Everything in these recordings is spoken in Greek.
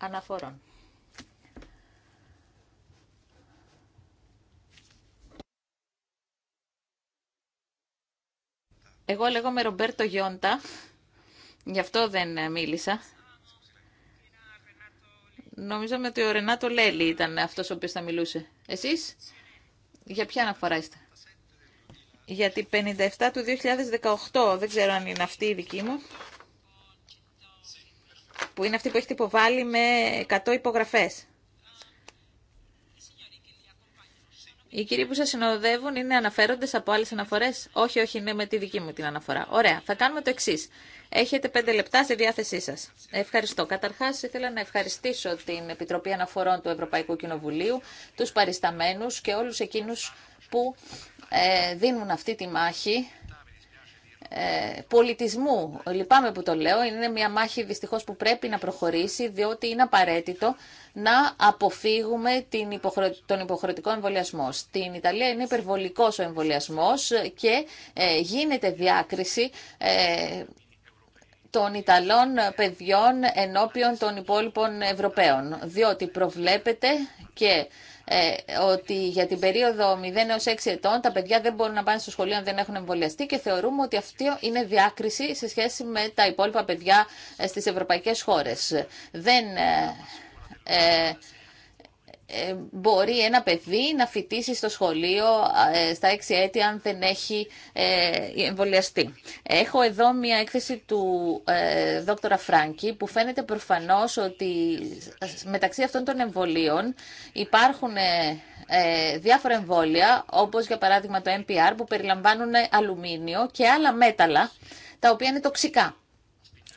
αναφορών. Εγώ λέγομαι Ρομπέρτο Γιόντα, γι' αυτό δεν ε, μίλησα. Νομίζαμε ότι ο Ρενάτο Λέλη ήταν αυτός ο οποίος θα μιλούσε. Εσείς, για ποια αναφορά είστε. Για την 57 του 2018, δεν ξέρω αν είναι αυτή η δική μου που είναι αυτή που έχετε υποβάλει με 100 υπογραφές. Οι κύριοι που σας συνοδεύουν είναι αναφέροντες από άλλες αναφορές. Όχι, όχι, είναι με τη δική μου την αναφορά. Ωραία, θα κάνουμε το εξής. Έχετε πέντε λεπτά στη διάθεσή σα. Ευχαριστώ. Καταρχά, ήθελα να ευχαριστήσω την Επιτροπή Αναφορών του Ευρωπαϊκού Κοινοβουλίου, του παρισταμένου και όλου εκείνου που ε, δίνουν αυτή τη μάχη ε, πολιτισμού. Λυπάμαι που το λέω, είναι μια μάχη δυστυχώς που πρέπει να προχωρήσει διότι είναι απαραίτητο να αποφύγουμε την τον υποχρεωτικό εμβολιασμό. Στην Ιταλία είναι υπερβολικό ο εμβολιασμό και ε, γίνεται διάκριση ε, των Ιταλών παιδιών ενώπιον των υπόλοιπων Ευρωπαίων διότι προβλέπεται και ε, ότι για την περίοδο 0 έως 6 ετών τα παιδιά δεν μπορούν να πάνε στο σχολείο αν δεν έχουν εμβολιαστεί και θεωρούμε ότι αυτή είναι διάκριση σε σχέση με τα υπόλοιπα παιδιά ε, στις ευρωπαϊκές χώρες. Δεν... Ε, ε ε, μπορεί ένα παιδί να φοιτήσει στο σχολείο ε, στα έξι έτη αν δεν έχει ε, εμβολιαστεί. Έχω εδώ μια έκθεση του δόκτωρα Φράγκη που φαίνεται προφανώς ότι μεταξύ αυτών των εμβολίων υπάρχουν διάφορα εμβόλια όπως για παράδειγμα το MPR που περιλαμβάνουν αλουμίνιο και άλλα μέταλλα τα οποία είναι τοξικά.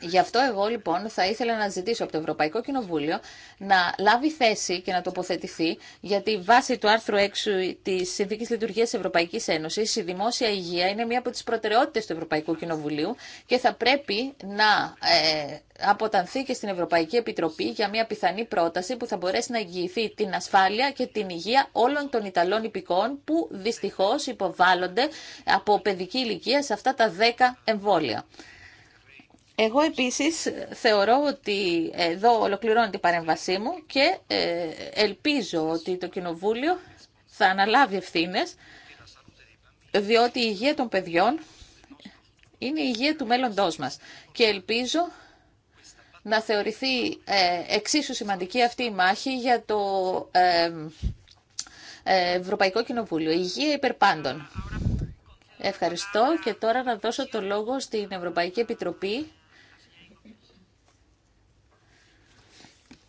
Γι' αυτό εγώ λοιπόν θα ήθελα να ζητήσω από το Ευρωπαϊκό Κοινοβούλιο να λάβει θέση και να τοποθετηθεί γιατί βάσει του άρθρου 6 τη Συνθήκη Λειτουργία Ευρωπαϊκή Ένωση η δημόσια υγεία είναι μία από τι προτεραιότητε του Ευρωπαϊκού Κοινοβουλίου και θα πρέπει να ε, αποτανθεί και στην Ευρωπαϊκή Επιτροπή για μία πιθανή πρόταση που θα μπορέσει να εγγυηθεί την ασφάλεια και την υγεία όλων των Ιταλών υπηκών που δυστυχώ υποβάλλονται από παιδική ηλικία σε αυτά τα 10 εμβόλια. Εγώ επίσης θεωρώ ότι εδώ ολοκληρώνω την παρέμβασή μου και ε, ελπίζω ότι το Κοινοβούλιο θα αναλάβει ευθύνες, διότι η υγεία των παιδιών είναι η υγεία του μέλλοντός μας. Και ελπίζω να θεωρηθεί ε, εξίσου σημαντική αυτή η μάχη για το ε, Ευρωπαϊκό Κοινοβούλιο. Η υγεία υπερπάντων. Ευχαριστώ και τώρα να δώσω το λόγο στην Ευρωπαϊκή Επιτροπή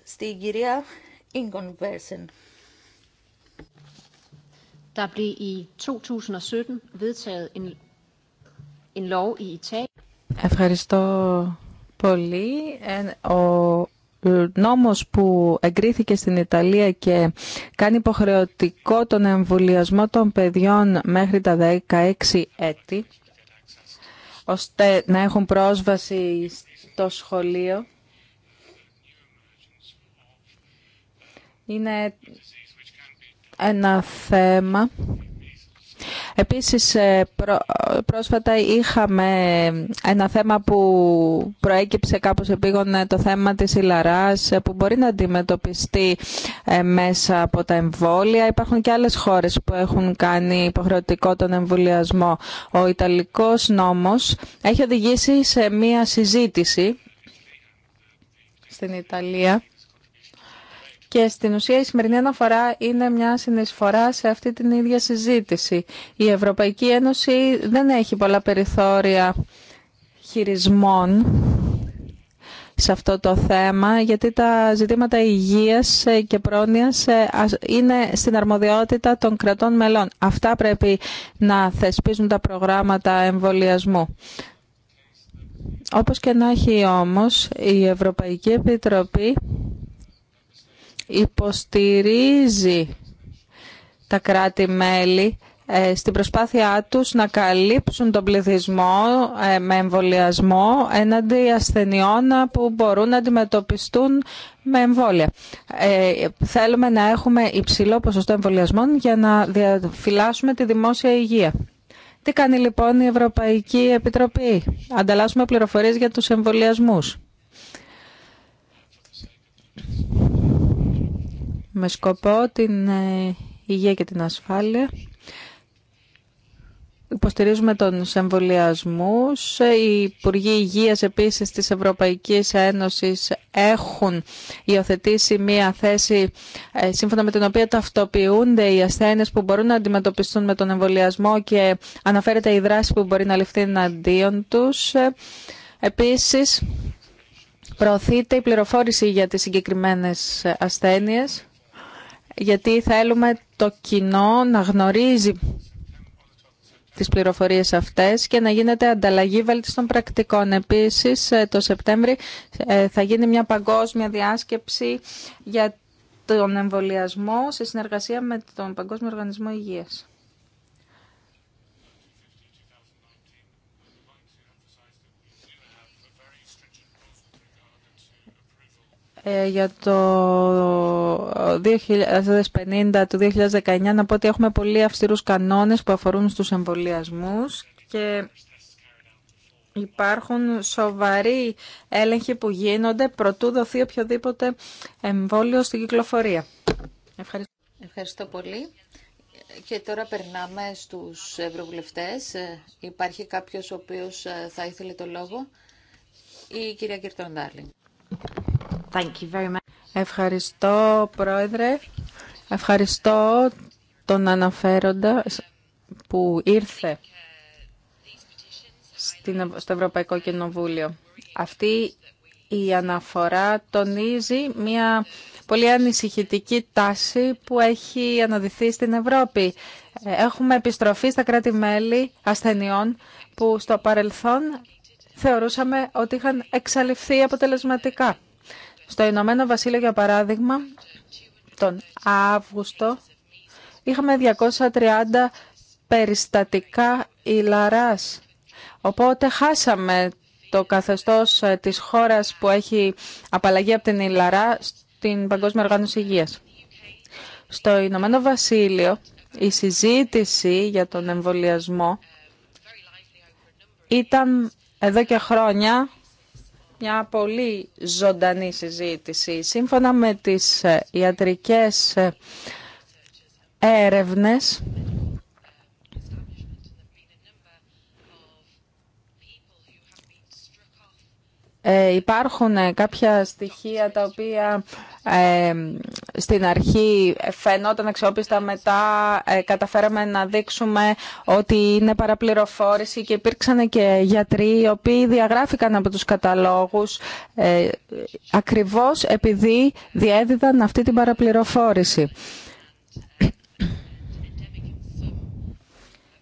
στην κυρία Ίγκον Βέρσεν. Ευχαριστώ πολύ. Ε, ο νόμος που εγκρίθηκε στην Ιταλία και κάνει υποχρεωτικό τον εμβολιασμό των παιδιών μέχρι τα 16 έτη, ώστε να έχουν πρόσβαση στο σχολείο είναι ένα θέμα. Επίσης, ε, πρόσφατα είχαμε ένα θέμα που προέκυψε κάπως επίγον ε, το θέμα της ηλαράς ε, που μπορεί να αντιμετωπιστεί μέσα από τα εμβόλια. Υπάρχουν και άλλες χώρες που έχουν κάνει υποχρεωτικό τον εμβολιασμό. Ο Ιταλικός νόμος έχει οδηγήσει σε μία συζήτηση στην Ιταλία και στην ουσία η σημερινή αναφορά είναι μια συνεισφορά σε αυτή την ίδια συζήτηση. Η Ευρωπαϊκή Ένωση δεν έχει πολλά περιθώρια χειρισμών σε αυτό το θέμα, γιατί τα ζητήματα υγείας και πρόνοιας ε, είναι στην αρμοδιότητα των κρατών μελών. Αυτά πρέπει να θεσπίζουν τα προγράμματα εμβολιασμού. Όπως και να έχει όμως, η Ευρωπαϊκή Επιτροπή υποστηρίζει τα κράτη-μέλη ε, στην προσπάθειά τους να καλύψουν τον πληθυσμό ε, με εμβολιασμό έναντι ασθενειών που μπορούν να αντιμετωπιστούν με εμβόλια. Ε, θέλουμε να έχουμε υψηλό ποσοστό εμβολιασμών για να διαφυλάσσουμε τη δημόσια υγεία. Τι κάνει λοιπόν η Ευρωπαϊκή Επιτροπή. Ανταλλάσσουμε πληροφορίες για τους εμβολιασμούς με σκοπό την ε, υγεία και την ασφάλεια. Υποστηρίζουμε τον εμβολιασμού. Οι Υπουργοί Υγεία επίση της Ευρωπαϊκή Ένωσης έχουν υιοθετήσει μία θέση ε, σύμφωνα με την οποία ταυτοποιούνται οι ασθένειε που μπορούν να αντιμετωπιστούν με τον εμβολιασμό και αναφέρεται η δράση που μπορεί να ληφθεί εναντίον του. Επίση, προωθείται η πληροφόρηση για τι συγκεκριμένε ασθένειες γιατί θέλουμε το κοινό να γνωρίζει τις πληροφορίες αυτές και να γίνεται ανταλλαγή βέλτιστων πρακτικών. Επίσης, ε, το Σεπτέμβρη ε, θα γίνει μια παγκόσμια διάσκεψη για τον εμβολιασμό σε συνεργασία με τον Παγκόσμιο Οργανισμό Υγείας. Ε, για το 2050 του 2019 να πω ότι έχουμε πολύ αυστηρούς κανόνες που αφορούν στους εμβολιασμούς και υπάρχουν σοβαροί έλεγχοι που γίνονται προτού δοθεί οποιοδήποτε εμβόλιο στην κυκλοφορία. Ευχαριστώ. πολύ. Και τώρα περνάμε στους ευρωβουλευτές. Ε, υπάρχει κάποιος ο οποίος ε, θα ήθελε το λόγο. Η κυρία Κυρτον Ευχαριστώ, Πρόεδρε. Ευχαριστώ τον αναφέροντα που ήρθε στο Ευρωπαϊκό Κοινοβούλιο. Αυτή η αναφορά τονίζει μια πολύ ανησυχητική τάση που έχει αναδυθεί στην Ευρώπη. Έχουμε επιστροφή στα κράτη-μέλη ασθενειών που στο παρελθόν θεωρούσαμε ότι είχαν εξαλειφθεί αποτελεσματικά. Στο Ηνωμένο Βασίλειο, για παράδειγμα, τον Αύγουστο, είχαμε 230 περιστατικά ηλαράς. Οπότε χάσαμε το καθεστώς ε, της χώρας που έχει απαλλαγή από την ηλαρά στην Παγκόσμια Οργάνωση Υγείας. Στο Ηνωμένο Βασίλειο, η συζήτηση για τον εμβολιασμό ήταν εδώ και χρόνια μια πολύ ζωντανή συζήτηση. Σύμφωνα με τις ε, ιατρικές ε, έρευνες, Ε, υπάρχουν ε, κάποια στοιχεία τα οποία ε, στην αρχή φαινόταν αξιόπιστα, μετά καταφέραμε να δείξουμε ότι είναι παραπληροφόρηση και υπήρξαν και γιατροί οι οποίοι διαγράφηκαν από τους καταλόγους ακριβώς επειδή διέδιδαν αυτή την παραπληροφόρηση.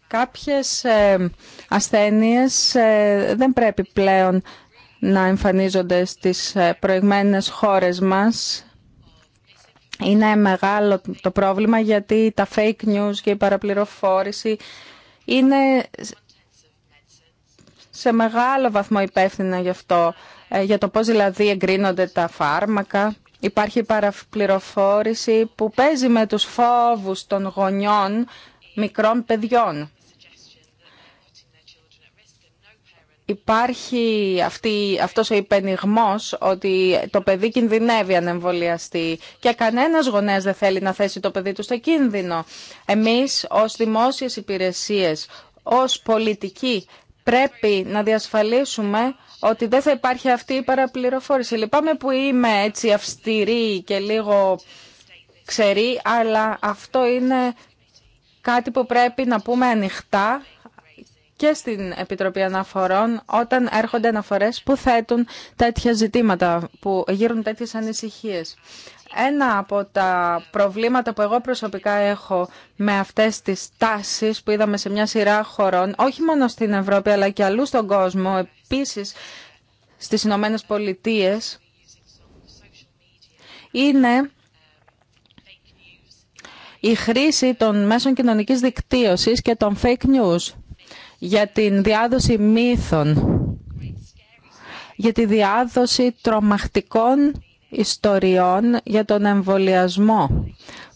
Κάποιες ασθένειες δεν πρέπει πλέον να εμφανίζονται στις ε, προηγμένες χώρες μας. Είναι μεγάλο το πρόβλημα γιατί τα fake news και η παραπληροφόρηση είναι σε μεγάλο βαθμό υπεύθυνα γι' αυτό, ε, για το πώς δηλαδή εγκρίνονται τα φάρμακα. Υπάρχει παραπληροφόρηση που παίζει με τους φόβους των γονιών μικρών παιδιών. υπάρχει αυτή, αυτός ο υπενιγμός ότι το παιδί κινδυνεύει αν εμβολιαστεί και κανένας γονέας δεν θέλει να θέσει το παιδί του στο κίνδυνο. Εμείς ως δημόσιες υπηρεσίες, ως πολιτικοί πρέπει να διασφαλίσουμε ότι δεν θα υπάρχει αυτή η παραπληροφόρηση. Λυπάμαι που είμαι έτσι αυστηρή και λίγο ξερή, αλλά αυτό είναι κάτι που πρέπει να πούμε ανοιχτά και στην Επιτροπή Αναφορών όταν έρχονται αναφορές που θέτουν τέτοια ζητήματα, που γύρουν τέτοιες ανησυχίες. Ένα από τα προβλήματα που εγώ προσωπικά έχω με αυτές τις τάσεις που είδαμε σε μια σειρά χωρών, όχι μόνο στην Ευρώπη αλλά και αλλού στον κόσμο, επίσης στις Ηνωμένε Πολιτείε, είναι η χρήση των μέσων κοινωνικής δικτύωσης και των fake news για την διάδοση μύθων, για τη διάδοση τρομακτικών ιστοριών για τον εμβολιασμό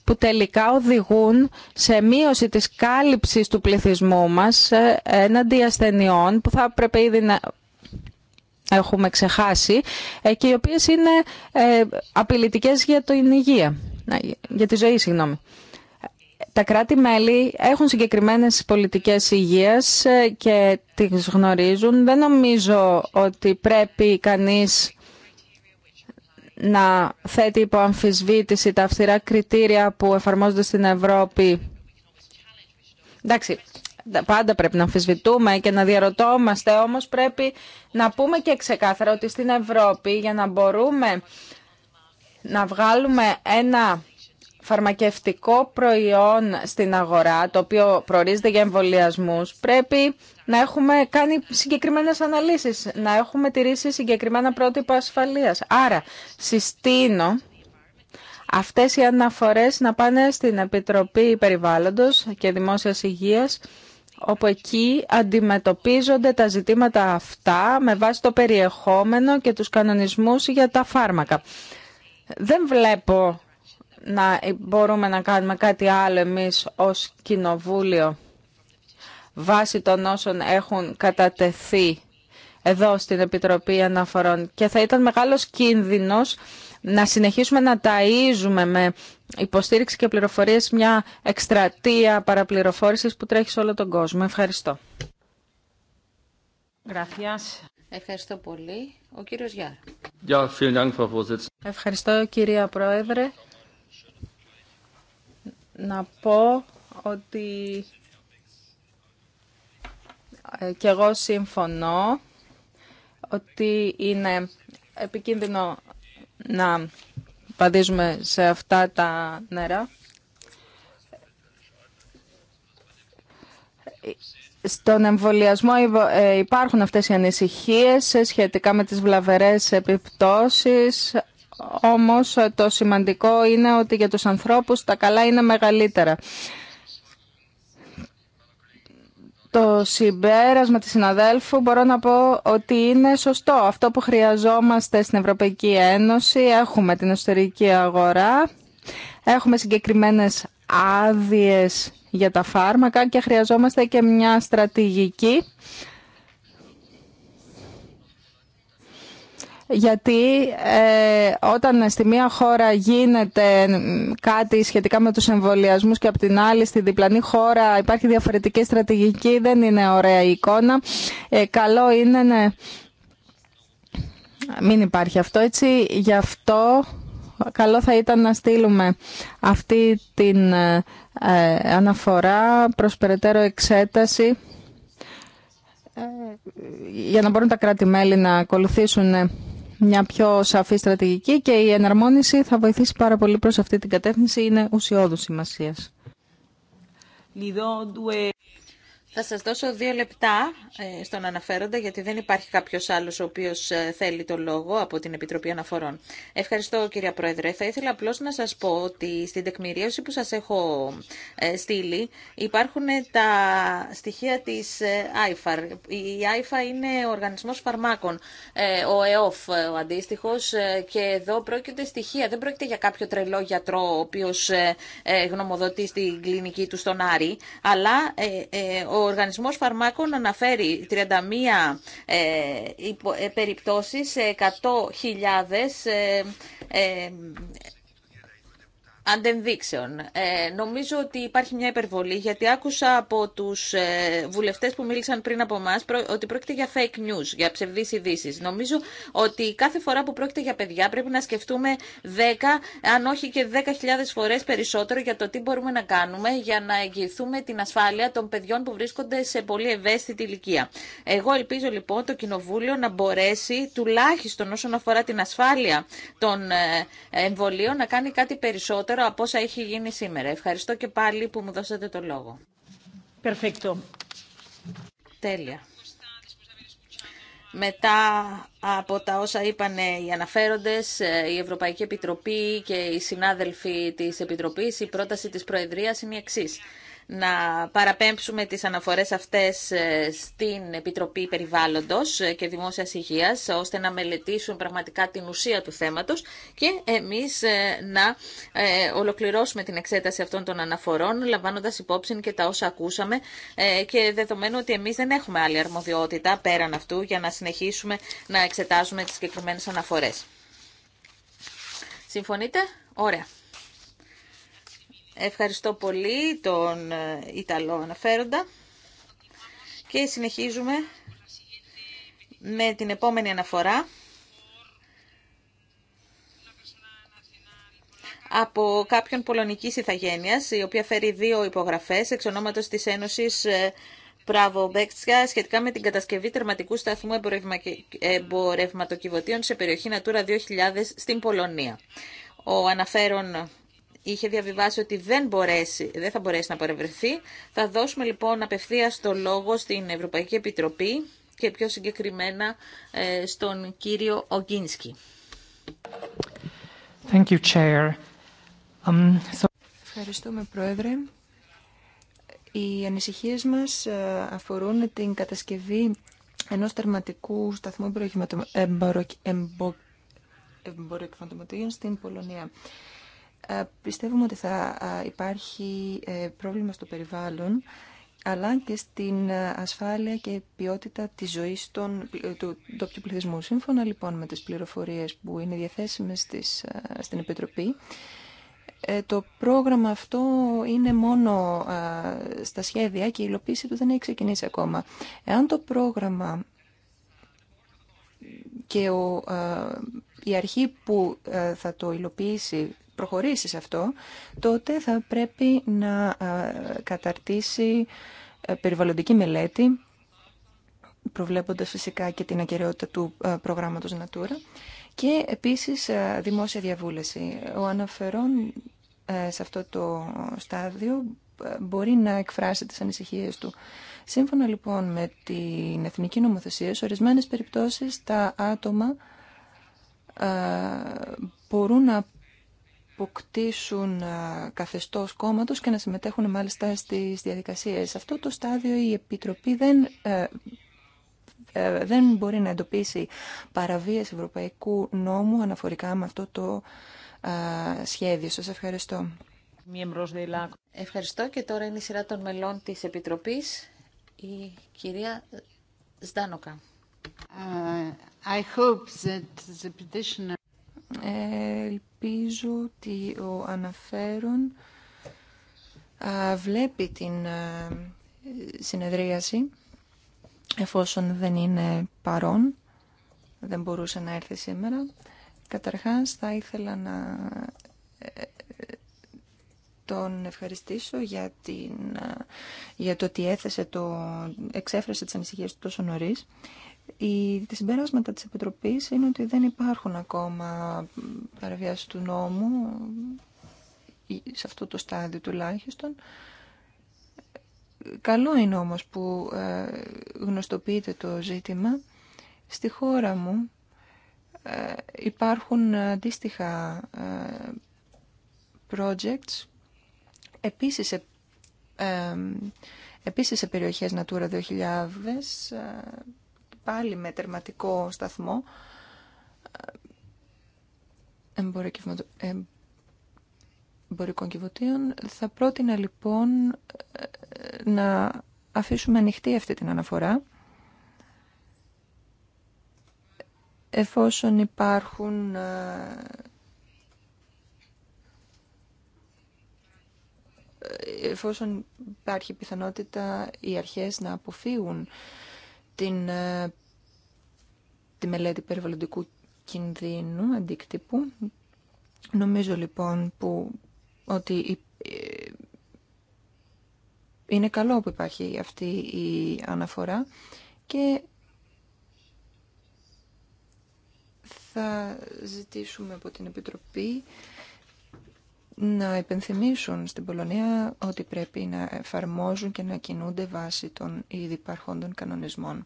που τελικά οδηγούν σε μείωση της κάλυψης του πληθυσμού μας ε, έναντι ασθενειών που θα πρέπει ήδη να έχουμε ξεχάσει ε, και οι οποίες είναι ε, απειλητικές για την υγεία, για τη ζωή, συγγνώμη τα κράτη-μέλη έχουν συγκεκριμένες πολιτικές υγείας ε, και τις γνωρίζουν. Δεν νομίζω ότι πρέπει κανείς να θέτει υπό αμφισβήτηση τα αυστηρά κριτήρια που εφαρμόζονται στην Ευρώπη. Εντάξει, πάντα πρέπει να αμφισβητούμε και να διαρωτόμαστε, όμως πρέπει να πούμε και ξεκάθαρα ότι στην Ευρώπη για να μπορούμε να βγάλουμε ένα φαρμακευτικό προϊόν στην αγορά, το οποίο προορίζεται για εμβολιασμού, πρέπει να έχουμε κάνει συγκεκριμένε αναλύσει, να έχουμε τηρήσει συγκεκριμένα πρότυπα ασφαλεία. Άρα, συστήνω αυτές οι αναφορές να πάνε στην Επιτροπή Περιβάλλοντος και Δημόσιας Υγείας όπου εκεί αντιμετωπίζονται τα ζητήματα αυτά με βάση το περιεχόμενο και τους κανονισμούς για τα φάρμακα. Δεν βλέπω να μπορούμε να κάνουμε κάτι άλλο εμείς ως κοινοβούλιο βάσει των όσων έχουν κατατεθεί εδώ στην Επιτροπή Αναφορών και θα ήταν μεγάλος κίνδυνος να συνεχίσουμε να ταΐζουμε με υποστήριξη και πληροφορίες μια εκστρατεία παραπληροφόρησης που τρέχει σε όλο τον κόσμο. Ευχαριστώ. Ευχαριστώ πολύ. Ο κύριος Γιάρ. Ευχαριστώ κυρία Πρόεδρε να πω ότι ε, και εγώ συμφωνώ ότι είναι επικίνδυνο να παντίζουμε σε αυτά τα νερά. Στον εμβολιασμό ε, υπάρχουν αυτές οι ανησυχίες ε, σχετικά με τις βλαβερές επιπτώσεις όμως το σημαντικό είναι ότι για τους ανθρώπους τα καλά είναι μεγαλύτερα. Το συμπέρασμα της συναδέλφου μπορώ να πω ότι είναι σωστό. Αυτό που χρειαζόμαστε στην Ευρωπαϊκή Ένωση, έχουμε την εσωτερική αγορά, έχουμε συγκεκριμένες άδειες για τα φάρμακα και χρειαζόμαστε και μια στρατηγική γιατί ε, όταν στη μία χώρα γίνεται κάτι σχετικά με τους εμβολιασμού και από την άλλη στη διπλανή χώρα υπάρχει διαφορετική στρατηγική, δεν είναι ωραία η εικόνα. Ε, καλό είναι να μην υπάρχει αυτό έτσι. Γι' αυτό καλό θα ήταν να στείλουμε αυτή την ε, ε, αναφορά προς περαιτέρω εξέταση για να μπορούν τα κράτη-μέλη να ακολουθήσουν ναι μια πιο σαφή στρατηγική και η εναρμόνιση θα βοηθήσει πάρα πολύ προς αυτή την κατεύθυνση, είναι ουσιώδους σημασίας. Ε, θα σας δώσω δύο λεπτά ε, στον αναφέροντα, γιατί δεν υπάρχει κάποιος άλλος ο οποίος ε, θέλει το λόγο από την Επιτροπή Αναφορών. Ευχαριστώ κυρία Πρόεδρε. Θα ήθελα απλώς να σας πω ότι στην τεκμηρίωση που σας έχω ε, στείλει υπάρχουν τα στοιχεία της IFAR. Η IFA είναι ο Οργανισμός Φαρμάκων, ο ΕΟΦ ο αντίστοιχος και εδώ πρόκειται στοιχεία. Δεν πρόκειται για κάποιο τρελό γιατρό ο οποίος γνωμοδοτεί στην κλινική του στον Άρη, αλλά ο Οργανισμός Φαρμάκων αναφέρει 31 ε, ε, περιπτώσεις σε 100.000 αντενδείξεων. Ε, νομίζω ότι υπάρχει μια υπερβολή, γιατί άκουσα από του ε, βουλευτές που μίλησαν πριν από εμά ότι πρόκειται για fake news, για ψευδεί ειδήσει. Νομίζω ότι κάθε φορά που πρόκειται για παιδιά πρέπει να σκεφτούμε 10, αν όχι και 10.000 φορέ περισσότερο για το τι μπορούμε να κάνουμε για να εγγυηθούμε την ασφάλεια των παιδιών που βρίσκονται σε πολύ ευαίσθητη ηλικία. Εγώ ελπίζω λοιπόν το Κοινοβούλιο να μπορέσει τουλάχιστον όσον αφορά την ασφάλεια των ε, εμβολίων να κάνει κάτι περισσότερο από όσα έχει γίνει σήμερα. Ευχαριστώ και πάλι που μου δώσατε το λόγο. Perfecto. Τέλεια. Μετά από τα όσα είπαν οι αναφέροντες, ε, η Ευρωπαϊκή Επιτροπή και οι συνάδελφοι της Επιτροπής, η πρόταση της Προεδρίας είναι η εξής να παραπέμψουμε τις αναφορές αυτές ε, στην Επιτροπή Περιβάλλοντος ε, και Δημόσιας Υγείας, ώστε να μελετήσουν πραγματικά την ουσία του θέματος και εμείς ε, να ολοκληρώσουμε την εξέταση αυτών των αναφορών, λαμβάνοντας υπόψη και τα όσα ακούσαμε και δεδομένου ότι εμείς δεν έχουμε άλλη αρμοδιότητα πέραν αυτού για να συνεχίσουμε να εξετάζουμε τις συγκεκριμένε αναφορές. Συμφωνείτε? Ωραία. Ευχαριστώ πολύ τον ε, Ιταλό αναφέροντα και συνεχίζουμε με την επόμενη αναφορά από κάποιον πολωνικής ηθαγένειας, η οποία φέρει δύο υπογραφές εξ ονόματος της Ένωσης Πράβο ε, Μπέξια σχετικά με την κατασκευή τερματικού σταθμού εμπορευματοκιβωτίων σε περιοχή Natura 2000 στην Πολωνία. Ο αναφέρον είχε διαβιβάσει ότι δεν, μπορέσει, δεν θα μπορέσει να παρευρεθεί. Θα δώσουμε λοιπόν απευθείας το λόγο στην Ευρωπαϊκή Επιτροπή και πιο συγκεκριμένα ε, στον κύριο Ογκίνσκι. Um, Ευχαριστούμε, Πρόεδρε. Οι ανησυχίες μας ε, αφορούν την κατασκευή ενός τερματικού σταθμού εμποροκυματομοτήων στην Πολωνία. Ε, πιστεύουμε ότι θα ε, υπάρχει ε, πρόβλημα στο περιβάλλον αλλά και στην ασφάλεια και ποιότητα της ζωής των, του ντόπιου πληθυσμού. Σύμφωνα λοιπόν με τις πληροφορίες που είναι διαθέσιμες στην Επιτροπή, το πρόγραμμα αυτό είναι μόνο στα σχέδια και η υλοποίηση του δεν έχει ξεκινήσει ακόμα. Εάν το πρόγραμμα και ο, η αρχή που θα το υλοποιήσει προχωρήσει σε αυτό, τότε θα πρέπει να ε, καταρτήσει ε, περιβαλλοντική μελέτη, προβλέποντας φυσικά και την ακαιρεότητα του ε, προγράμματος Natura, και επίσης δημόσια διαβούλευση. Ο αναφερόν σε αυτό το στάδιο μπορεί να εκφράσει τις ανησυχίες του. Σύμφωνα λοιπόν με την Εθνική Νομοθεσία, σε ορισμένες περιπτώσεις τα άτομα μπορούν να αποκτήσουν καθεστώς κόμματος και να συμμετέχουν μάλιστα στις διαδικασίες. Σε αυτό το στάδιο η Επιτροπή δεν, ε, ε, δεν μπορεί να εντοπίσει παραβίες ευρωπαϊκού νόμου αναφορικά με αυτό το σχέδιο. Σας ευχαριστώ. Ευχαριστώ και τώρα είναι η σειρά των μελών της Επιτροπής, η κυρία Σδάνοκα. Ε, I hope that the petitioner... Ελπίζω ότι ο αναφέρον βλέπει την συνεδρίαση εφόσον δεν είναι παρόν, δεν μπορούσε να έρθει σήμερα. Καταρχάς θα ήθελα να ε, τον ευχαριστήσω για, την, για το ότι έθεσε το, εξέφρασε τις ανησυχίες του τόσο νωρίς. Οι συμπέρασματα της Επιτροπής είναι ότι δεν υπάρχουν ακόμα παραβιάσεις του νόμου, σε αυτό το στάδιο τουλάχιστον. Καλό είναι όμως που ε, γνωστοποιείται το ζήτημα. Στη χώρα μου ε, υπάρχουν αντίστοιχα ε, projects, επίσης σε, επίσης σε περιοχές Natura 2000, πάλι με τερματικό σταθμό εμπορικών κυβωτίων. Θα πρότεινα λοιπόν να αφήσουμε ανοιχτή αυτή την αναφορά εφόσον υπάρχουν ε, εφόσον υπάρχει πιθανότητα οι αρχές να αποφύγουν την, ε, τη μελέτη περιβαλλοντικού κινδύνου, αντίκτυπου. Νομίζω λοιπόν που, ότι ε, είναι καλό που υπάρχει αυτή η αναφορά και θα ζητήσουμε από την Επιτροπή να επενθυμίσουν στην Πολωνία ότι πρέπει να εφαρμόζουν και να κινούνται βάσει των ήδη υπαρχόντων κανονισμών.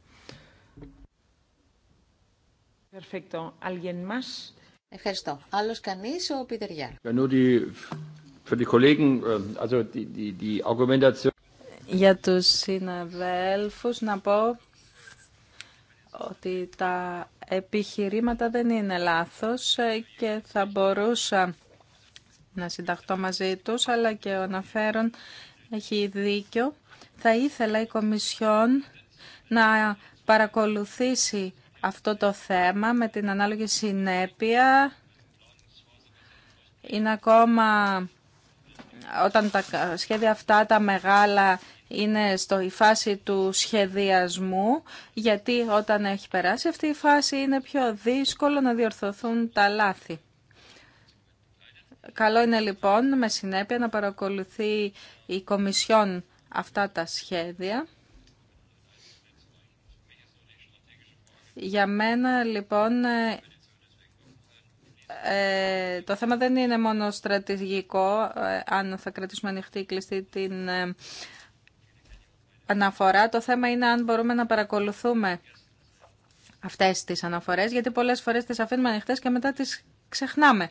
Ευχαριστώ. Άλλος κανείς, ο Πίτερ ähm, Για τους συναδέλφους να πω ότι τα επιχειρήματα δεν είναι λάθος ε, και θα μπορούσα να συνταχτώ μαζί τους, αλλά και ο αναφέρον έχει δίκιο. Θα ήθελα η Κομισιόν να παρακολουθήσει αυτό το θέμα με την ανάλογη συνέπεια. Είναι ακόμα όταν τα σχέδια αυτά τα μεγάλα είναι στο η φάση του σχεδιασμού, γιατί όταν έχει περάσει αυτή η φάση είναι πιο δύσκολο να διορθωθούν τα λάθη. Καλό είναι λοιπόν με συνέπεια να παρακολουθεί η Κομισιόν αυτά τα σχέδια. Για μένα λοιπόν ε, ε, το θέμα δεν είναι μόνο στρατηγικό, ε, αν θα κρατήσουμε ανοιχτή ή κλειστή την αναφορά. Το θέμα είναι αν μπορούμε να παρακολουθούμε αυτές τις αναφορές, γιατί πολλές φορές τις αφήνουμε ανοιχτές και μετά τις ξεχνάμε.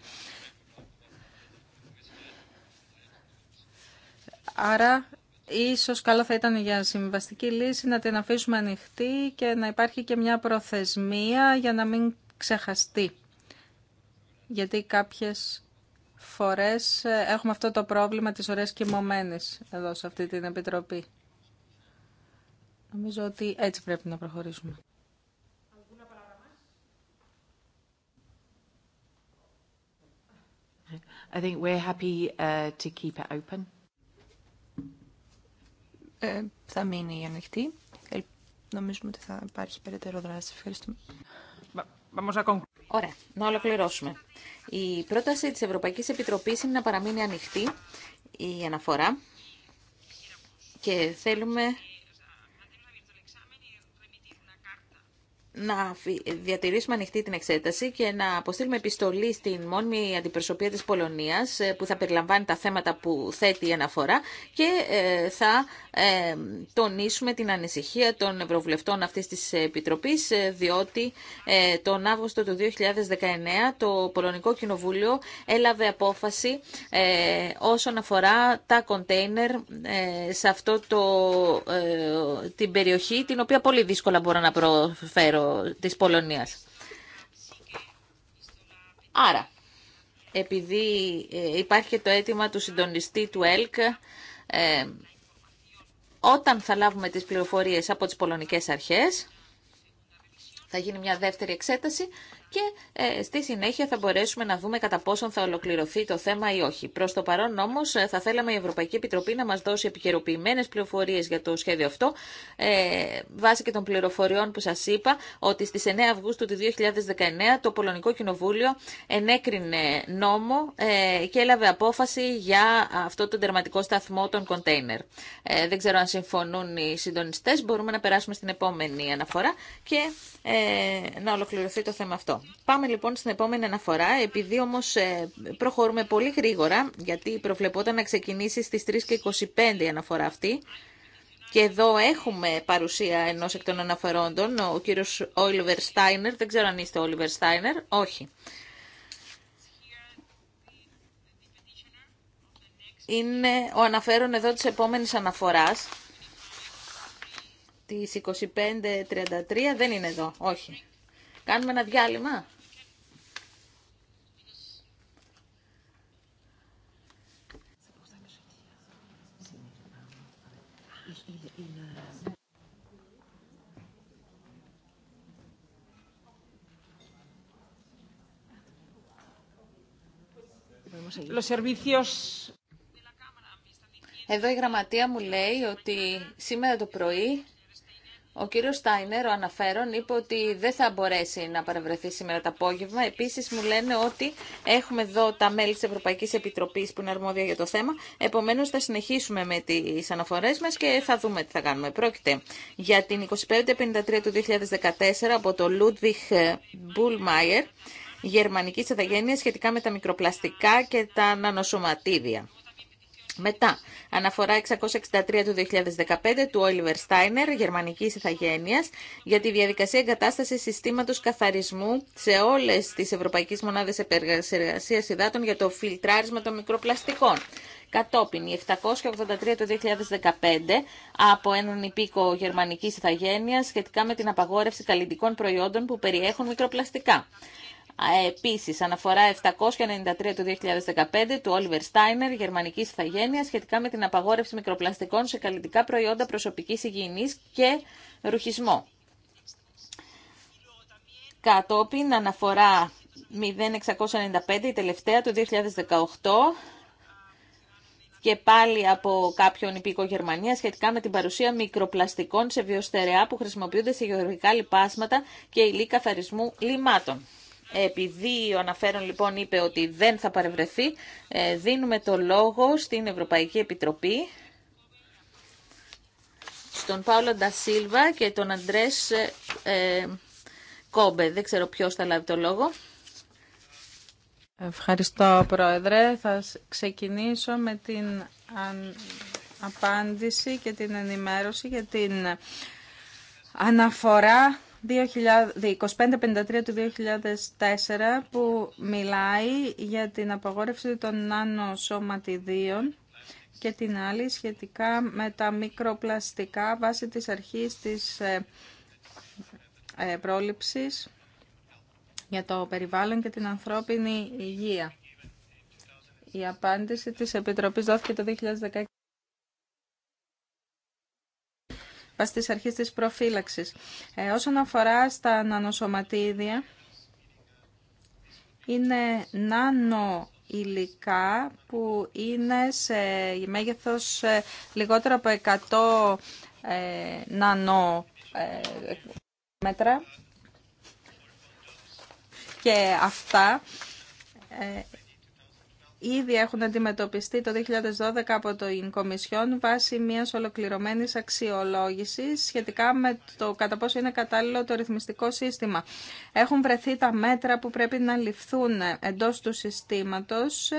Άρα ίσως καλό θα ήταν για συμβαστική λύση να την αφήσουμε ανοιχτή και να υπάρχει και μια προθεσμία για να μην ξεχαστεί. Γιατί κάποιες φορές ε, έχουμε αυτό το πρόβλημα τη ωραία κοιμωμένη εδώ σε αυτή την Επιτροπή. Νομίζω ότι έτσι πρέπει να προχωρήσουμε. I think we're happy uh, to keep it open. Ε, θα μείνει η ανοιχτή. Ε, νομίζουμε ότι θα υπάρχει περαιτέρω δράση. Ευχαριστούμε. Ωραία, να ολοκληρώσουμε. Η πρόταση της Ευρωπαϊκής Επιτροπής είναι να παραμείνει ανοιχτή η αναφορά και θέλουμε να διατηρήσουμε ανοιχτή την εξέταση και να αποστείλουμε επιστολή στην μόνιμη αντιπροσωπεία της Πολωνίας ε, που θα περιλαμβάνει τα θέματα που θέτει η αναφορά και ε, θα ε, τονίσουμε την ανησυχία των ευρωβουλευτών αυτής της Επιτροπής διότι τον Αύγουστο του 2019 το Πολωνικό Κοινοβούλιο έλαβε απόφαση όσον αφορά τα κοντέινερ σε αυτό το, την περιοχή την οποία πολύ δύσκολα μπορώ να προφέρω της Πολωνίας. Άρα, επειδή ε, υπάρχει και το αίτημα του συντονιστή του ΕΛΚ, ε, όταν θα λάβουμε τις πληροφορίες από τις πολωνικές αρχές, θα γίνει μια δεύτερη εξέταση και ε, στη συνέχεια θα μπορέσουμε να δούμε κατά πόσον θα ολοκληρωθεί το θέμα ή όχι. Προ το παρόν όμω ε, θα θέλαμε η Ευρωπαϊκή Επιτροπή να μα δώσει επικαιροποιημένε πληροφορίε για το σχέδιο αυτό, ε, βάσει και των πληροφοριών που σα είπα ότι στι 9 Αυγούστου του 2019 το Πολωνικό Κοινοβούλιο ενέκρινε νόμο ε, και έλαβε απόφαση για αυτό τον τερματικό σταθμό των κοντέινερ. δεν ξέρω αν συμφωνούν οι συντονιστέ. Μπορούμε να περάσουμε στην επόμενη αναφορά και να ολοκληρωθεί το θέμα αυτό. Πάμε λοιπόν στην επόμενη αναφορά, επειδή όμως ε, προχωρούμε πολύ γρήγορα, γιατί προβλεπόταν να ξεκινήσει στις 3 και 25 η αναφορά αυτή. Και εδώ έχουμε παρουσία ενός εκ των αναφερόντων, ο κύριος Όλιβερ Στάινερ. Δεν ξέρω αν είστε Όλιβερ Στάινερ. Όχι. είναι ο αναφέρον εδώ της επόμενης αναφοράς, της 2533, δεν είναι εδώ, όχι. Κάνουμε ένα διάλειμμα. Εδώ η γραμματεία μου λέει ότι σήμερα το πρωί ο κύριος Στάινερ, ο αναφέρον, είπε ότι δεν θα μπορέσει να παρευρεθεί σήμερα το απόγευμα. Επίσης μου λένε ότι έχουμε εδώ τα μέλη της Ευρωπαϊκής Επιτροπής που είναι αρμόδια για το θέμα. Επομένως θα συνεχίσουμε με τις αναφορές μας και θα δούμε τι θα κάνουμε. Πρόκειται για την 2553 του 2014 από το Ludwig Μπουλμάιερ, γερμανική σαδαγένεια σχετικά με τα μικροπλαστικά και τα νανοσωματίδια. Μετά, αναφορά 663 του 2015 του Όλιβερ Στάινερ, γερμανικής ηθαγένεια, για τη διαδικασία εγκατάσταση συστήματος καθαρισμού σε όλες τις ευρωπαϊκές μονάδες επεργασίας υδάτων για το φιλτράρισμα των μικροπλαστικών. Κατόπιν, η 783 του 2015 από έναν υπήκο γερμανική ηθαγένεια σχετικά με την απαγόρευση καλλιντικών προϊόντων που περιέχουν μικροπλαστικά. Ε, επίσης, αναφορά 793 του 2015 του Όλιβερ Στάινερ, γερμανικής ηθαγένειας, σχετικά με την απαγόρευση μικροπλαστικών σε καλλιτικά προϊόντα προσωπικής υγιεινής και ρουχισμό. Κατόπιν αναφορά 0695, η τελευταία του 2018, και πάλι από κάποιον υπήκο Γερμανία σχετικά με την παρουσία μικροπλαστικών σε βιοστερεά που χρησιμοποιούνται σε γεωργικά λιπάσματα και υλί καθαρισμού λιμάτων. Επειδή ο αναφέρον λοιπόν είπε ότι δεν θα παρευρεθεί, ε, δίνουμε το λόγο στην Ευρωπαϊκή Επιτροπή, στον Πάολο Ντασίλβα και τον Αντρές ε, Κόμπε. Δεν ξέρω ποιος θα λάβει το λόγο. Ευχαριστώ Πρόεδρε. Θα ξεκινήσω με την απάντηση και την ενημέρωση για την αναφορά 2553 του 2004 που μιλάει για την απαγόρευση των νανοσωματιδίων και την άλλη σχετικά με τα μικροπλαστικά βάσει της αρχής της ε, ε, πρόληψης για το περιβάλλον και την ανθρώπινη υγεία. Η απάντηση της Επιτροπής δόθηκε το 2016. στις αρχές της προφύλαξης. Ε, όσον αφορά στα νανοσωματίδια, είναι νάνο υλικά που είναι σε μέγεθος ε, λιγότερο από 100 ε, νανό μέτρα και αυτά ήδη έχουν αντιμετωπιστεί το 2012 από το Ινκομισιόν βάσει μιας ολοκληρωμένης αξιολόγησης σχετικά με το κατά πόσο είναι κατάλληλο το ρυθμιστικό σύστημα. Έχουν βρεθεί τα μέτρα που πρέπει να ληφθούν εντός του συστήματος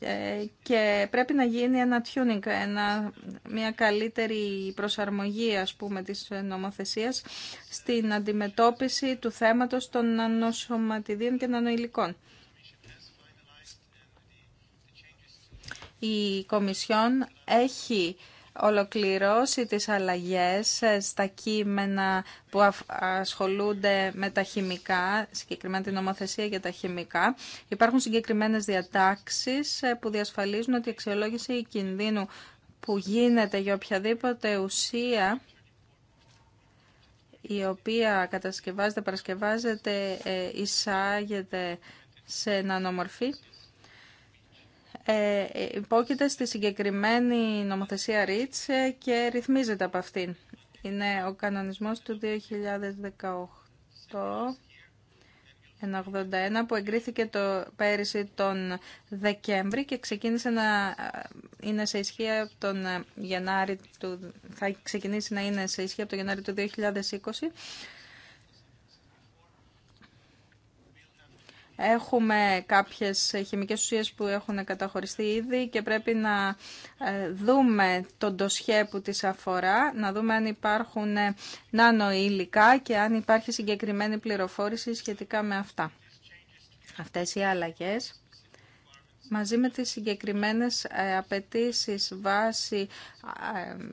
ε, και πρέπει να γίνει ένα tuning, ένα, μια καλύτερη προσαρμογή ας πούμε της νομοθεσίας στην αντιμετώπιση του θέματος των νοσοματιδίων και νοηλικών. η Κομισιόν έχει ολοκληρώσει τις αλλαγές ε, στα κείμενα που ασχολούνται με τα χημικά, συγκεκριμένα την νομοθεσία για τα χημικά. Υπάρχουν συγκεκριμένες διατάξεις ε, που διασφαλίζουν ότι η αξιολόγηση κινδύνου που γίνεται για οποιαδήποτε ουσία η οποία κατασκευάζεται, παρασκευάζεται, ε, εισάγεται σε νανομορφή ε, υπόκειται στη συγκεκριμένη νομοθεσία REACH ε, και ρυθμίζεται από αυτήν. Είναι ο κανονισμός του 2018. 181 που εγκρίθηκε το πέρυσι τον Δεκέμβρη και ξεκίνησε να ε, είναι σε ισχύ από τον ε, Γενάρη του, θα ξεκινήσει να είναι σε ισχύ από τον Γενάρη του 2020 Έχουμε κάποιες χημικές ουσίες που έχουν καταχωριστεί ήδη και πρέπει να ε, δούμε τον τοσχέ που τις αφορά, να δούμε αν υπάρχουν ε, νανοηλικά και αν υπάρχει συγκεκριμένη πληροφόρηση σχετικά με αυτά. Αυτές οι αλλαγές μαζί με τις συγκεκριμένες ε, απαιτήσεις βάση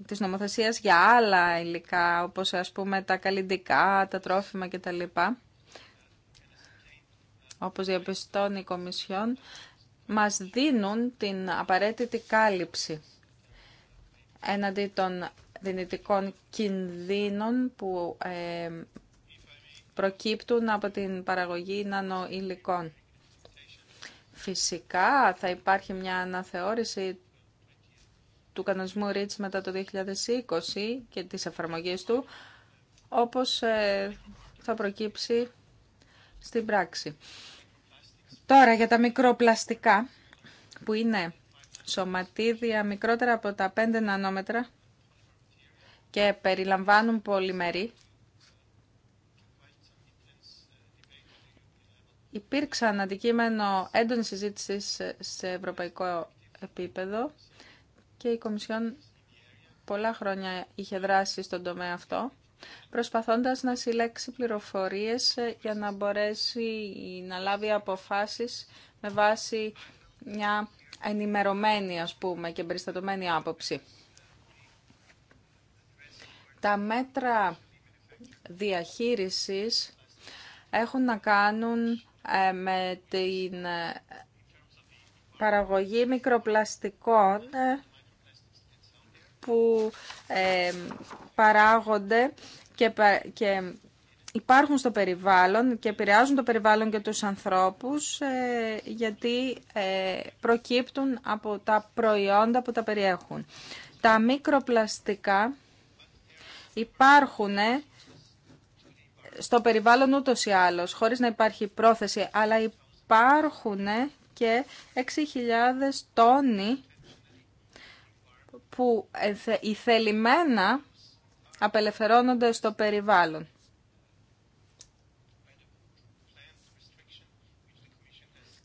της νομοθεσίας για άλλα υλικά, όπως ας πούμε τα καλλιντικά, τα τρόφιμα κτλ όπως διαπιστώνει η Κομισιόν, μας δίνουν την απαραίτητη κάλυψη έναντι των δυνητικών κινδύνων που ε, προκύπτουν από την παραγωγή νανοηλικών. Φυσικά θα υπάρχει μια αναθεώρηση του κανονισμού REACH μετά το 2020 και της εφαρμογής του, όπως ε, θα προκύψει στην πράξη. Τώρα για τα μικροπλαστικά που είναι σωματίδια μικρότερα από τα 5 νανόμετρα και περιλαμβάνουν πολυμερή. Υπήρξαν αντικείμενο έντονη συζήτηση σε ευρωπαϊκό επίπεδο και η Κομισιόν πολλά χρόνια είχε δράσει στον τομέα αυτό προσπαθώντας να συλλέξει πληροφορίες ε, για να μπορέσει να λάβει αποφάσεις με βάση μια ενημερωμένη ας πούμε και περιστατωμένη άποψη. Τα μέτρα διαχείρισης έχουν να κάνουν ε, με την ε, παραγωγή μικροπλαστικών που παράγονται και υπάρχουν στο περιβάλλον και επηρεάζουν το περιβάλλον και τους ανθρώπους ε, γιατί ε, προκύπτουν από τα προϊόντα που τα περιέχουν. Τα μικροπλαστικά υπάρχουν ε, στο περιβάλλον ούτως ή άλλως, χωρίς να υπάρχει πρόθεση, αλλά υπάρχουν και 6.000 τόνοι που οι θελημένα απελευθερώνονται στο περιβάλλον.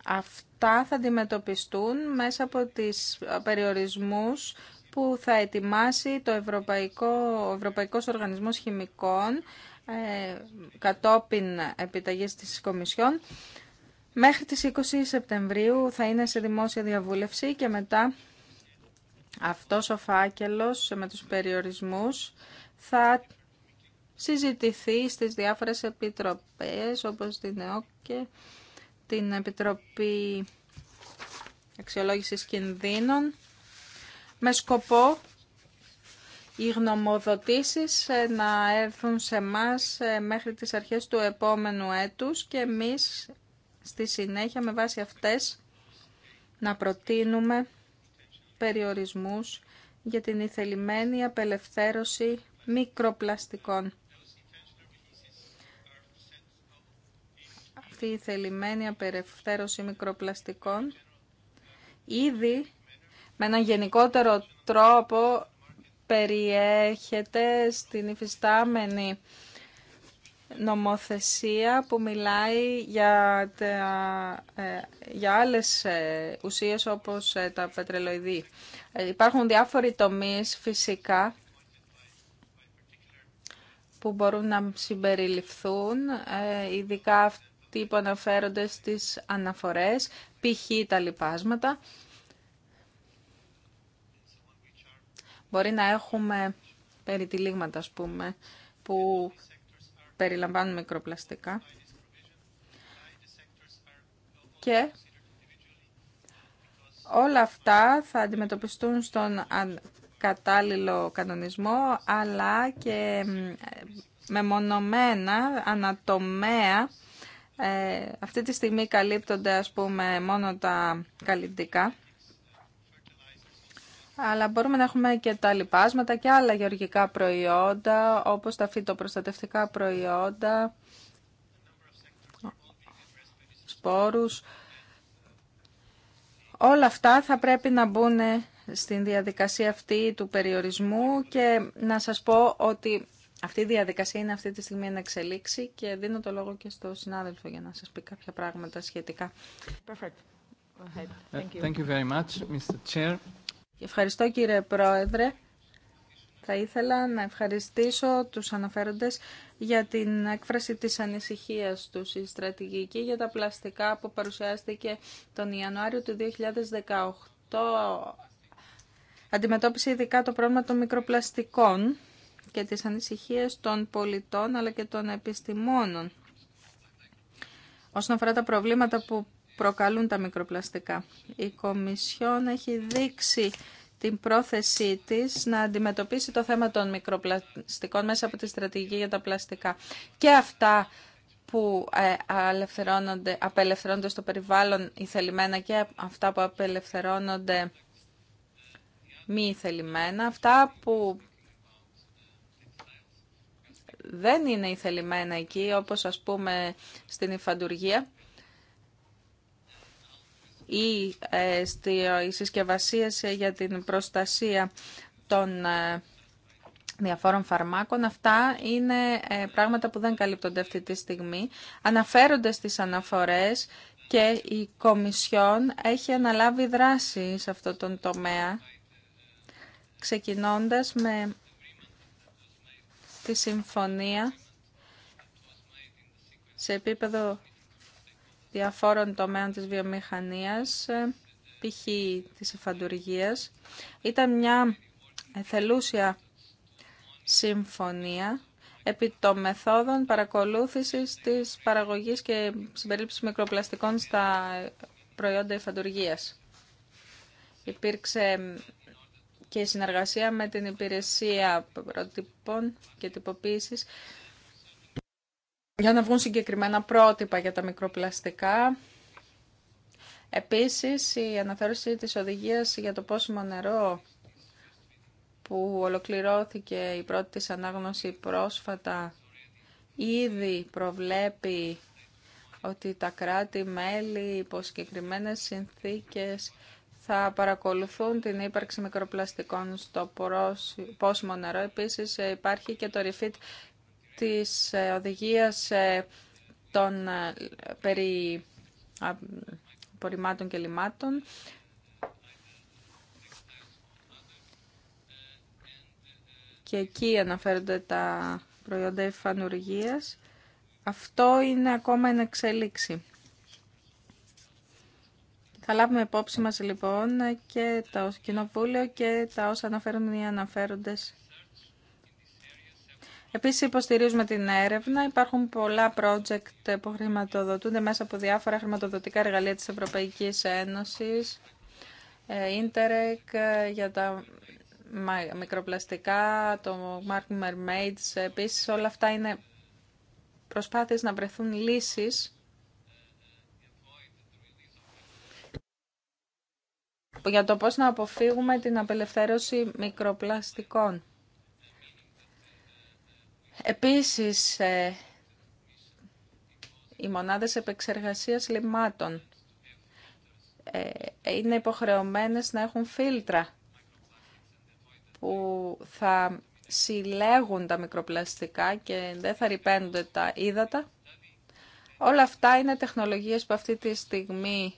Αυτά θα αντιμετωπιστούν μέσα από τις ε, περιορισμούς που θα ετοιμάσει το Ευρωπαϊκό, ο Ευρωπαϊκός Οργανισμός Χημικών ε, κατόπιν επιταγής της Κομισιόν. Μέχρι τις 20 Σεπτεμβρίου θα είναι σε δημόσια διαβούλευση και μετά αυτός ο φάκελος με τους περιορισμούς θα συζητηθεί στις διάφορες επιτροπές όπως την ΕΟΚ και την Επιτροπή Αξιολόγησης Κινδύνων με σκοπό οι γνωμοδοτήσεις ε, να έρθουν σε μας ε, μέχρι τις αρχές του επόμενου έτους και εμείς στη συνέχεια με βάση αυτές να προτείνουμε περιορισμούς για την ηθελημένη απελευθέρωση μικροπλαστικών. Αυτή η θελημένη απελευθέρωση μικροπλαστικών ήδη με έναν γενικότερο τρόπο περιέχεται στην υφιστάμενη νομοθεσία που μιλάει για, τα, ε, για άλλες ε, ουσίες όπως ε, τα πετρελοειδή. Υπάρχουν διάφοροι τομείς φυσικά που μπορούν να συμπεριληφθούν, ειδικά αυτοί που αναφέρονται στις αναφορές, π.χ. τα λοιπάσματα. Μπορεί να έχουμε περιτυλίγματα, ας πούμε, που περιλαμβάνουν μικροπλαστικά και όλα αυτά θα αντιμετωπιστούν στον κατάλληλο κανονισμό αλλά και με μονομένα ανατομέα ε, αυτή τη στιγμή καλύπτονται ας πούμε μόνο τα καλυπτικά, αλλά μπορούμε να έχουμε και τα λοιπάσματα και άλλα γεωργικά προϊόντα, όπως τα φυτοπροστατευτικά προϊόντα, σπόρους. Όλα αυτά θα πρέπει να μπουν στην διαδικασία αυτή του περιορισμού και να σας πω ότι αυτή η διαδικασία είναι αυτή τη στιγμή να εξελίξει και δίνω το λόγο και στο συνάδελφο για να σας πει κάποια πράγματα σχετικά. Ευχαριστώ κύριε Πρόεδρε. Θα ήθελα να ευχαριστήσω τους αναφέροντες για την έκφραση της ανησυχίας τους. Η στρατηγική για τα πλαστικά που παρουσιάστηκε τον Ιανουάριο του 2018 αντιμετώπισε ειδικά το πρόβλημα των μικροπλαστικών και τις ανησυχίες των πολιτών αλλά και των επιστημόνων. Όσον αφορά τα προβλήματα που προκαλούν τα μικροπλαστικά. Η Κομισιόν έχει δείξει την πρόθεσή της να αντιμετωπίσει το θέμα των μικροπλαστικών μέσα από τη στρατηγική για τα πλαστικά. Και αυτά που ε, απελευθερώνονται, στο περιβάλλον ηθελημένα και αυτά που απελευθερώνονται μη ηθελημένα, αυτά που δεν είναι ηθελημένα εκεί, όπως ας πούμε στην υφαντουργία, ή ε, ε, συσκευασία συσκευασίες για την προστασία των ε, διαφόρων φαρμάκων. Αυτά είναι πράγματα που δεν καλύπτονται αυτή τη στιγμή. Αναφέρονται στις αναφορές και η Κομισιόν έχει αναλάβει δράση σε αυτό τον τομέα, ξεκινώντας με τη συμφωνία σε επίπεδο διαφόρων τομέων της βιομηχανίας, ε, π.χ. της εφαντουργίας. Ήταν μια θελούσια συμφωνία επί των μεθόδων παρακολούθησης της παραγωγής και συμπερίληψης μικροπλαστικών στα προϊόντα εφαντουργίας. Υπήρξε και συνεργασία με την υπηρεσία προτυπών και τυποποίησης για να βγουν συγκεκριμένα πρότυπα για τα μικροπλαστικά. Επίσης, η αναθεώρηση της οδηγίας για το πόσιμο νερό που ολοκληρώθηκε η πρώτη της ανάγνωση πρόσφατα ήδη προβλέπει ότι τα κράτη-μέλη υπό συγκεκριμένε συνθήκες θα παρακολουθούν την ύπαρξη μικροπλαστικών στο πόσιμο νερό. Επίσης υπάρχει και το refit της ε, οδηγίας ε, των ε, περί απορριμμάτων και λιμάτων. Και εκεί αναφέρονται τα προϊόντα υφανουργίας. Αυτό είναι ακόμα ένα εξέλιξη. Θα λάβουμε υπόψη μας λοιπόν και το Κοινοβούλιο και τα όσα αναφέρουν οι αναφέροντες Επίσης υποστηρίζουμε την έρευνα. Υπάρχουν πολλά project που χρηματοδοτούνται μέσα από διάφορα χρηματοδοτικά εργαλεία της Ευρωπαϊκής Ένωσης. Ίντερεκ για τα μικροπλαστικά, το Mark Mermaids. Επίσης όλα αυτά είναι προσπάθειες να βρεθούν λύσεις για το πώς να αποφύγουμε την απελευθέρωση μικροπλαστικών. Επίσης, ε, οι μονάδες επεξεργασίας λιμάτων ε, είναι υποχρεωμένες να έχουν φίλτρα που θα συλλέγουν τα μικροπλαστικά και δεν θα ρηπαίνονται τα ύδατα. Όλα αυτά είναι τεχνολογίες που αυτή τη στιγμή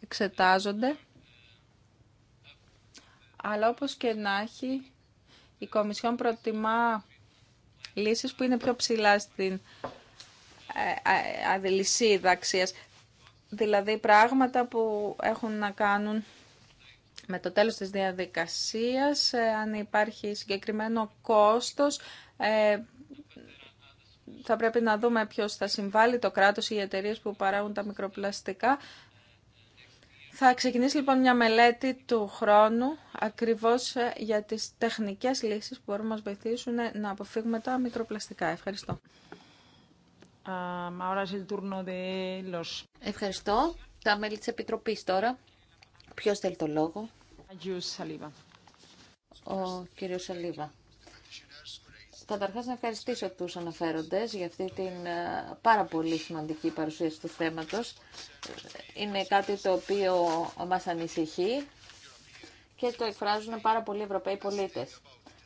εξετάζονται. Αλλά όπως και να έχει, η Κομισιόν προτιμά λύσεις που είναι πιο ψηλά στην ε, ε, αδελισίδα αξίας. Δηλαδή πράγματα που έχουν να κάνουν με το τέλος της διαδικασίας, ε, αν υπάρχει συγκεκριμένο κόστος, θα πρέπει να δούμε ποιος θα συμβάλλει, το κράτος ή οι εταιρείες που παράγουν τα μικροπλαστικά. Θα ξεκινήσει λοιπόν μια μελέτη του χρόνου ακριβώς ε, για τις τεχνικές λύσεις που μπορούν να μας βοηθήσουν ε, να αποφύγουμε τα μικροπλαστικά. Ευχαριστώ. Ευχαριστώ. Τα μέλη της Επιτροπής τώρα. Ποιος θέλει το λόγο. Ο κύριος Σαλίβα. Καταρχά να ευχαριστήσω του αναφέροντες για αυτή την ε, πάρα πολύ σημαντική παρουσίαση του θέματος. Είναι κάτι το οποίο μας ανησυχεί και το εκφράζουν πάρα πολλοί Ευρωπαίοι πολίτες.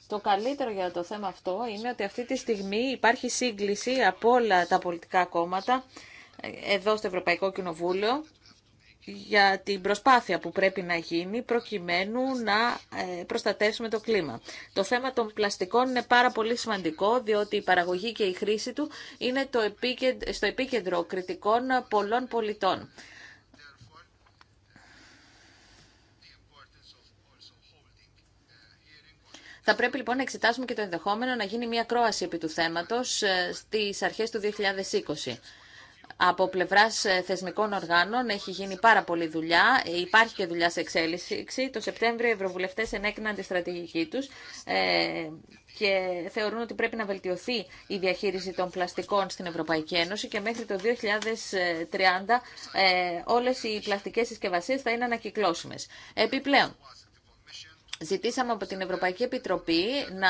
Το καλύτερο για το θέμα αυτό είναι ότι αυτή τη στιγμή υπάρχει σύγκληση από όλα τα πολιτικά κόμματα ε, εδώ στο Ευρωπαϊκό Κοινοβούλιο για την προσπάθεια που πρέπει να γίνει προκειμένου να ε, προστατεύσουμε το κλίμα. Το θέμα των πλαστικών είναι πάρα πολύ σημαντικό διότι η παραγωγή και η χρήση του είναι το επίκεντρο, στο επίκεντρο κριτικών πολλών πολιτών. Θα πρέπει λοιπόν να εξετάσουμε και το ενδεχόμενο να γίνει μια κρόαση επί του θέματος ε, στις αρχές του 2020. Από πλευρά ε, θεσμικών οργάνων έχει γίνει πάρα πολλή δουλειά. Ε, υπάρχει και δουλειά σε εξέλιξη. Το Σεπτέμβριο οι Ευρωβουλευτέ ενέκριναν τη στρατηγική του ε, και θεωρούν ότι πρέπει να βελτιωθεί η διαχείριση των πλαστικών στην Ευρωπαϊκή Ένωση και μέχρι το 2030 όλες οι πλαστικές συσκευασίες θα είναι ανακυκλώσιμες. Επιπλέον, Ζητήσαμε από την Ευρωπαϊκή Επιτροπή να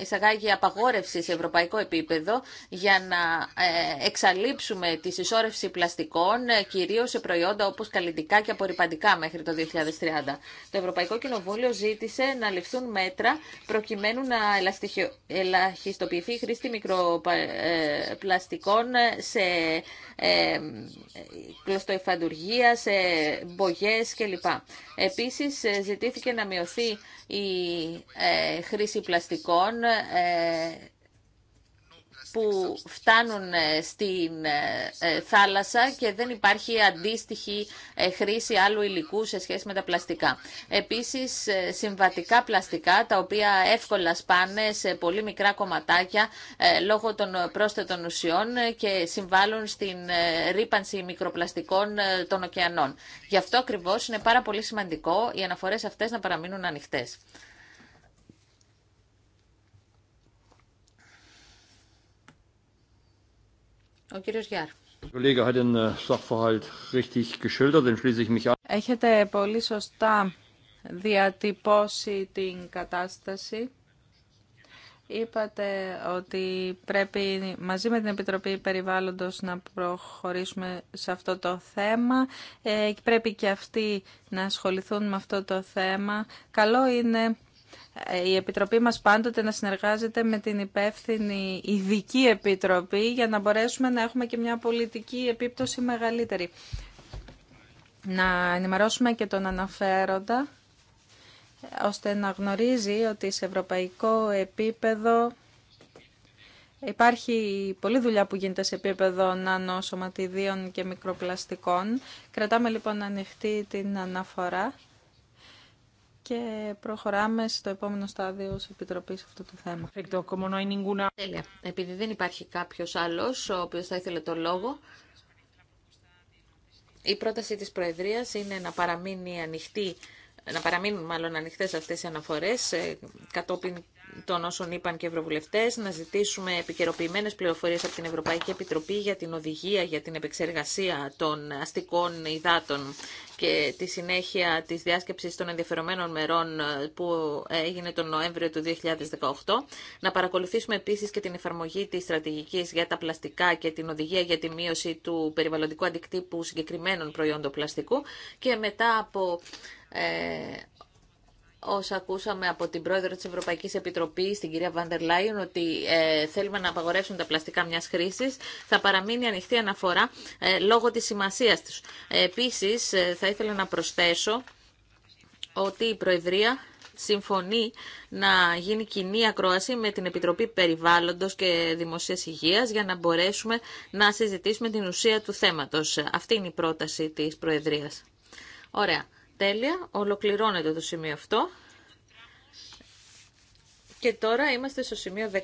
εισαγάγει απαγόρευση σε ευρωπαϊκό επίπεδο για να ε, εξαλείψουμε τη συσσόρευση πλαστικών, ε, κυρίως σε προϊόντα όπως καλλιτικά και απορριπαντικά μέχρι το 2030. Το Ευρωπαϊκό Κοινοβούλιο ζήτησε να ληφθούν μέτρα προκειμένου να ελαχιστοποιηθεί η χρήση μικροπλαστικών ε, σε κλωστοϊφαντουργία, σε μπογιές κλπ. Επίσης ζητήθηκε να μειωθεί η ε, χρήση πλαστικών ε, που φτάνουν ε, στην ε, ε, θάλασσα και δεν υπάρχει αντίστοιχη χρήση άλλου υλικού σε σχέση με τα πλαστικά. Επίσης, συμβατικά πλαστικά, τα οποία εύκολα σπάνε σε πολύ μικρά κομματάκια λόγω των πρόσθετων ουσιών και συμβάλλουν στην ρήπανση μικροπλαστικών των ωκεανών. Γι' αυτό ακριβώ είναι πάρα πολύ σημαντικό οι αναφορές αυτές να παραμείνουν ανοιχτές. Ο κύριος Γιάρ. Äh, Έχετε πολύ σωστά διατυπώσει την κατάσταση. Είπατε ότι πρέπει μαζί με την Επιτροπή Περιβάλλοντος να προχωρήσουμε σε αυτό το θέμα. Ε, πρέπει και αυτοί να ασχοληθούν με αυτό το θέμα. Καλό είναι η Επιτροπή μας πάντοτε να συνεργάζεται με την υπεύθυνη ειδική Επιτροπή για να μπορέσουμε να έχουμε και μια πολιτική επίπτωση μεγαλύτερη. Να ενημερώσουμε και τον αναφέροντα ώστε να γνωρίζει ότι σε ευρωπαϊκό επίπεδο Υπάρχει πολλή δουλειά που γίνεται σε επίπεδο νανοσωματιδίων και μικροπλαστικών. Κρατάμε λοιπόν ανοιχτή την αναφορά και προχωράμε στο επόμενο στάδιο Επιτροπή σε αυτό το θέμα. Τέλεια. Επειδή δεν υπάρχει κάποιο άλλο, ο οποίο θα ήθελε το λόγο, η πρόταση της Προεδρίας είναι να παραμείνει ανοιχτή να παραμείνουν μάλλον ανοιχτέ αυτέ οι αναφορές ε, κατόπιν των όσων είπαν και ευρωβουλευτέ, να ζητήσουμε επικαιροποιημένε πληροφορίε από την Ευρωπαϊκή Επιτροπή για την οδηγία για την επεξεργασία των αστικών υδάτων και τη συνέχεια τη διάσκεψη των ενδιαφερομένων μερών ε, που έγινε τον Νοέμβριο του 2018. Να παρακολουθήσουμε επίση και την εφαρμογή τη στρατηγική για τα πλαστικά και την οδηγία για τη μείωση του περιβαλλοντικού αντικτύπου συγκεκριμένων προϊόντων πλαστικού και μετά από ε, όσα ακούσαμε από την πρόεδρο της Ευρωπαϊκής Επιτροπής, την κυρία Βάντερ Λάιον, ότι ε, θέλουμε να απαγορεύσουν τα πλαστικά μιας χρήσης, θα παραμείνει ανοιχτή αναφορά ε, λόγω της σημασίας τους. Ε, επίσης, θα ήθελα να προσθέσω ότι η Προεδρία συμφωνεί να γίνει κοινή ακρόαση με την Επιτροπή Περιβάλλοντος και Δημοσίας Υγείας για να μπορέσουμε να συζητήσουμε την ουσία του θέματος. Αυτή είναι η πρόταση της Προεδρίας. Ωραία. Τέλεια, ολοκληρώνεται το σημείο αυτό. Και τώρα είμαστε στο σημείο 14,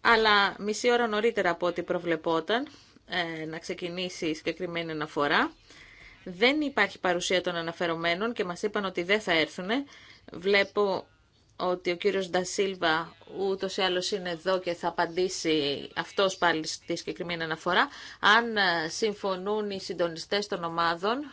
αλλά μισή ώρα νωρίτερα από ό,τι προβλεπόταν ε, να ξεκινήσει η συγκεκριμένη αναφορά. Δεν υπάρχει παρουσία των αναφερομένων και μας είπαν ότι δεν θα έρθουν. Βλέπω ότι ο κύριος Ντασίλβα ούτως ή άλλως είναι εδώ και θα απαντήσει αυτός πάλι στη συγκεκριμένη αναφορά. Αν ε, συμφωνούν οι συντονιστές των ομάδων,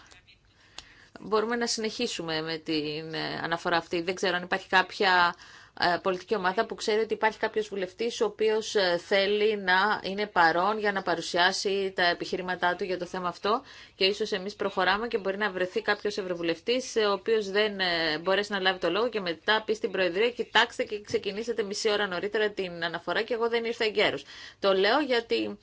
μπορούμε να συνεχίσουμε με την ε, αναφορά αυτή. Δεν ξέρω αν υπάρχει κάποια ε, πολιτική ομάδα που ξέρει ότι υπάρχει κάποιος βουλευτής ο οποίος ε, θέλει να είναι παρόν για να παρουσιάσει τα επιχειρήματά του για το θέμα αυτό και ίσως εμείς προχωράμε και μπορεί να βρεθεί κάποιος ευρωβουλευτής ο οποίος δεν μπορέσει να λάβει το λόγο και μετά πει στην Προεδρία κοιτάξτε και ξεκινήσετε μισή ώρα νωρίτερα την αναφορά και εγώ δεν ήρθα εγκαίρως. Το λέω γιατί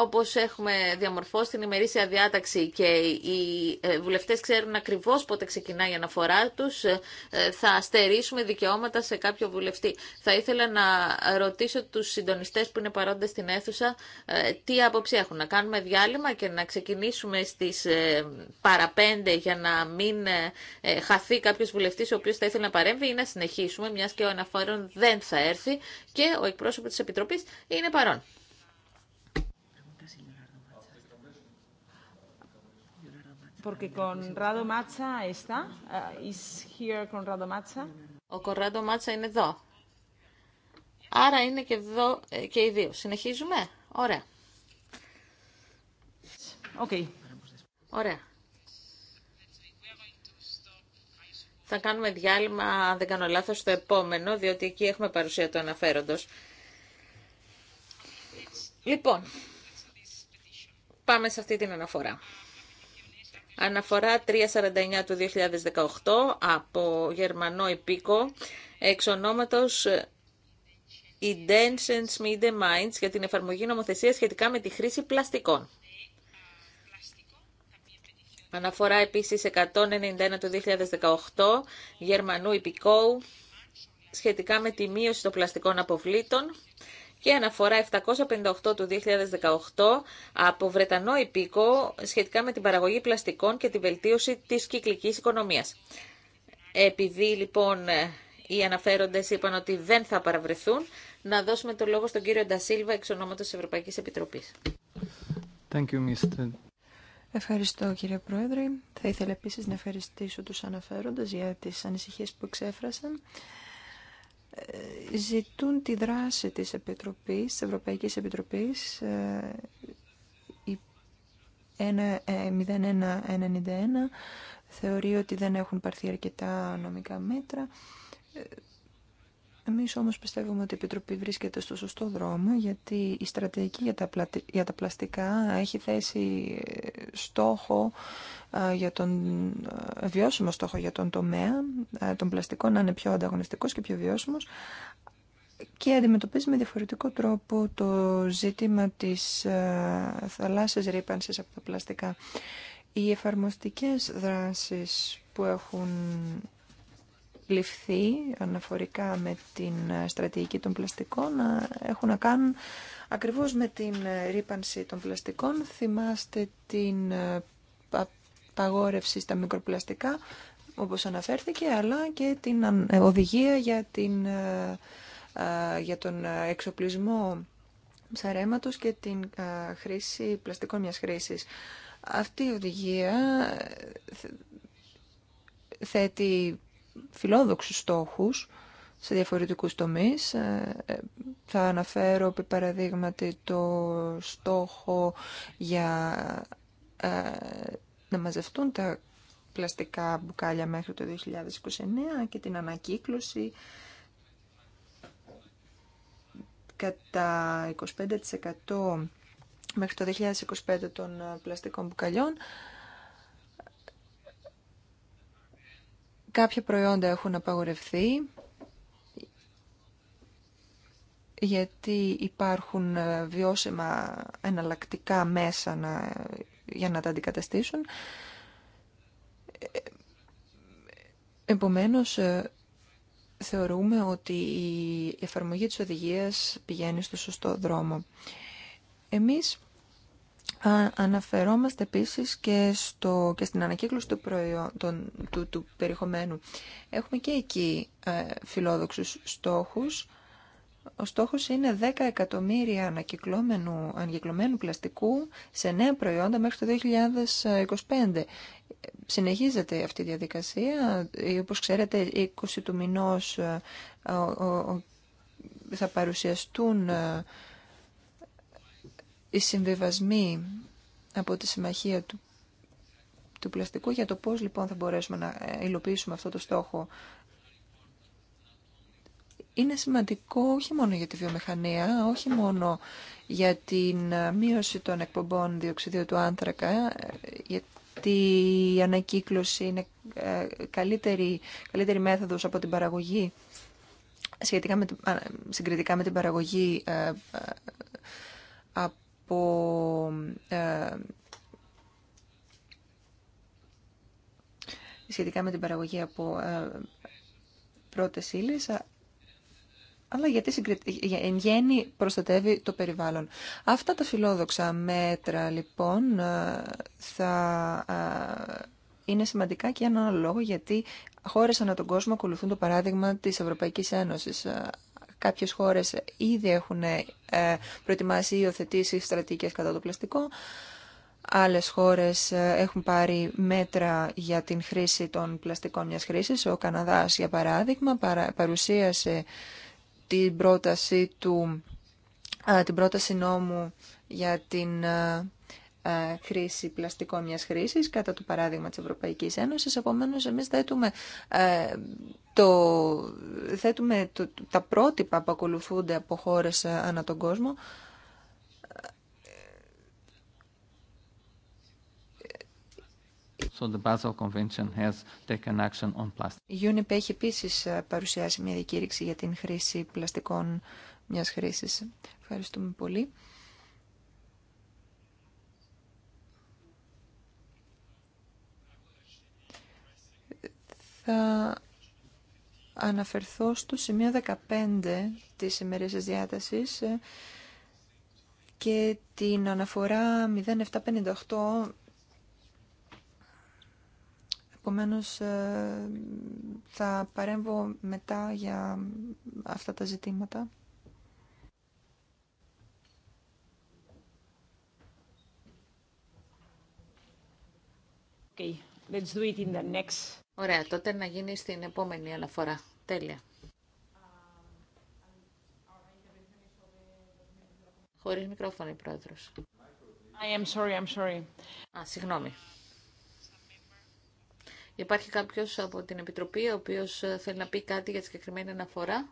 όπως έχουμε διαμορφώσει την ημερήσια διάταξη και οι ε, βουλευτές ξέρουν ακριβώς πότε ξεκινάει η αναφορά τους, ε, ε, θα στερήσουμε δικαιώματα σε κάποιο βουλευτή. Θα ήθελα να ρωτήσω τους συντονιστές που είναι παρόντες στην αίθουσα τι άποψη έχουν. Να κάνουμε διάλειμμα και να ξεκινήσουμε στις παραπέντε για να μην χαθεί κάποιος βουλευτής ο οποίος θα ήθελε να παρέμβει ή να συνεχίσουμε, μιας και ο αναφορών δεν θα έρθει και ο εκπρόσωπος της Επιτροπής είναι παρόν. Uh, Ο Conrado Matza είναι εδώ. Άρα είναι και εδώ ε, και οι δύο. Συνεχίζουμε. Ωραία. Okay. Ωραία. Θα κάνουμε διάλειμμα, αν δεν κάνω λάθος, στο επόμενο, διότι εκεί έχουμε παρουσία του αναφέροντος. Λοιπόν, πάμε σε αυτή την αναφορά. Αναφορά 349 του 2018 από Γερμανό υπήκο εξ ονόματος Intentions Media Minds για την εφαρμογή νομοθεσία σχετικά με τη χρήση πλαστικών. Αναφορά επίσης 191 του 2018 Γερμανού υπηκόου σχετικά με τη μείωση των πλαστικών αποβλήτων και αναφορά 758 του 2018 από Βρετανό υπήκο σχετικά με την παραγωγή πλαστικών και τη βελτίωση της κυκλικής οικονομίας. Επειδή λοιπόν οι αναφέροντες είπαν ότι δεν θα παραβρεθούν, να δώσουμε το λόγο στον κύριο Ντασίλβα εξ ονόματος Ευρωπαϊκής Επιτροπής. Thank you, Mr. Ευχαριστώ κύριε Πρόεδρε. Θα ήθελα επίσης να ευχαριστήσω τους αναφέροντες για τις ανησυχίες που εξέφρασαν ζητούν τη δράση της Επιτροπής, της Ευρωπαϊκής Επιτροπής ε, η 0191 ε, θεωρεί ότι δεν έχουν πάρθει αρκετά νομικά μέτρα ε, εμείς όμως πιστεύουμε ότι η Επιτροπή βρίσκεται στο σωστό δρόμο γιατί η στρατηγική για τα, για τα πλαστικά έχει θέσει ε, στόχο ε, για τον ε, βιώσιμο στόχο για τον τομέα των πλαστικών να είναι πιο ανταγωνιστικός και πιο βιώσιμος και αντιμετωπίζει με διαφορετικό τρόπο το ζήτημα της θαλάσσης ρήπανσης από τα πλαστικά. Οι εφαρμοστικές δράσεις που έχουν ληφθεί αναφορικά με την στρατηγική των πλαστικών έχουν να κάνουν ακριβώς με την ρήπανση των πλαστικών. Θυμάστε την ε, παγόρευση στα μικροπλαστικά, όπως αναφέρθηκε, αλλά και την ε, οδηγία για, την, ε, για τον εξοπλισμό ψαρέματος και την χρήση πλαστικών μιας χρήσης. Αυτή η οδηγία θέτει φιλόδοξους στόχους σε διαφορετικούς τομείς. Ε, ε, θα αναφέρω, επί παραδείγματι, το στόχο για ε, να μαζευτούν τα πλαστικά μπουκάλια μέχρι το 2029 και την ανακύκλωση κατά 25% μέχρι το 2025 των πλαστικών μπουκαλιών Κάποια προϊόντα έχουν απαγορευθεί γιατί υπάρχουν ε, βιώσιμα εναλλακτικά μέσα για να τα αντικαταστήσουν. Ε, επομένως, ε, θεωρούμε ότι η εφαρμογή της οδηγίας πηγαίνει στο σωστό δρόμο. Εμείς Αναφερόμαστε επίσης και, στο, και στην ανακύκλωση του, προϊόν, του, του περιεχομένου. Έχουμε και εκεί ε, φιλόδοξους στόχους. Ο στόχος είναι 10 εκατομμύρια ανακυκλωμένου, ανακυκλωμένου πλαστικού σε νέα προϊόντα μέχρι το 2025. Συνεχίζεται αυτή η διαδικασία. Ε, όπως ξέρετε, 20 του μηνός ε, θα παρουσιαστούν ε, οι συμβιβασμοί από τη συμμαχία του, του πλαστικού για το πώς λοιπόν θα μπορέσουμε να ε, υλοποιήσουμε αυτό το στόχο είναι σημαντικό όχι μόνο για τη βιομηχανία, όχι μόνο για την ε, μείωση των εκπομπών διοξιδίου του άνθρακα, ε, γιατί η ανακύκλωση είναι καλύτερη, καλύτερη μέθοδος από την παραγωγή, σχετικά με, συγκριτικά με την παραγωγή ε, σχετικά με την παραγωγή από ε, πρώτες ύλες, αλλά γιατί εν γέννη προστατεύει το περιβάλλον. Αυτά τα φιλόδοξα μέτρα λοιπόν ε, θα είναι σημαντικά και έναν άλλο λόγο γιατί χώρες ανά τον κόσμο ακολουθούν το παράδειγμα της Ευρωπαϊκής Ένωσης. Κάποιες χώρες ήδη έχουν ε, προετοιμάσει ή υιοθετήσει στρατηγικές κατά το πλαστικό. Άλλες χώρες ε, έχουν πάρει μέτρα για την χρήση των πλαστικών μιας χρήσης. Ο Καναδάς, για παράδειγμα, παρουσίασε την πρόταση, του, ε, την πρόταση νόμου για την ε, χρήση πλαστικών μιας χρήσης, κατά το παράδειγμα της Ευρωπαϊκής Ένωσης. Επομένως, εμείς θέτουμε, ε, το, θέτουμε τα πρότυπα που ακολουθούνται από χώρες ε, ανά τον κόσμο, So the Basel Convention has taken action on plastic. Η UNEP έχει επίση παρουσιάσει μια διακήρυξη για την χρήση πλαστικών μια χρήση. Ευχαριστούμε πολύ. θα αναφερθώ στο σημείο 15 της ημερήσιας διάτασης ε, και την αναφορά 0758 Επομένως, ε, θα παρέμβω μετά για αυτά τα ζητήματα. Okay, let's do it in the next. Ωραία, τότε να γίνει στην επόμενη αναφορά. Τέλεια. Χωρίς μικρόφωνο η πρόεδρος. I am sorry, I'm sorry. Α, συγγνώμη. Υπάρχει κάποιος από την Επιτροπή ο οποίος ε, θέλει να πει κάτι για τη συγκεκριμένη αναφορά.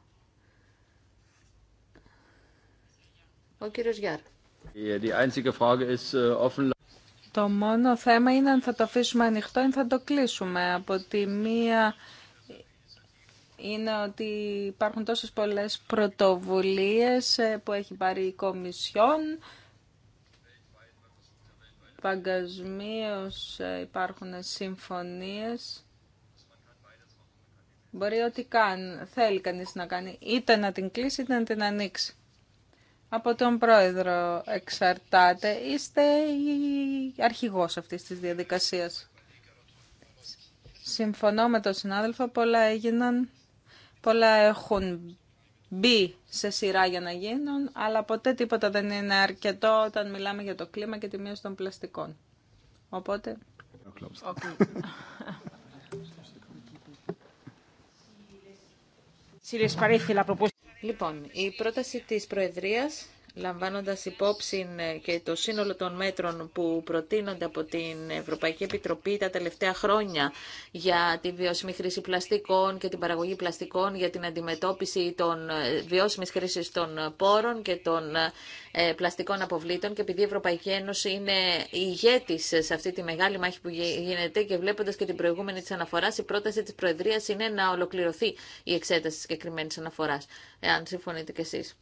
Ο κύριος Γιάρ. Το μόνο θέμα είναι αν θα το αφήσουμε ανοιχτό ή θα το κλείσουμε. Από τη μία είναι ότι υπάρχουν τόσες πολλές πρωτοβουλίες ε, που έχει πάρει η Κομισιόν. Παγκασμίως ε, υπάρχουν συμφωνίες. Μπορεί ό,τι κάνει θέλει κανείς να κάνει, είτε να την κλείσει είτε να την ανοίξει από τον πρόεδρο εξαρτάται. Είστε η αρχηγός αυτής της διαδικασίας. Συμφωνώ με τον συνάδελφο, πολλά έγιναν, πολλά έχουν μπει σε σειρά για να γίνουν, αλλά ποτέ τίποτα δεν είναι αρκετό όταν μιλάμε για το κλίμα και τη μείωση των πλαστικών. Οπότε... Λοιπόν, η πρόταση της Προεδρίας λαμβάνοντας υπόψη ε, και το σύνολο των μέτρων που προτείνονται από την Ευρωπαϊκή Επιτροπή τα τελευταία χρόνια για τη βιώσιμη χρήση πλαστικών και την παραγωγή πλαστικών, για την αντιμετώπιση των ε, βιώσιμης χρήσης των πόρων και των ε, πλαστικών αποβλήτων και επειδή η Ευρωπαϊκή Ένωση είναι ηγέτης σε αυτή τη μεγάλη μάχη που γίνεται και βλέποντας και την προηγούμενη της αναφοράς, η πρόταση της Προεδρίας είναι να ολοκληρωθεί η εξέταση της συγκεκριμένη αναφοράς, εάν συμφωνείτε κι εσείς.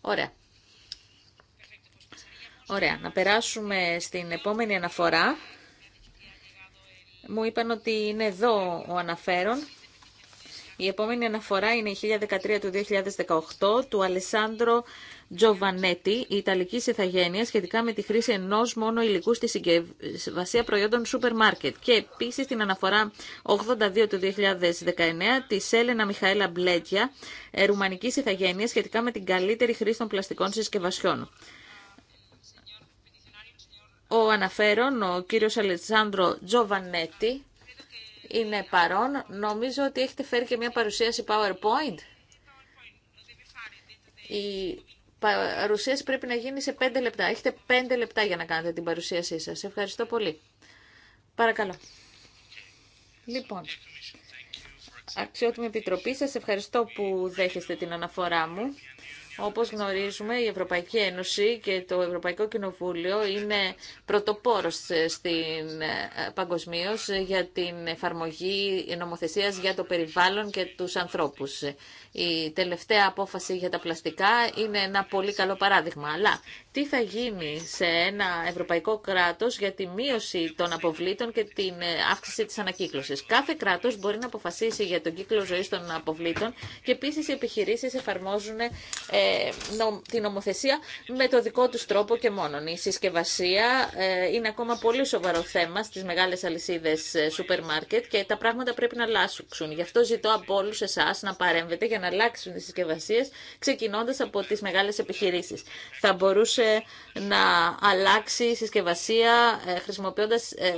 Ωραία. Ωραία, να περάσουμε στην επόμενη αναφορά. Μου είπαν ότι είναι εδώ ο αναφέρον. Η επόμενη αναφορά είναι η 1013 του 2018 του Αλεσάνδρο Τζοβανέτη, η Ιταλική Ιθαγένεια, σχετικά με τη χρήση ενό μόνο υλικού στη συγκευασία προϊόντων σούπερ μάρκετ. Και επίση την αναφορά 82 του 2019 τη Έλενα Μιχαέλα Μπλέτια, Ρουμανική Ιθαγένεια, σχετικά με την καλύτερη χρήση των πλαστικών συσκευασιών. Ο αναφέρον, ο κύριος Αλεξάνδρο Τζοβανέτη, είναι παρόν. Νομίζω ότι έχετε φέρει και μια παρουσίαση PowerPoint. Η παρουσίαση πρέπει να γίνει σε πέντε λεπτά. Έχετε πέντε λεπτά για να κάνετε την παρουσίασή σας. Ευχαριστώ πολύ. Παρακαλώ. Λοιπόν, αξιότιμη επιτροπή, σας ευχαριστώ που δέχεστε την αναφορά μου. Όπως γνωρίζουμε, η Ευρωπαϊκή Ένωση και το Ευρωπαϊκό Κοινοβούλιο είναι πρωτοπόρος στην ε, παγκοσμίω για την εφαρμογή νομοθεσίας για το περιβάλλον και τους ανθρώπους. Η τελευταία απόφαση για τα πλαστικά είναι ένα πολύ καλό παράδειγμα. Αλλά τι θα γίνει σε ένα ευρωπαϊκό κράτο για τη μείωση των αποβλήτων και την ε, αύξηση τη ανακύκλωση. Κάθε κράτο μπορεί να αποφασίσει για τον κύκλο ζωή των αποβλήτων και επίση οι επιχειρήσει εφαρμόζουν ε, την νομοθεσία με το δικό του τρόπο και μόνον. Η συσκευασία ε, είναι ακόμα πολύ σοβαρό θέμα στι μεγάλε αλυσίδε σούπερ μάρκετ και τα πράγματα πρέπει να αλλάξουν. Γι' αυτό ζητώ από όλου εσά να παρέμβετε για να αλλάξουν τι συσκευασίε ξεκινώντα από τι μεγάλε επιχειρήσει. Θα μπορούσε να αλλάξει η συσκευασία ε, χρησιμοποιώντας ε,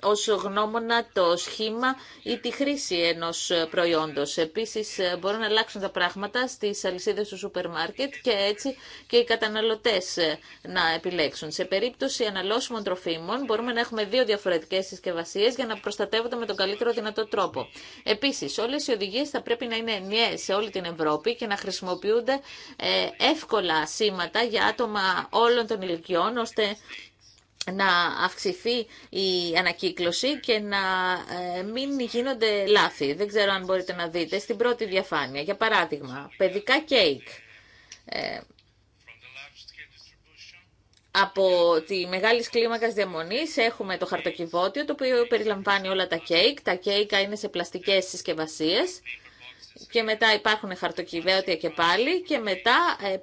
ως γνώμονα το σχήμα ή τη χρήση ενός προϊόντος. Επίσης ε, μπορούν να αλλάξουν τα πράγματα στις αλυσίδες του σούπερ μάρκετ και έτσι και οι καταναλωτές να επιλέξουν. Σε περίπτωση αναλώσιμων τροφίμων μπορούμε να έχουμε δύο διαφορετικές συσκευασίες για να προστατεύονται με τον καλύτερο δυνατό τρόπο. Επίσης όλες οι οδηγίες θα πρέπει να είναι ενιαίες σε όλη την Ευρώπη και να χρησιμοποιούνται εύκολα σήματα για άτομα όλων των ηλικιών, ώστε να αυξηθεί η ανακύκλωση και να ε, μην γίνονται λάθη. Δεν ξέρω αν μπορείτε να δείτε στην πρώτη διαφάνεια. Για παράδειγμα, παιδικά κέικ. Ε, από τη μεγάλη κλίμακα διαμονή έχουμε το χαρτοκιβώτιο, το οποίο περιλαμβάνει όλα τα κέικ. Τα κέικα είναι σε πλαστικέ συσκευασίε. Και μετά υπάρχουν χαρτοκιβώτια και πάλι. Και μετά ε,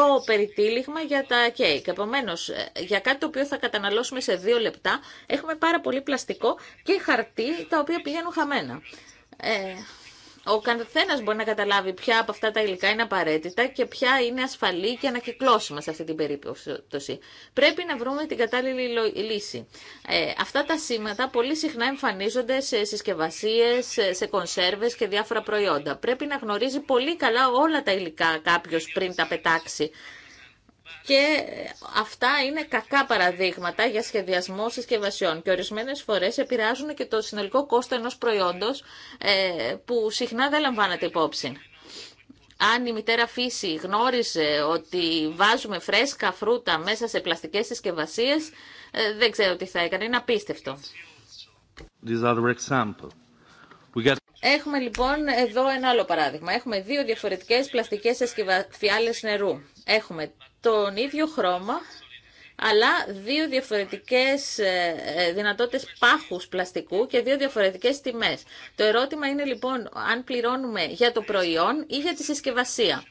ο περιτύλιγμα για τα κέικ. Επομένω, ε, για κάτι το οποίο θα καταναλώσουμε σε δύο λεπτά, έχουμε πάρα πολύ πλαστικό και χαρτί τα οποία πηγαίνουν χαμένα. Ε, ο καθένα μπορεί να καταλάβει ποια από αυτά τα υλικά είναι απαραίτητα και ποια είναι ασφαλή και ανακυκλώσιμα σε αυτή την περίπτωση. Πρέπει να βρούμε την κατάλληλη λύση. Ε, αυτά τα σήματα πολύ συχνά εμφανίζονται σε συσκευασίε, σε κονσέρβες και διάφορα προϊόντα. Πρέπει να γνωρίζει πολύ καλά όλα τα υλικά κάποιο πριν τα πετάξει και αυτά είναι κακά παραδείγματα για σχεδιασμό συσκευασιών και ορισμένες φορές επηρεάζουν και το συνολικό κόστο ενός προϊόντος ε, που συχνά δεν λαμβάνεται υπόψη. Αν η μητέρα φύση γνώριζε ότι βάζουμε φρέσκα φρούτα μέσα σε πλαστικές συσκευασίες, ε, δεν ξέρω τι θα έκανε, είναι απίστευτο. Έχουμε λοιπόν εδώ ένα άλλο παράδειγμα. Έχουμε δύο διαφορετικές πλαστικές φιάλες νερού. Έχουμε τον ίδιο χρώμα, αλλά δύο διαφορετικές ε, ε, δυνατότητες πάχους πλαστικού και δύο διαφορετικές τιμές. Το ερώτημα είναι λοιπόν αν πληρώνουμε για το προϊόν ή για τη συσκευασία.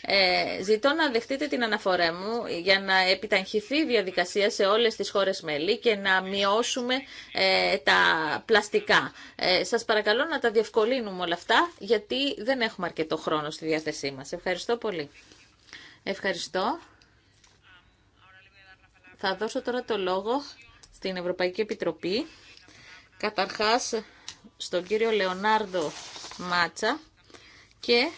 Ε, ζητώ να δεχτείτε την αναφορά μου για να επιταγχυθεί η διαδικασία σε όλες τις χώρες μέλη και να μειώσουμε τα πλαστικά. Ε, σας παρακαλώ να τα διευκολύνουμε όλα αυτά γιατί δεν έχουμε αρκετό χρόνο στη διάθεσή μας. Ευχαριστώ πολύ. Ευχαριστώ. Θα δώσω τώρα το λόγο στην Ευρωπαϊκή Επιτροπή. Καταρχάς στον κύριο Λεωνάρδο Μάτσα και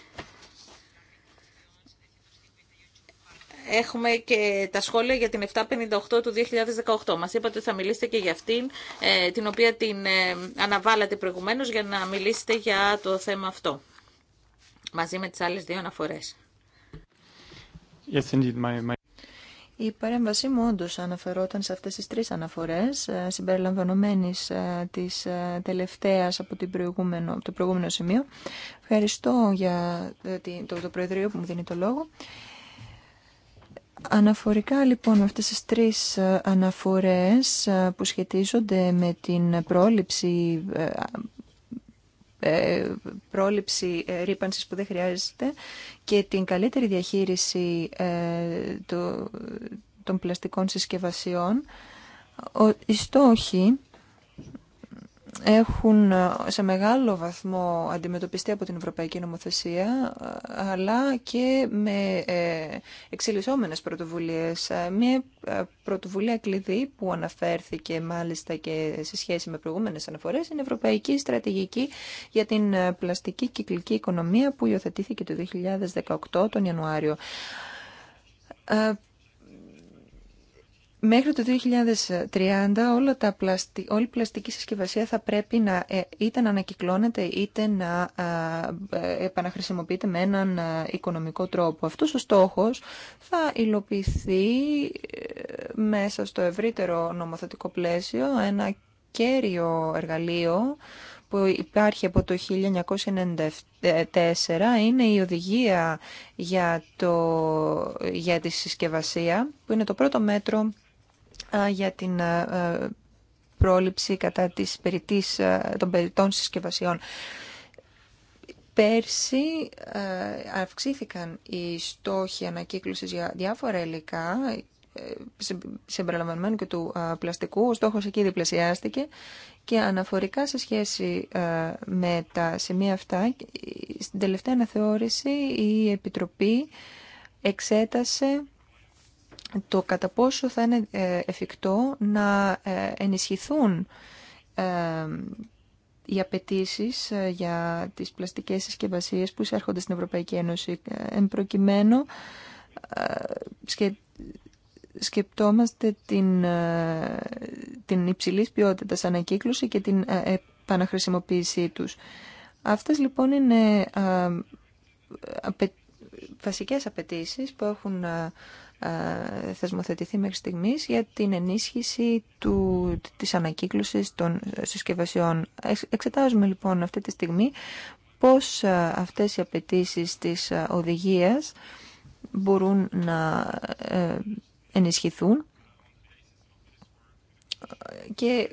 έχουμε και τα σχόλια για την 758 του 2018. Μας είπατε ότι θα μιλήσετε και για αυτήν, ε, την οποία την ε, αναβάλατε προηγουμένως για να μιλήσετε για το θέμα αυτό, μαζί με τις άλλες δύο αναφορές. Yes, indeed, my... Η παρέμβασή μου όντω αναφερόταν σε αυτές τις τρεις αναφορές, ε, συμπεριλαμβανομένης ε, της ε, τελευταίας από, προηγούμενο, το προηγούμενο σημείο. Ευχαριστώ για το, το Προεδρείο που μου δίνει το λόγο. Αναφορικά λοιπόν με αυτές τις τρεις αναφορές που σχετίζονται με την πρόληψη ε, πρόληψη ε, ρήπανσης που δεν χρειάζεται και την καλύτερη διαχείριση ε, των πλαστικών συσκευασιών, οι στόχοι έχουν ε, σε μεγάλο βαθμό αντιμετωπιστεί από την Ευρωπαϊκή Νομοθεσία, ε, αλλά και με ε, εξελισσόμενες πρωτοβουλίες. Μία πρωτοβουλία κλειδί που αναφέρθηκε μάλιστα και σε σχέση με προηγούμενες αναφορές είναι η Ευρωπαϊκή Στρατηγική για την Πλαστική Κυκλική Οικονομία που υιοθετήθηκε το 2018 τον Ιανουάριο Μέχρι το 2030 όλα τα πλαστι... όλη η πλαστική συσκευασία θα πρέπει να ε, είτε να ανακυκλώνεται είτε να ε, επαναχρησιμοποιείται με έναν οικονομικό τρόπο. Αυτός ο στόχος θα υλοποιηθεί ε, μέσα στο ευρύτερο νομοθετικό πλαίσιο ένα κέριο εργαλείο που υπάρχει από το 1994 είναι η οδηγία για, το, για τη συσκευασία που είναι το πρώτο μέτρο για την ε, ε, πρόληψη κατά της περιτής, ε, των περιττών συσκευασιών. Πέρσι αυξήθηκαν οι στόχοι ανακύκλωσης για διάφορα υλικά, συμπεριλαμβανομένου και του πλαστικού. Ο στόχος εκεί διπλασιάστηκε και αναφορικά σε σχέση με τα σημεία αυτά, στην τελευταία αναθεώρηση η Επιτροπή εξέτασε το κατά πόσο θα είναι ε, εφικτό να ε, ενισχυθούν ε, οι απαιτήσει για τις πλαστικές συσκευασίε που εισέρχονται στην Ευρωπαϊκή Ένωση. Εν προκειμένου, σκεπτόμαστε την, την υψηλής ποιότητας ανακύκλωση και την επαναχρησιμοποίησή τους. Αυτές λοιπόν είναι βασικές απαιτήσει που έχουν θεσμοθετηθεί μέχρι στιγμής για την ενίσχυση του, της ανακύκλωσης των συσκευασιών. Εξετάζουμε λοιπόν αυτή τη στιγμή πώς αυτές οι απαιτήσει της οδηγίας μπορούν να ε, ενισχυθούν και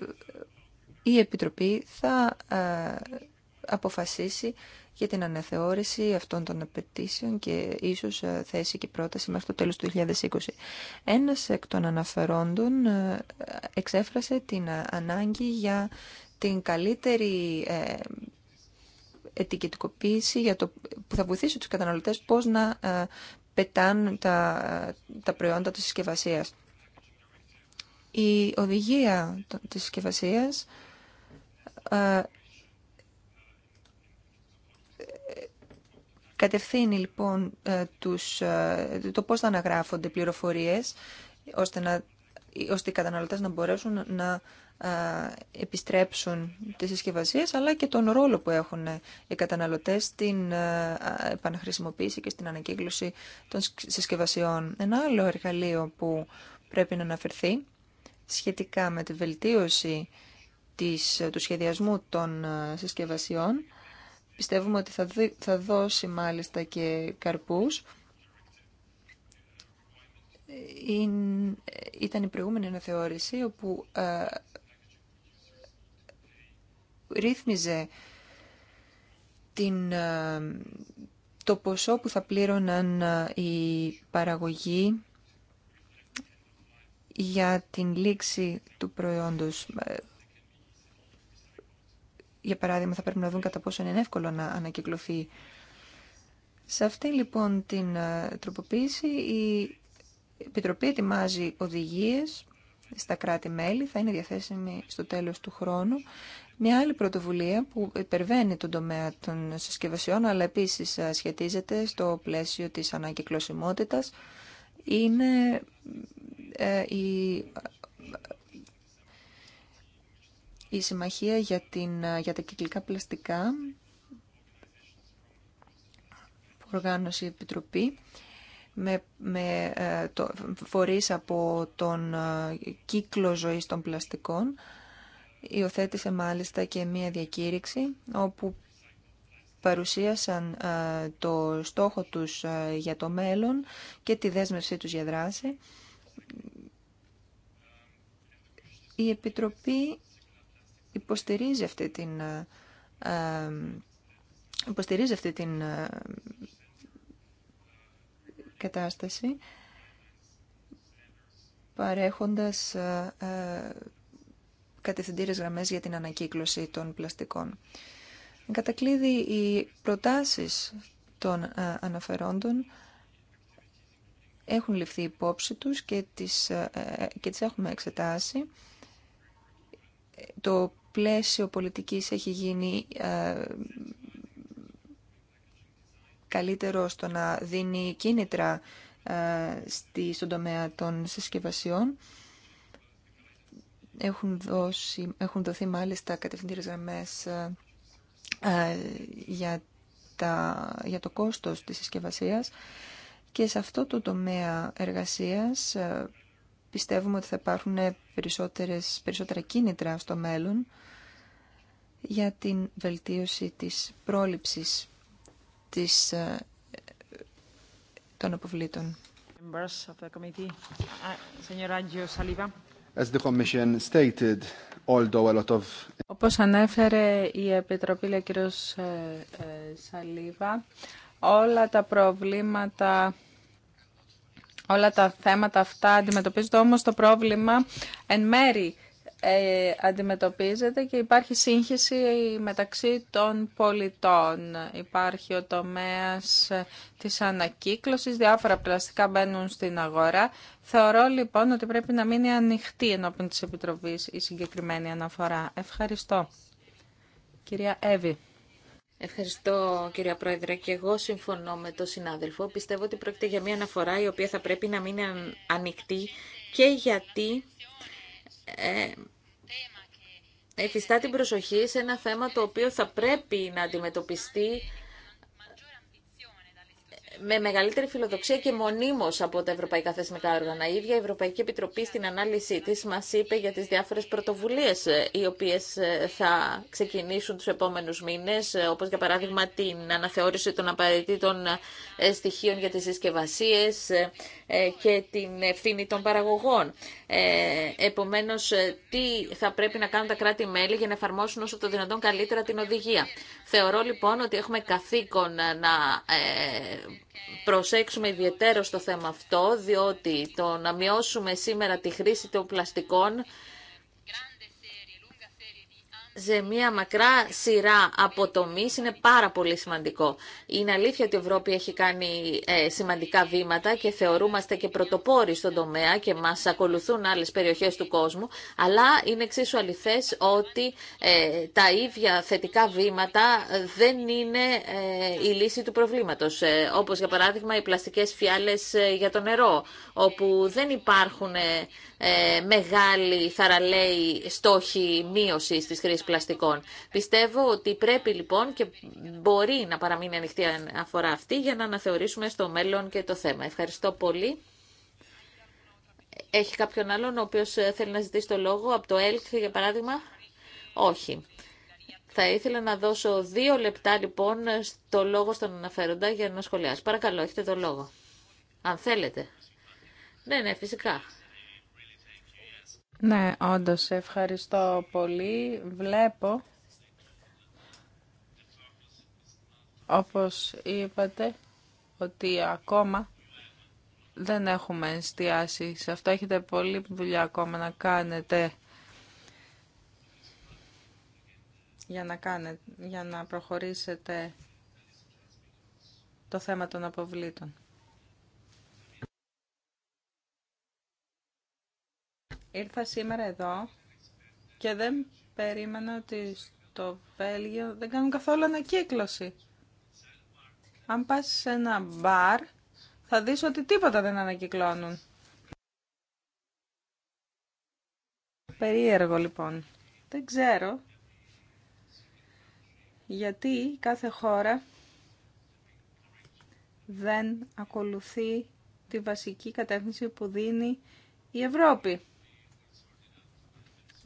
η Επιτροπή θα ε, αποφασίσει για την αναθεώρηση αυτών των απαιτήσεων και ίσως ε, θέση και πρόταση μέχρι το τέλος του 2020. Ένας εκ των αναφερόντων ε, εξέφρασε την ε, ανάγκη για την καλύτερη ετικετικοποίηση για το, που θα βοηθήσει τους καταναλωτές πώς να πετάν τα, τα προϊόντα της συσκευασία. Η οδηγία της συσκευασία Κατευθύνει λοιπόν ε, τους, ε, το πώς θα αναγράφονται πληροφορίες ώστε, να, ώστε οι καταναλωτές να μπορέσουν να ε, επιστρέψουν τις συσκευασίε, αλλά και τον ρόλο που έχουν οι καταναλωτές στην επαναχρησιμοποίηση και στην ανακύκλωση των συσκευασιών. Ένα άλλο εργαλείο που πρέπει να αναφερθεί σχετικά με τη βελτίωση της, του σχεδιασμού των συσκευασιών Πιστεύουμε ότι θα, θα δώσει μάλιστα και καρπούς. Ήταν η προηγούμενη αναθεώρηση όπου ε, ρύθμιζε την, ε, το ποσό που θα πλήρωναν ε, οι παραγωγοί για την λήξη του προϊόντος για παράδειγμα, θα πρέπει να δουν κατά πόσο είναι εύκολο να ανακυκλωθεί. Σε αυτή λοιπόν την ε, τροποποίηση η Επιτροπή ετοιμάζει οδηγίες στα κράτη-μέλη, θα είναι διαθέσιμη στο τέλος του χρόνου. Μια άλλη πρωτοβουλία που υπερβαίνει τον τομέα των συσκευασιών, αλλά επίσης ε, σχετίζεται στο πλαίσιο της ανακυκλωσιμότητας, είναι ε, η η Συμμαχία για, την, για τα κυκλικά πλαστικά που οργάνωσε η Επιτροπή με, με ε, το, φορείς από τον ε, κύκλο ζωής των πλαστικών υιοθέτησε μάλιστα και μία διακήρυξη όπου παρουσίασαν ε, το στόχο τους για το μέλλον και τη δέσμευσή τους για δράση. Η Επιτροπή υποστηρίζει αυτή την, ε, ε αυτή την ε, κατάσταση παρέχοντας ε, ε κατευθυντήρες γραμμές για την ανακύκλωση των πλαστικών. Κατακλείδη, οι προτάσεις των αναφερόντων έχουν ληφθεί υπόψη τους και τις, και τις έχουμε εξετάσει. Το πλαίσιο πολιτικής έχει γίνει ε, καλύτερο στο να δίνει κίνητρα ε, στη, στον τομέα των συσκευασιών. Έχουν, δώσει, έχουν δοθεί μάλιστα κατευθυντήρες γραμμές ε, για, το κόστος της συσκευασίας και σε αυτό το τομέα εργασίας πιστεύουμε ότι θα υπάρχουν περισσότερες, περισσότερα κίνητρα στο μέλλον για την βελτίωση της πρόληψης της, ε, των αποβλήτων. As Όπως ανέφερε η Επιτροπή, λέει ο κ. Σαλίβα, ε, ε, όλα τα προβλήματα Όλα τα θέματα αυτά αντιμετωπίζονται όμως το πρόβλημα εν μέρη ε, αντιμετωπίζεται και υπάρχει σύγχυση μεταξύ των πολιτών. Υπάρχει ο τομέας ε, της ανακύκλωσης, διάφορα πλαστικά μπαίνουν στην αγορά. Θεωρώ λοιπόν ότι πρέπει να μείνει ανοιχτή ενώπιν της Επιτροπής η συγκεκριμένη αναφορά. Ευχαριστώ. Κυρία Εύη. Ευχαριστώ κυρία Πρόεδρε και εγώ συμφωνώ με τον συνάδελφο. Πιστεύω ότι πρόκειται για μια αναφορά η οποία θα πρέπει να μείνει ανοιχτή και γιατί ε, εφιστά την προσοχή σε ένα θέμα το οποίο θα πρέπει να αντιμετωπιστεί με μεγαλύτερη φιλοδοξία και μονίμω από τα ευρωπαϊκά θεσμικά όργανα. Η ίδια η Ευρωπαϊκή Επιτροπή στην ανάλυση τη μα είπε για τι διάφορε πρωτοβουλίε ε, οι οποίε ε, θα ξεκινήσουν του επόμενου μήνε, ε, όπω για παράδειγμα την αναθεώρηση των απαραίτητων στοιχείων για τι συσκευασίε και την ευθύνη των παραγωγών. Επομένω, τι θα πρέπει να κάνουν τα κράτη-μέλη για να εφαρμόσουν όσο το δυνατόν καλύτερα την οδηγία. Θεωρώ λοιπόν ότι έχουμε καθήκον να προσέξουμε ιδιαίτερο στο θέμα αυτό, διότι το να μειώσουμε σήμερα τη χρήση των πλαστικών σε μια μακρά σειρά από είναι πάρα πολύ σημαντικό. Είναι αλήθεια ότι η Ευρώπη έχει κάνει ε, σημαντικά βήματα και θεωρούμαστε και πρωτοπόροι στον τομέα και μας ακολουθούν άλλες περιοχές του κόσμου, αλλά είναι εξίσου αληθές ότι ε, τα ίδια θετικά βήματα δεν είναι ε, η λύση του προβλήματος. Όπως για παράδειγμα οι πλαστικές φιάλες για το νερό, όπου δεν υπάρχουν ε, μεγάλη μεγάλοι θαραλέοι στόχοι μείωσης της χρήσης πλαστικών. Πιστεύω ότι πρέπει λοιπόν και μπορεί να παραμείνει ανοιχτή αφορά αυτή για να αναθεωρήσουμε στο μέλλον και το θέμα. Ευχαριστώ πολύ. Έχει κάποιον άλλον ο οποίος θέλει να ζητήσει το λόγο από το ΕΛΚ για παράδειγμα. Όχι. Θα ήθελα να δώσω δύο λεπτά λοιπόν το λόγο στον αναφέροντα για να σχολιάσει. Παρακαλώ, έχετε το λόγο. Αν θέλετε. Ναι, ναι, φυσικά. Ναι, όντως, ευχαριστώ πολύ. Βλέπω, όπως είπατε, ότι ακόμα δεν έχουμε εστιάσει σε αυτό. Έχετε πολλή δουλειά ακόμα να κάνετε για να, κάνετε, για να προχωρήσετε το θέμα των αποβλήτων. Ήρθα σήμερα εδώ και δεν περίμενα ότι στο Βέλγιο δεν κάνουν καθόλου ανακύκλωση. Αν πας σε ένα μπαρ θα δεις ότι τίποτα δεν ανακυκλώνουν. Περίεργο λοιπόν. Δεν ξέρω γιατί κάθε χώρα δεν ακολουθεί τη βασική κατεύθυνση που δίνει η Ευρώπη.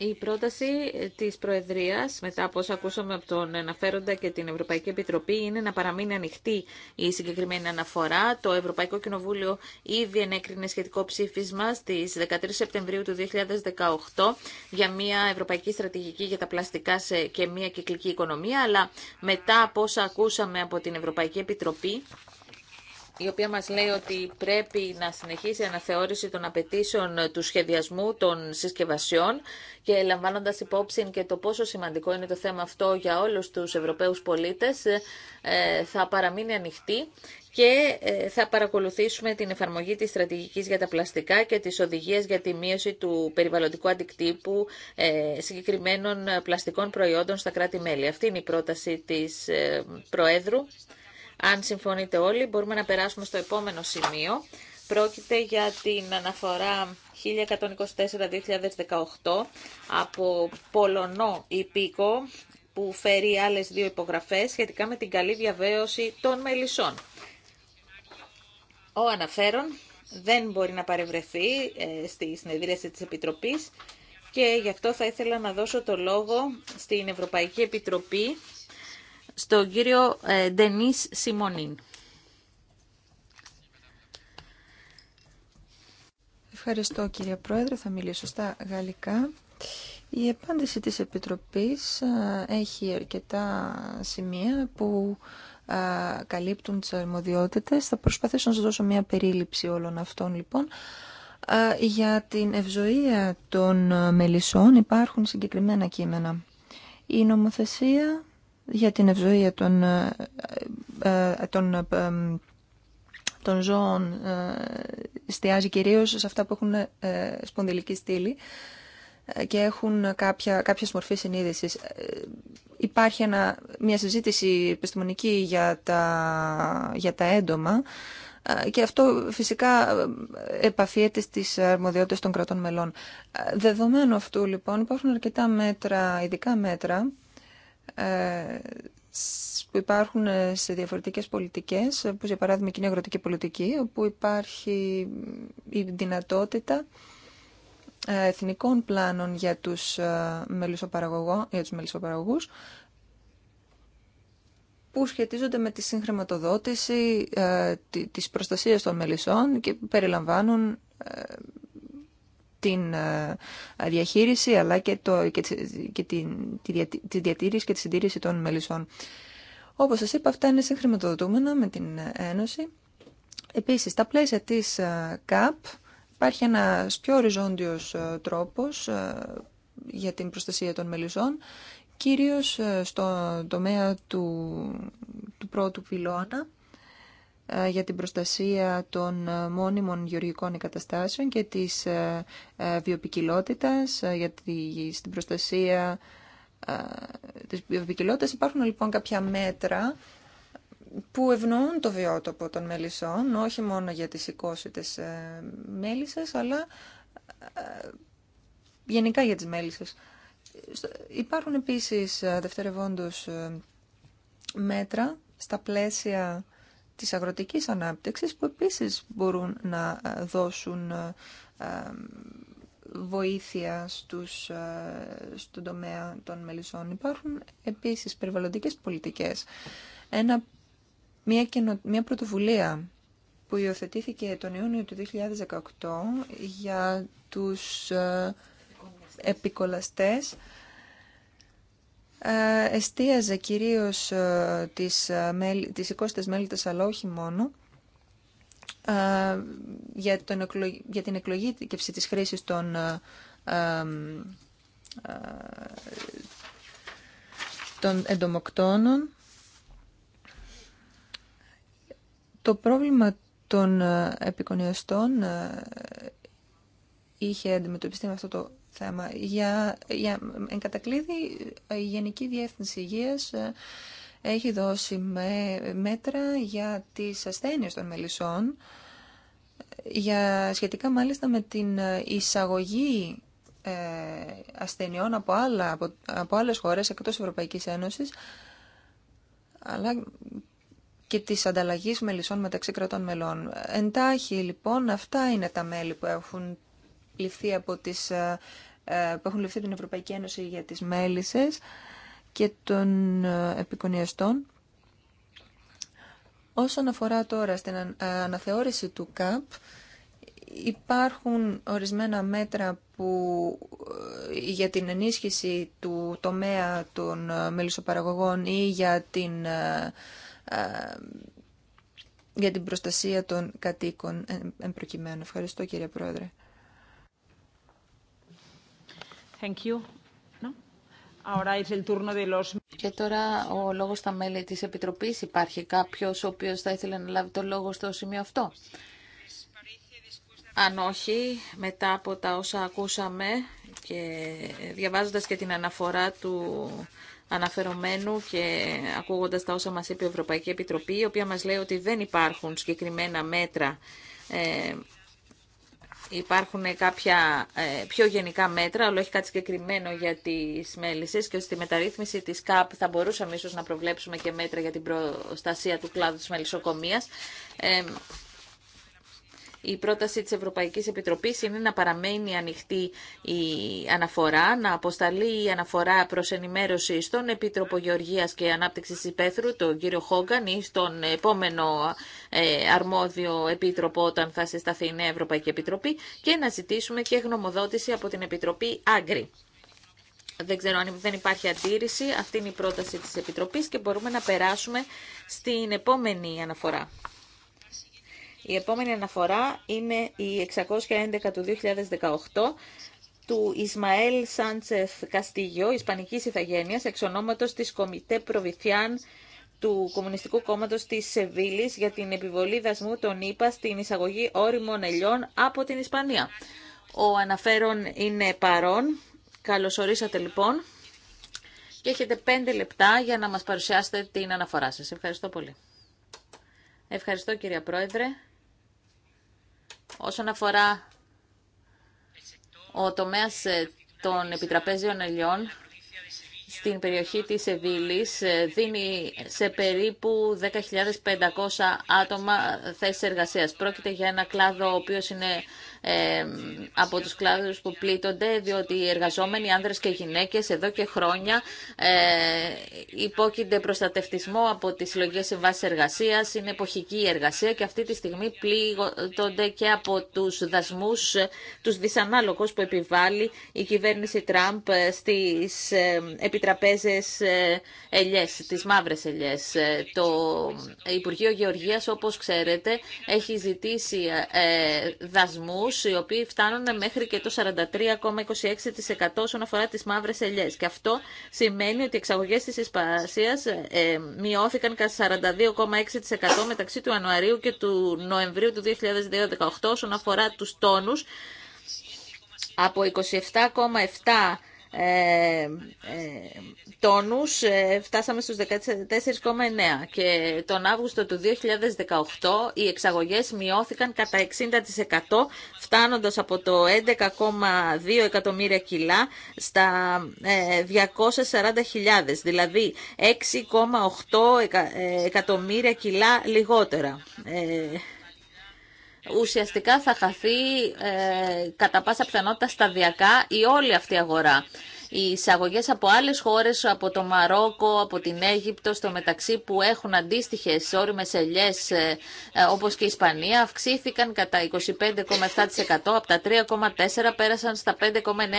Η πρόταση της Προεδρίας, μετά από όσα ακούσαμε από τον αναφέροντα και την Ευρωπαϊκή Επιτροπή, είναι να παραμείνει ανοιχτή η συγκεκριμένη αναφορά. Το Ευρωπαϊκό Κοινοβούλιο ήδη ενέκρινε σχετικό ψήφισμα στις 13 Σεπτεμβρίου του 2018 για μια ευρωπαϊκή στρατηγική για τα πλαστικά και μια κυκλική οικονομία, αλλά μετά από όσα ακούσαμε από την Ευρωπαϊκή Επιτροπή, η οποία μας λέει ότι πρέπει να συνεχίσει η αναθεώρηση των απαιτήσεων του σχεδιασμού των συσκευασιών και λαμβάνοντας υπόψη και το πόσο σημαντικό είναι το θέμα αυτό για όλους τους Ευρωπαίους πολίτες, ε, θα παραμείνει ανοιχτή και ε, θα παρακολουθήσουμε την εφαρμογή της στρατηγικής για τα πλαστικά και τις οδηγίες για τη μείωση του περιβαλλοντικού αντικτύπου ε, συγκεκριμένων πλαστικών προϊόντων στα κράτη-μέλη. Αυτή είναι η πρόταση της Προέδρου. Αν συμφωνείτε όλοι, μπορούμε να περάσουμε στο επόμενο σημείο. Πρόκειται για την αναφορά 1124-2018 από Πολωνό Υπήκο που φέρει άλλες δύο υπογραφές σχετικά με την καλή διαβέωση των μελισσών. Ο αναφέρον δεν μπορεί να παρευρεθεί ε, στη συνεδρίαση της Επιτροπής και γι' αυτό θα ήθελα να δώσω το λόγο στην Ευρωπαϊκή Επιτροπή στον κύριο ε, Ντενίς Σιμονίν. Ευχαριστώ κύριε Πρόεδρε, θα μιλήσω στα γαλλικά. Η επάντηση της Επιτροπής ε, έχει αρκετά σημεία που ε, καλύπτουν τις αρμοδιότητες. Θα προσπαθήσω να σας δώσω μια περίληψη όλων αυτών λοιπόν. Για την ευζοία των μελισσών υπάρχουν συγκεκριμένα κείμενα. Η νομοθεσία για την ευζοία των, ε, ε, ε, των, των ζώων στιάζει κυρίως σε αυτά που έχουν σπονδυλική στήλη και έχουν κάποια, κάποιες μορφές συνείδησης. Υπάρχει μια συζήτηση επιστημονική για τα, για τα έντομα και αυτό φυσικά επαφίεται στις αρμοδιότητες των κρατών μελών. Δεδομένου αυτού λοιπόν υπάρχουν αρκετά μέτρα, ειδικά μέτρα, ε, που υπάρχουν ε, σε διαφορετικές πολιτικές, ε, όπως για παράδειγμα η κοινή αγροτική πολιτική, όπου υπάρχει η δυνατότητα εθνικών πλάνων για τους, για τους μελισσοπαραγωγούς, που σχετίζονται με τη συγχρηματοδότηση της προστασίας των μελισσών και περιλαμβάνουν την ε, διαχείριση αλλά και, το, και, την, τη διατήρηση και τη συντήρηση των μελισσών. Όπως σας είπα, αυτά είναι συγχρηματοδοτούμενα με την Ένωση. Επίσης, στα πλαίσια της ε, ΚΑΠ υπάρχει ένας πιο οριζόντιος ε, τρόπος για την προστασία των μελισσών, κυρίως στον τομέα του, του πρώτου πυλώνα, ε, για την προστασία των ε, μόνιμων γεωργικών εγκαταστάσεων και της ε, βιοπικιλότητας, για στην προστασία της βιοπικιλότητας. Υπάρχουν λοιπόν κάποια μέτρα που ευνοούν το βιότοπο των μέλισσών, όχι μόνο για τις οικόσιτες μέλισσες, αλλά γενικά για τις μέλισσες. Υπάρχουν επίσης δευτερευόντως μέτρα στα πλαίσια της αγροτικής ανάπτυξης που επίσης μπορούν να ε, δώσουν ε, ε, βοήθεια στους, στον τομέα των μελισσών. Υπάρχουν επίσης περιβαλλοντικές πολιτικές. Ένα, μια, μια πρωτοβουλία που υιοθετήθηκε τον Ιούνιο του 2018 για τους επικολαστές ε, εστίαζε κυρίως ε, τις, ε, τις μέλη μέλητες αλλά όχι μόνο για, τον για την εκλογήκευση της χρήσης των των εντομοκτώνων. Το πρόβλημα των επικονιαστών είχε αντιμετωπιστεί με αυτό το για, εν κατακλείδη, η Γενική Διεύθυνση Υγείας ε, έχει δώσει μέτρα για τις ασθένειες των μελισσών, για, σχετικά μάλιστα με την εισαγωγή ε, ασθενειών από, άλλα, από, από άλλες χώρες εκτός Ευρωπαϊκής Ένωσης, αλλά και της ανταλλαγής μελισσών μεταξύ κρατών μελών. Εντάχει, λοιπόν, αυτά είναι τα μέλη που έχουν ληφθεί από τις ε, ε, που έχουν ληφθεί την Ευρωπαϊκή Ένωση για τις μέλισσες και των ε, επικονιαστών. Όσον αφορά τώρα στην ε, αναθεώρηση του ΚΑΠ, υπάρχουν ορισμένα μέτρα που για την ενίσχυση του τομέα των μελισσοπαραγωγών ή για την, για την προστασία των κατοίκων εν προκειμένου. Ευχαριστώ κύριε Πρόεδρε. Thank you. Και τώρα ο λόγο στα μέλη τη Επιτροπής. Υπάρχει κάποιο ο οποίος θα ήθελε να λάβει το λόγο στο σημείο αυτό. Αν όχι, μετά από τα όσα ακούσαμε και διαβάζοντας και την αναφορά του αναφερομένου και ακούγοντας τα όσα μας είπε η Ευρωπαϊκή Επιτροπή, η οποία μας λέει ότι δεν υπάρχουν συγκεκριμένα μέτρα ε, υπάρχουν κάποια ε, πιο γενικά μέτρα, αλλά όχι κάτι συγκεκριμένο για τις μέλισσες και στη μεταρρύθμιση της ΚΑΠ θα μπορούσαμε ίσως να προβλέψουμε και μέτρα για την προστασία του κλάδου της μελισσοκομείας. Ε, η πρόταση της Ευρωπαϊκής Επιτροπής είναι να παραμένει ανοιχτή η αναφορά, να αποσταλεί η αναφορά προς ενημέρωση στον Επίτροπο Γεωργίας και Ανάπτυξης Υπέθρου, τον κύριο Χόγκαν ή στον επόμενο ε, αρμόδιο επίτροπο όταν θα συσταθεί η Νέα Ευρωπαϊκή Επιτροπή και να ζητήσουμε και γνωμοδότηση από την Επιτροπή Άγκρη. Δεν ξέρω αν δεν υπάρχει αντίρρηση. Αυτή είναι η πρόταση της Επιτροπής και μπορούμε να περάσουμε στην επόμενη αναφορά. Η επόμενη αναφορά είναι η 611 του 2018 του Ισμαέλ Σάντσεφ Καστίγιο, Ισπανικής Ιθαγένειας, εξ ονόματος της Κομιτέ Προβιθιάν του Κομμουνιστικού Κόμματος της Σεβίλης για την επιβολή δασμού των ΗΠΑ στην εισαγωγή όριμων ελιών από την Ισπανία. Ο αναφέρον είναι παρόν. Καλωσορίσατε λοιπόν και έχετε πέντε λεπτά για να μας παρουσιάσετε την αναφορά σας. Ευχαριστώ πολύ. Ευχαριστώ κυρία Πρόεδρε. Όσον αφορά ο τομέας ε, των επιτραπέζιων ελιών, στην περιοχή της Σεβίλης ε, δίνει σε περίπου 10.500 άτομα θέσεις εργασίας. Πρόκειται για ένα κλάδο ο οποίος είναι από τους κλάδους που πλήττονται, διότι οι εργαζόμενοι άνδρες και γυναίκες εδώ και χρόνια ε, υπόκεινται προστατευτισμό από τις συλλογικές συμβάσεις εργασίας, είναι εποχική εργασία και αυτή τη στιγμή πλήγονται και από τους δασμούς, τους δυσανάλογους που επιβάλλει η κυβέρνηση Τραμπ ε, στις ε, επιτραπέζες ελιές, τις μαύρες ελιές. Το Υπουργείο Γεωργίας, όπως ξέρετε, έχει ζητήσει δασμούς οι οποίοι φτάνουν μέχρι και το 43,26% όσον αφορά τις μαύρες ελιές. Και αυτό σημαίνει ότι οι εξαγωγές της Ισπασίας ε, μειώθηκαν κατά 42,6% μεταξύ του Ιανουαρίου και του Νοεμβρίου του 2018 όσον αφορά του τόνους από 27,7 ε, ε, τόνους, ε, φτάσαμε στους 14,9 και τον Αύγουστο του 2018 οι εξαγωγές μειώθηκαν κατά 60% φτάνοντας από το 11,2 εκατομμύρια κιλά στα 240.000, δηλαδή 6,8 εκατομμύρια κιλά λιγότερα ουσιαστικά θα χαθεί ε, κατά πάσα πιθανότητα σταδιακά η όλη αυτή η αγορά οι εισαγωγέ από άλλες χώρες, από το Μαρόκο, από την Αίγυπτο, στο μεταξύ που έχουν αντίστοιχες όριμε ελιέ ε, ε, όπως και η Ισπανία, αυξήθηκαν κατά 25,7% από τα 3,4 πέρασαν στα 5,9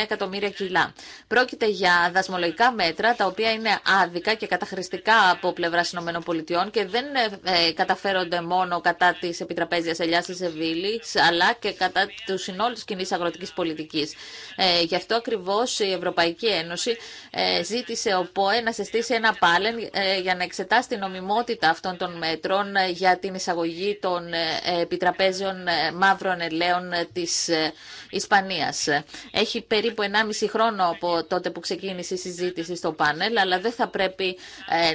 εκατομμύρια κιλά. Πρόκειται για δασμολογικά μέτρα τα οποία είναι άδικα και καταχρηστικά από πλευρά ΗΠΑ και δεν ε, καταφέρονται μόνο κατά τη επιτραπέζια ελιά τη Εβίλη, αλλά και κατά του συνόλου κοινή αγροτική πολιτική. γι' αυτό ακριβώ η Ευρωπαϊκή Ευρωπαϊκή Ένωση ε, ζήτησε ο ΠΟΕ να συστήσει ένα πάλεν ε, για να εξετάσει την νομιμότητα αυτών των μέτρων ε, για την εισαγωγή των επιτραπέζιων μαύρων ελαίων της Ισπανίας. Έχει περίπου 1,5 χρόνο από τότε που ξεκίνησε η συζήτηση στο πάνελ, αλλά δεν θα πρέπει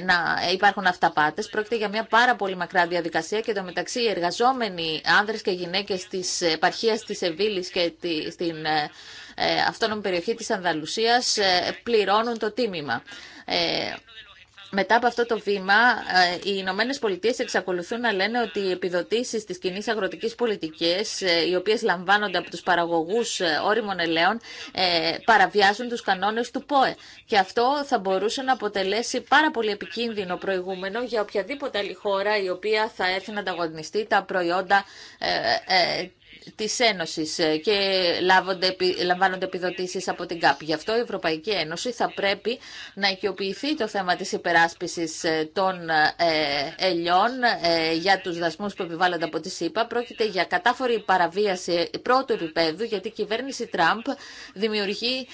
να υπάρχουν αυταπάτες. Πρόκειται για μια πάρα πολύ μακρά διαδικασία και το μεταξύ οι εργαζόμενοι άνδρες και γυναίκες της επαρχίας της Εβίλης και στην ε, αυτόνομη περιοχή της Ανδαλουσίας ε, πληρώνουν το τίμημα. Ε, μετά από αυτό το βήμα, οι Ηνωμένε Πολιτείε εξακολουθούν να λένε ότι οι επιδοτήσει τη κοινή αγροτική πολιτική, οι οποίε λαμβάνονται από του παραγωγού όριμων ελαίων, παραβιάζουν του κανόνε του ΠΟΕ. Και αυτό θα μπορούσε να αποτελέσει πάρα πολύ επικίνδυνο προηγούμενο για οποιαδήποτε άλλη χώρα η οποία θα έρθει να ανταγωνιστεί τα προϊόντα της Ένωσης ε, και λαμβάνονται επιδοτήσεις από την ΚΑΠ. Γι' αυτό η Ευρωπαϊκή Ένωση θα πρέπει να οικειοποιηθεί το θέμα της υπεράσπισης ε, των ε, ελιών για τους δασμούς που επιβάλλονται από τη ΣΥΠΑ. Πρόκειται για κατάφορη παραβίαση πρώτου επίπεδου γιατί η κυβέρνηση Τραμπ δημιουργεί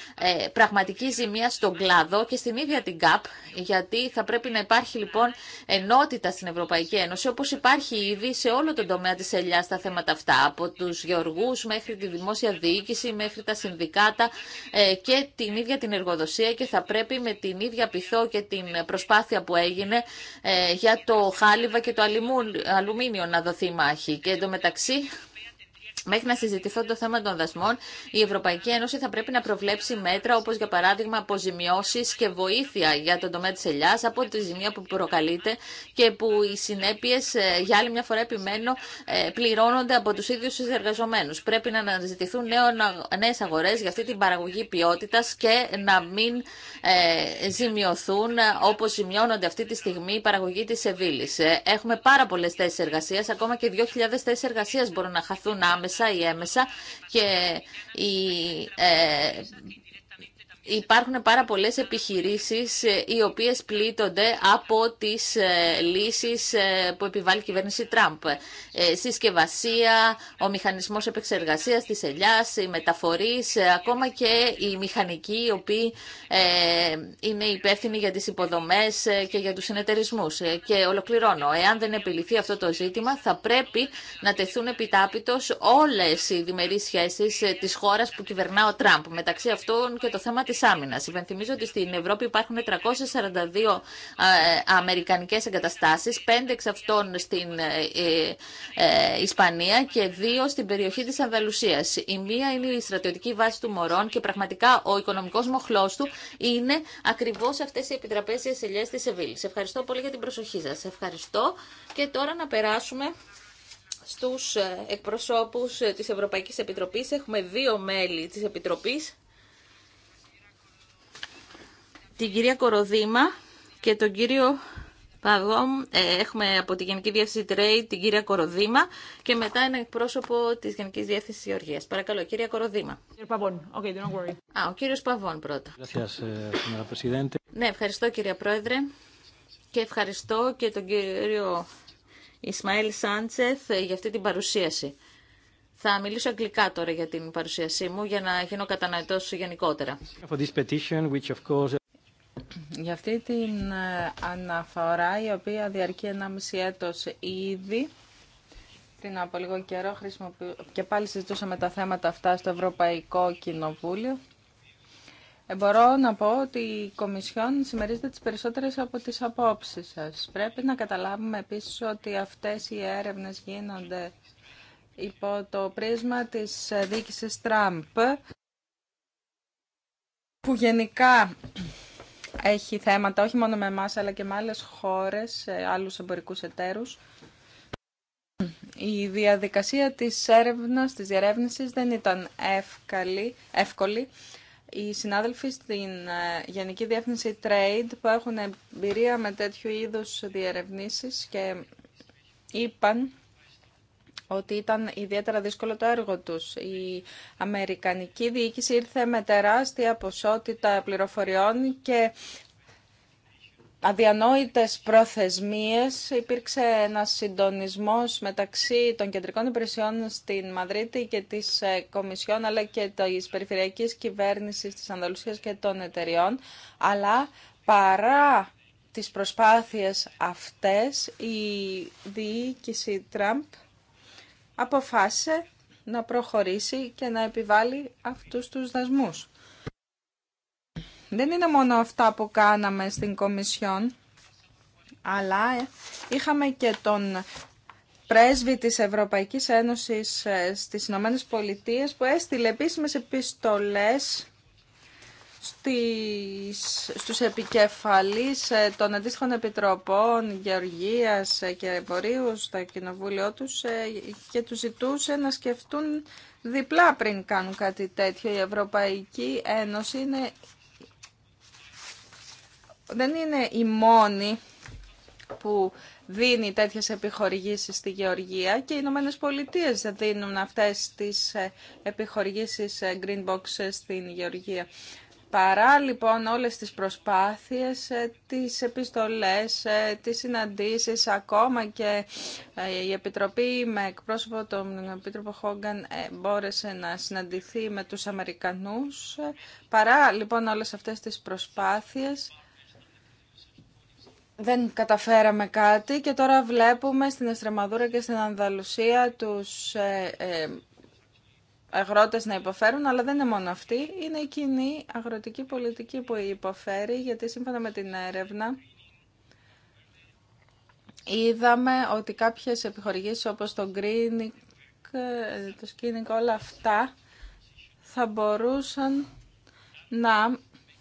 πραγματική ζημία στον κλάδο και στην ίδια την ΚΑΠ γιατί θα πρέπει να υπάρχει λοιπόν ενότητα στην Ευρωπαϊκή Ένωση όπως υπάρχει ήδη σε όλο τον τομέα της ελιάς τα θέματα αυτά από τους γεωργού μέχρι τη δημόσια διοίκηση, μέχρι τα συνδικάτα ε, και την ίδια την εργοδοσία και θα πρέπει με την ίδια πειθό και την προσπάθεια που έγινε ε, για το χάλιβα και το αλουμίνιο να δοθεί μάχη. Και εντωμεταξύ Μέχρι να συζητηθώ το θέμα των δασμών, η Ευρωπαϊκή Ένωση θα πρέπει να προβλέψει μέτρα όπως για παράδειγμα αποζημιώσει και βοήθεια για τον τομέα της ελιάς από τη ζημία που προκαλείται και που οι συνέπειες, ε, για άλλη μια φορά επιμένω, ε, πληρώνονται από τους ίδιους τους εργαζομένους. Πρέπει να αναζητηθούν νέες αγορές για αυτή την παραγωγή ποιότητας και να μην ε, ζημιωθούν όπως ζημιώνονται αυτή τη στιγμή η παραγωγή της Σεβίλης. Έχουμε πάρα πολλέ θέσει εργασίας, ακόμα και 2.000 θέσεις μπορούν να χαθούν άμεσα άμεσα ή έμεσα και η ε, υπάρχουν πάρα πολλές επιχειρήσεις ε, οι οποίες πλήττονται από τις ε, λύσεις ε, που επιβάλλει η κυβέρνηση Τραμπ. Συσκευασία, ο μηχανισμός επεξεργασίας της ελιάς, οι μεταφορείς, ακόμα και οι μηχανικοί οι οποίοι είναι υπεύθυνοι για τις υποδομές και για τους συνεταιρισμούς. Και ολοκληρώνω, εάν δεν επιληθεί αυτό το ζήτημα θα πρέπει να τεθούν επιτάπητος όλες οι διμερείς σχέσεις της χώρας που κυβερνά ο Τραμπ. Μεταξύ αυτών και το θέμα άμυνα. Υπενθυμίζω ότι στην Ευρώπη υπάρχουν 342 ε, αμερικανικέ εγκαταστάσει, 5 εξ αυτών στην ε, ε, Ισπανία και 2 στην περιοχή τη Ανδαλουσία. Η μία είναι η στρατιωτική βάση του Μωρών και πραγματικά ο οικονομικό μοχλό του είναι ακριβώ αυτέ οι επιτραπέζιε ελιέ τη Σεβίλη. Ευχαριστώ πολύ για την προσοχή σα. Ευχαριστώ και τώρα να περάσουμε στους εκπροσώπους της Ευρωπαϊκής Επιτροπής. Έχουμε δύο μέλη της Επιτροπής την κυρία Κοροδήμα και τον κύριο Ε, Έχουμε από τη Γενική Διεύθυνση Τρέι την κυρία Κοροδήμα και μετά ένα εκπρόσωπο τη Γενική Διεύθυνση Γεωργία. Παρακαλώ, κυρία Κοροδήμα. Κύριε Okay, don't Α, ο κύριο Παβόν πρώτα. Gracias, ε, ναι, ευχαριστώ κύριε Πρόεδρε και ευχαριστώ και τον κύριο Ισμαήλ Σάντσεθ ε, για αυτή την παρουσίαση. Θα μιλήσω αγγλικά τώρα για την παρουσίασή μου για να γίνω κατανοητός γενικότερα για αυτή την ε, αναφορά η οποία διαρκεί 1,5 έτος ήδη την από λίγο καιρό χρησιμοποιού... και πάλι συζητούσαμε τα θέματα αυτά στο Ευρωπαϊκό Κοινοβούλιο. Ε, μπορώ να πω ότι η Κομισιόν συμμερίζεται τις περισσότερες από τις απόψεις σας. Πρέπει να καταλάβουμε επίσης ότι αυτές οι έρευνες γίνονται υπό το πρίσμα της ε, διοίκησης Τραμπ που γενικά έχει θέματα όχι μόνο με εμά αλλά και με άλλε χώρες, άλλους εμπορικού εταίρους. Η διαδικασία της έρευνας, της διερεύνησης δεν ήταν εύκολη. εύκολη. Οι συνάδελφοι στην ε, Γενική Διεύθυνση Trade που έχουν εμπειρία με τέτοιου είδους διερευνήσεις και είπαν ότι ήταν ιδιαίτερα δύσκολο το έργο τους. Η Αμερικανική διοίκηση ήρθε με τεράστια ποσότητα πληροφοριών και αδιανόητες προθεσμίες. Υπήρξε ένας συντονισμός μεταξύ των κεντρικών υπηρεσιών στην Μαδρίτη και της ε, Κομισιόν αλλά και της Περιφερειακής Κυβέρνησης της Ανδαλουσίας και των εταιριών. Αλλά παρά τις προσπάθειες αυτές η διοίκηση Τραμπ αποφάσισε να προχωρήσει και να επιβάλλει αυτούς τους δασμούς. Δεν είναι μόνο αυτά που κάναμε στην Κομισιόν, αλλά ε, είχαμε και τον πρέσβη της Ευρωπαϊκής Ένωσης ε, στις Ηνωμένες Πολιτείες που έστειλε επίσημες επιστολές στις, στους επικεφαλείς ε, των αντίστοιχων επιτροπών Γεωργίας ε, και Εμπορίου στο κοινοβούλιο τους ε, και τους ζητούσε να σκεφτούν διπλά πριν κάνουν κάτι τέτοιο. Η Ευρωπαϊκή Ένωση είναι, δεν είναι η μόνη που δίνει τέτοιες επιχορηγήσεις στη Γεωργία και οι Ηνωμένε Πολιτείες δίνουν αυτές τις επιχορηγήσεις Green boxes στην Γεωργία. Παρά λοιπόν όλες τις προσπάθειες, ε, τις επιστολές, ε, τις συναντήσεις, ακόμα και ε, η Επιτροπή με εκπρόσωπο τον Επίτροπο Χόγκαν μπόρεσε να συναντηθεί με τους Αμερικανούς. Παρά λοιπόν όλες αυτές τις προσπάθειες, δεν καταφέραμε κάτι και τώρα βλέπουμε στην Εστρεμαδούρα και στην Ανδαλουσία τους Αγρότε να υποφέρουν, αλλά δεν είναι μόνο αυτοί. Είναι η κοινή αγροτική πολιτική που υποφέρει, γιατί σύμφωνα με την έρευνα είδαμε ότι κάποιες επιχορηγήσεις όπως το Green, το Skinning, όλα αυτά θα μπορούσαν να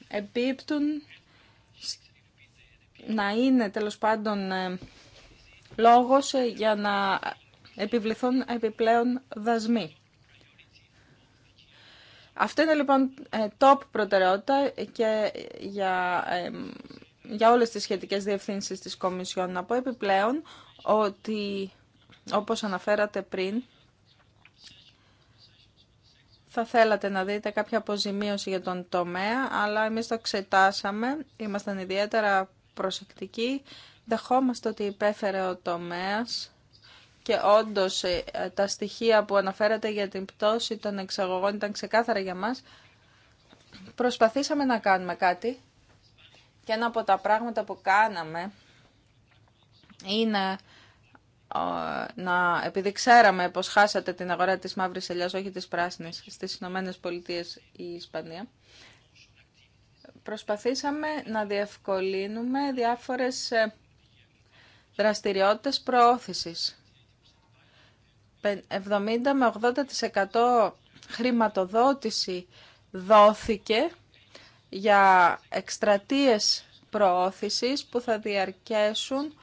επίπτουν να είναι τέλος πάντων ε, λόγος για να επιβληθούν επιπλέον δασμοί. Αυτό είναι λοιπόν ε, top προτεραιότητα και για, για όλες τις σχετικές διευθύνσεις της Κομισιόν. Να πω επιπλέον ότι, όπως αναφέρατε πριν, θα θέλατε να δείτε κάποια αποζημίωση για τον τομέα, αλλά εμείς το εξετάσαμε, ήμασταν ιδιαίτερα προσεκτικοί, δεχόμαστε ότι υπέφερε ο τομέας και όντως ε, τα στοιχεία που αναφέρατε για την πτώση των εξαγωγών ήταν ξεκάθαρα για μας, προσπαθήσαμε να κάνουμε κάτι και ένα από τα πράγματα που κάναμε είναι να, επειδή ξέραμε πως χάσατε την αγορά της μαύρης ελιάς, όχι της πράσινης, στις Ηνωμένες Πολιτείες η Ισπανία, προσπαθήσαμε να διευκολύνουμε διάφορες ε, δραστηριότητες προώθησης 70 με 80% χρηματοδότηση δόθηκε για εκστρατείες προώθησης που θα διαρκέσουν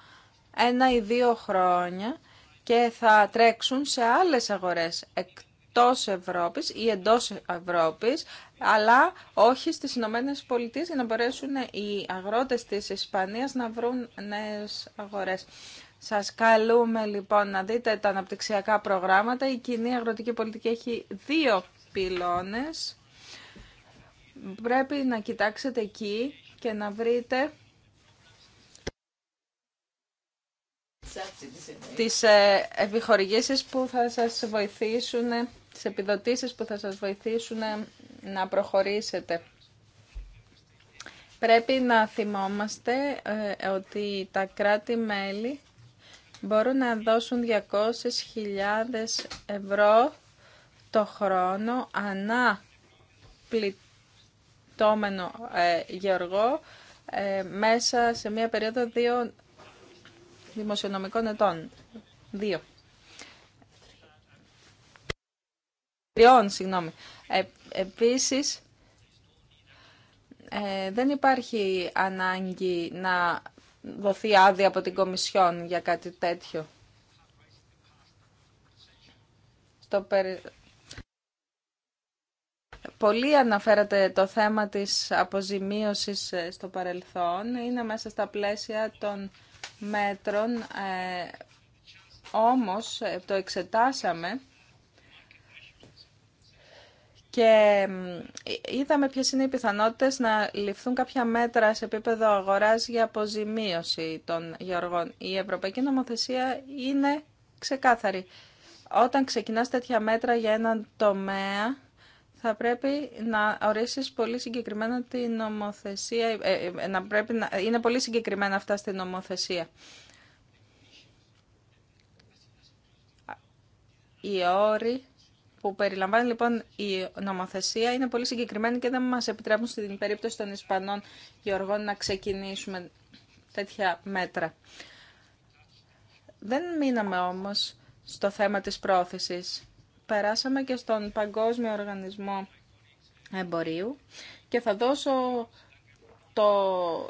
ένα ή δύο χρόνια και θα τρέξουν σε άλλες αγορές εκτός Ευρώπης ή εντός Ευρώπης, αλλά όχι στις Ηνωμένε Πολιτείε για να μπορέσουν οι αγρότες της Ισπανίας να βρουν νέες αγορές. Σας καλούμε λοιπόν να δείτε τα αναπτυξιακά προγράμματα. Η κοινή αγροτική πολιτική έχει δύο πυλώνες. Πρέπει να κοιτάξετε εκεί και να βρείτε τις ε, επιχορηγήσεις που θα σας βοηθήσουν, τις επιδοτήσεις που θα σας βοηθήσουν να προχωρήσετε. Πρέπει να θυμόμαστε ε, ότι τα κράτη-μέλη μπορούν να δώσουν 200.000 ευρώ το χρόνο ανά πληττόμενο ε, γεωργό ε, μέσα σε μία περίοδο δύο δημοσιονομικών ετών. Δύο. Τριών, συγγνώμη. Ε, επίσης, ε, δεν υπάρχει ανάγκη να δοθεί άδεια από την Κομισιόν για κάτι τέτοιο. Στο περι... Πολύ αναφέρατε το θέμα της αποζημίωσης ε, στο παρελθόν. Είναι μέσα στα πλαίσια των μέτρων. Ε, όμως ε, το εξετάσαμε και είδαμε ποιες είναι οι πιθανότητες να ληφθούν κάποια μέτρα σε επίπεδο αγοράς για αποζημίωση των γεωργών. Η Ευρωπαϊκή Νομοθεσία είναι ξεκάθαρη. Όταν ξεκινάς τέτοια μέτρα για έναν τομέα, θα πρέπει να ορίσεις πολύ συγκεκριμένα την νομοθεσία, ε, ε, να πρέπει να, είναι πολύ συγκεκριμένα αυτά στην νομοθεσία. Οι όροι που περιλαμβάνει λοιπόν η νομοθεσία είναι πολύ συγκεκριμένη και δεν μας επιτρέπουν στην περίπτωση των Ισπανών γεωργών να ξεκινήσουμε τέτοια μέτρα. Δεν μείναμε όμως στο θέμα της πρόθεσης. Περάσαμε και στον Παγκόσμιο Οργανισμό Εμπορίου και θα δώσω το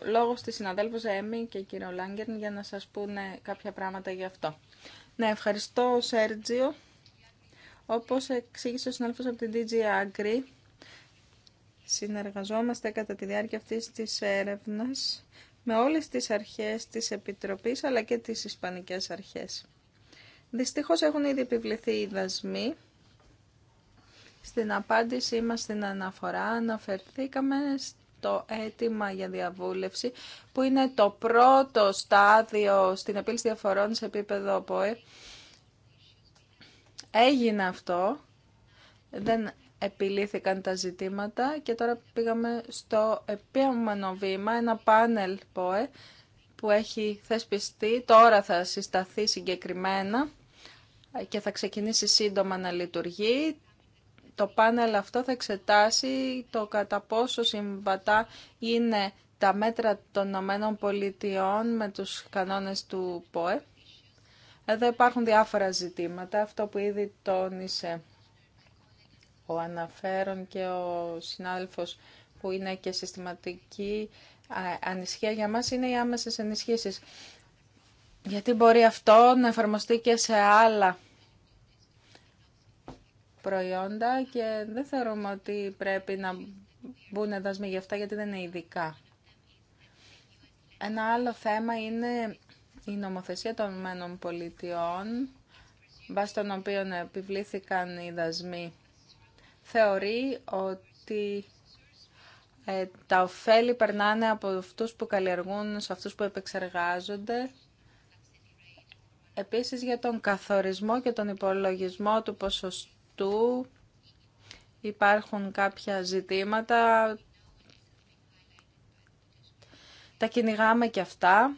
λόγο στη συναδέλφους Έμι και κύριο Λάγκερν για να σας πούνε κάποια πράγματα γι' αυτό. Ναι, ευχαριστώ Σέρτζιο. Όπως εξήγησε ο συνάδελφος από την DG Agri, συνεργαζόμαστε κατά τη διάρκεια αυτής της έρευνας με όλες τις αρχές της Επιτροπής αλλά και τις Ισπανικές αρχές. Δυστυχώς έχουν ήδη επιβληθεί οι δασμοί. Στην απάντησή μας στην αναφορά αναφερθήκαμε το αίτημα για διαβούλευση που είναι το πρώτο στάδιο στην επίλυση διαφορών σε επίπεδο ΠΟΕ Έγινε αυτό, δεν επιλύθηκαν τα ζητήματα και τώρα πήγαμε στο επόμενο βήμα, ένα πάνελ ΠΟΕ που έχει θεσπιστεί, τώρα θα συσταθεί συγκεκριμένα και θα ξεκινήσει σύντομα να λειτουργεί. Το πάνελ αυτό θα εξετάσει το κατά πόσο συμβατά είναι τα μέτρα των ΗΠΑ με τους κανόνες του ΠΟΕ εδώ υπάρχουν διάφορα ζητήματα. Αυτό που ήδη τόνισε ο αναφέρον και ο συνάδελφος που είναι και συστηματική ανησυχία για μας είναι οι άμεσες ενισχύσεις. Γιατί μπορεί αυτό να εφαρμοστεί και σε άλλα προϊόντα και δεν θεωρούμε ότι πρέπει να μπουν δασμοί για αυτά γιατί δεν είναι ειδικά. Ένα άλλο θέμα είναι η νομοθεσία των Ηνωμένων Πολιτειών, βάσει των οποίων επιβλήθηκαν οι δασμοί, θεωρεί ότι ε, τα ωφέλη περνάνε από αυτούς που καλλιεργούν σε αυτούς που επεξεργάζονται. Επίσης για τον καθορισμό και τον υπολογισμό του ποσοστού υπάρχουν κάποια ζητήματα. Τα κυνηγάμε και αυτά.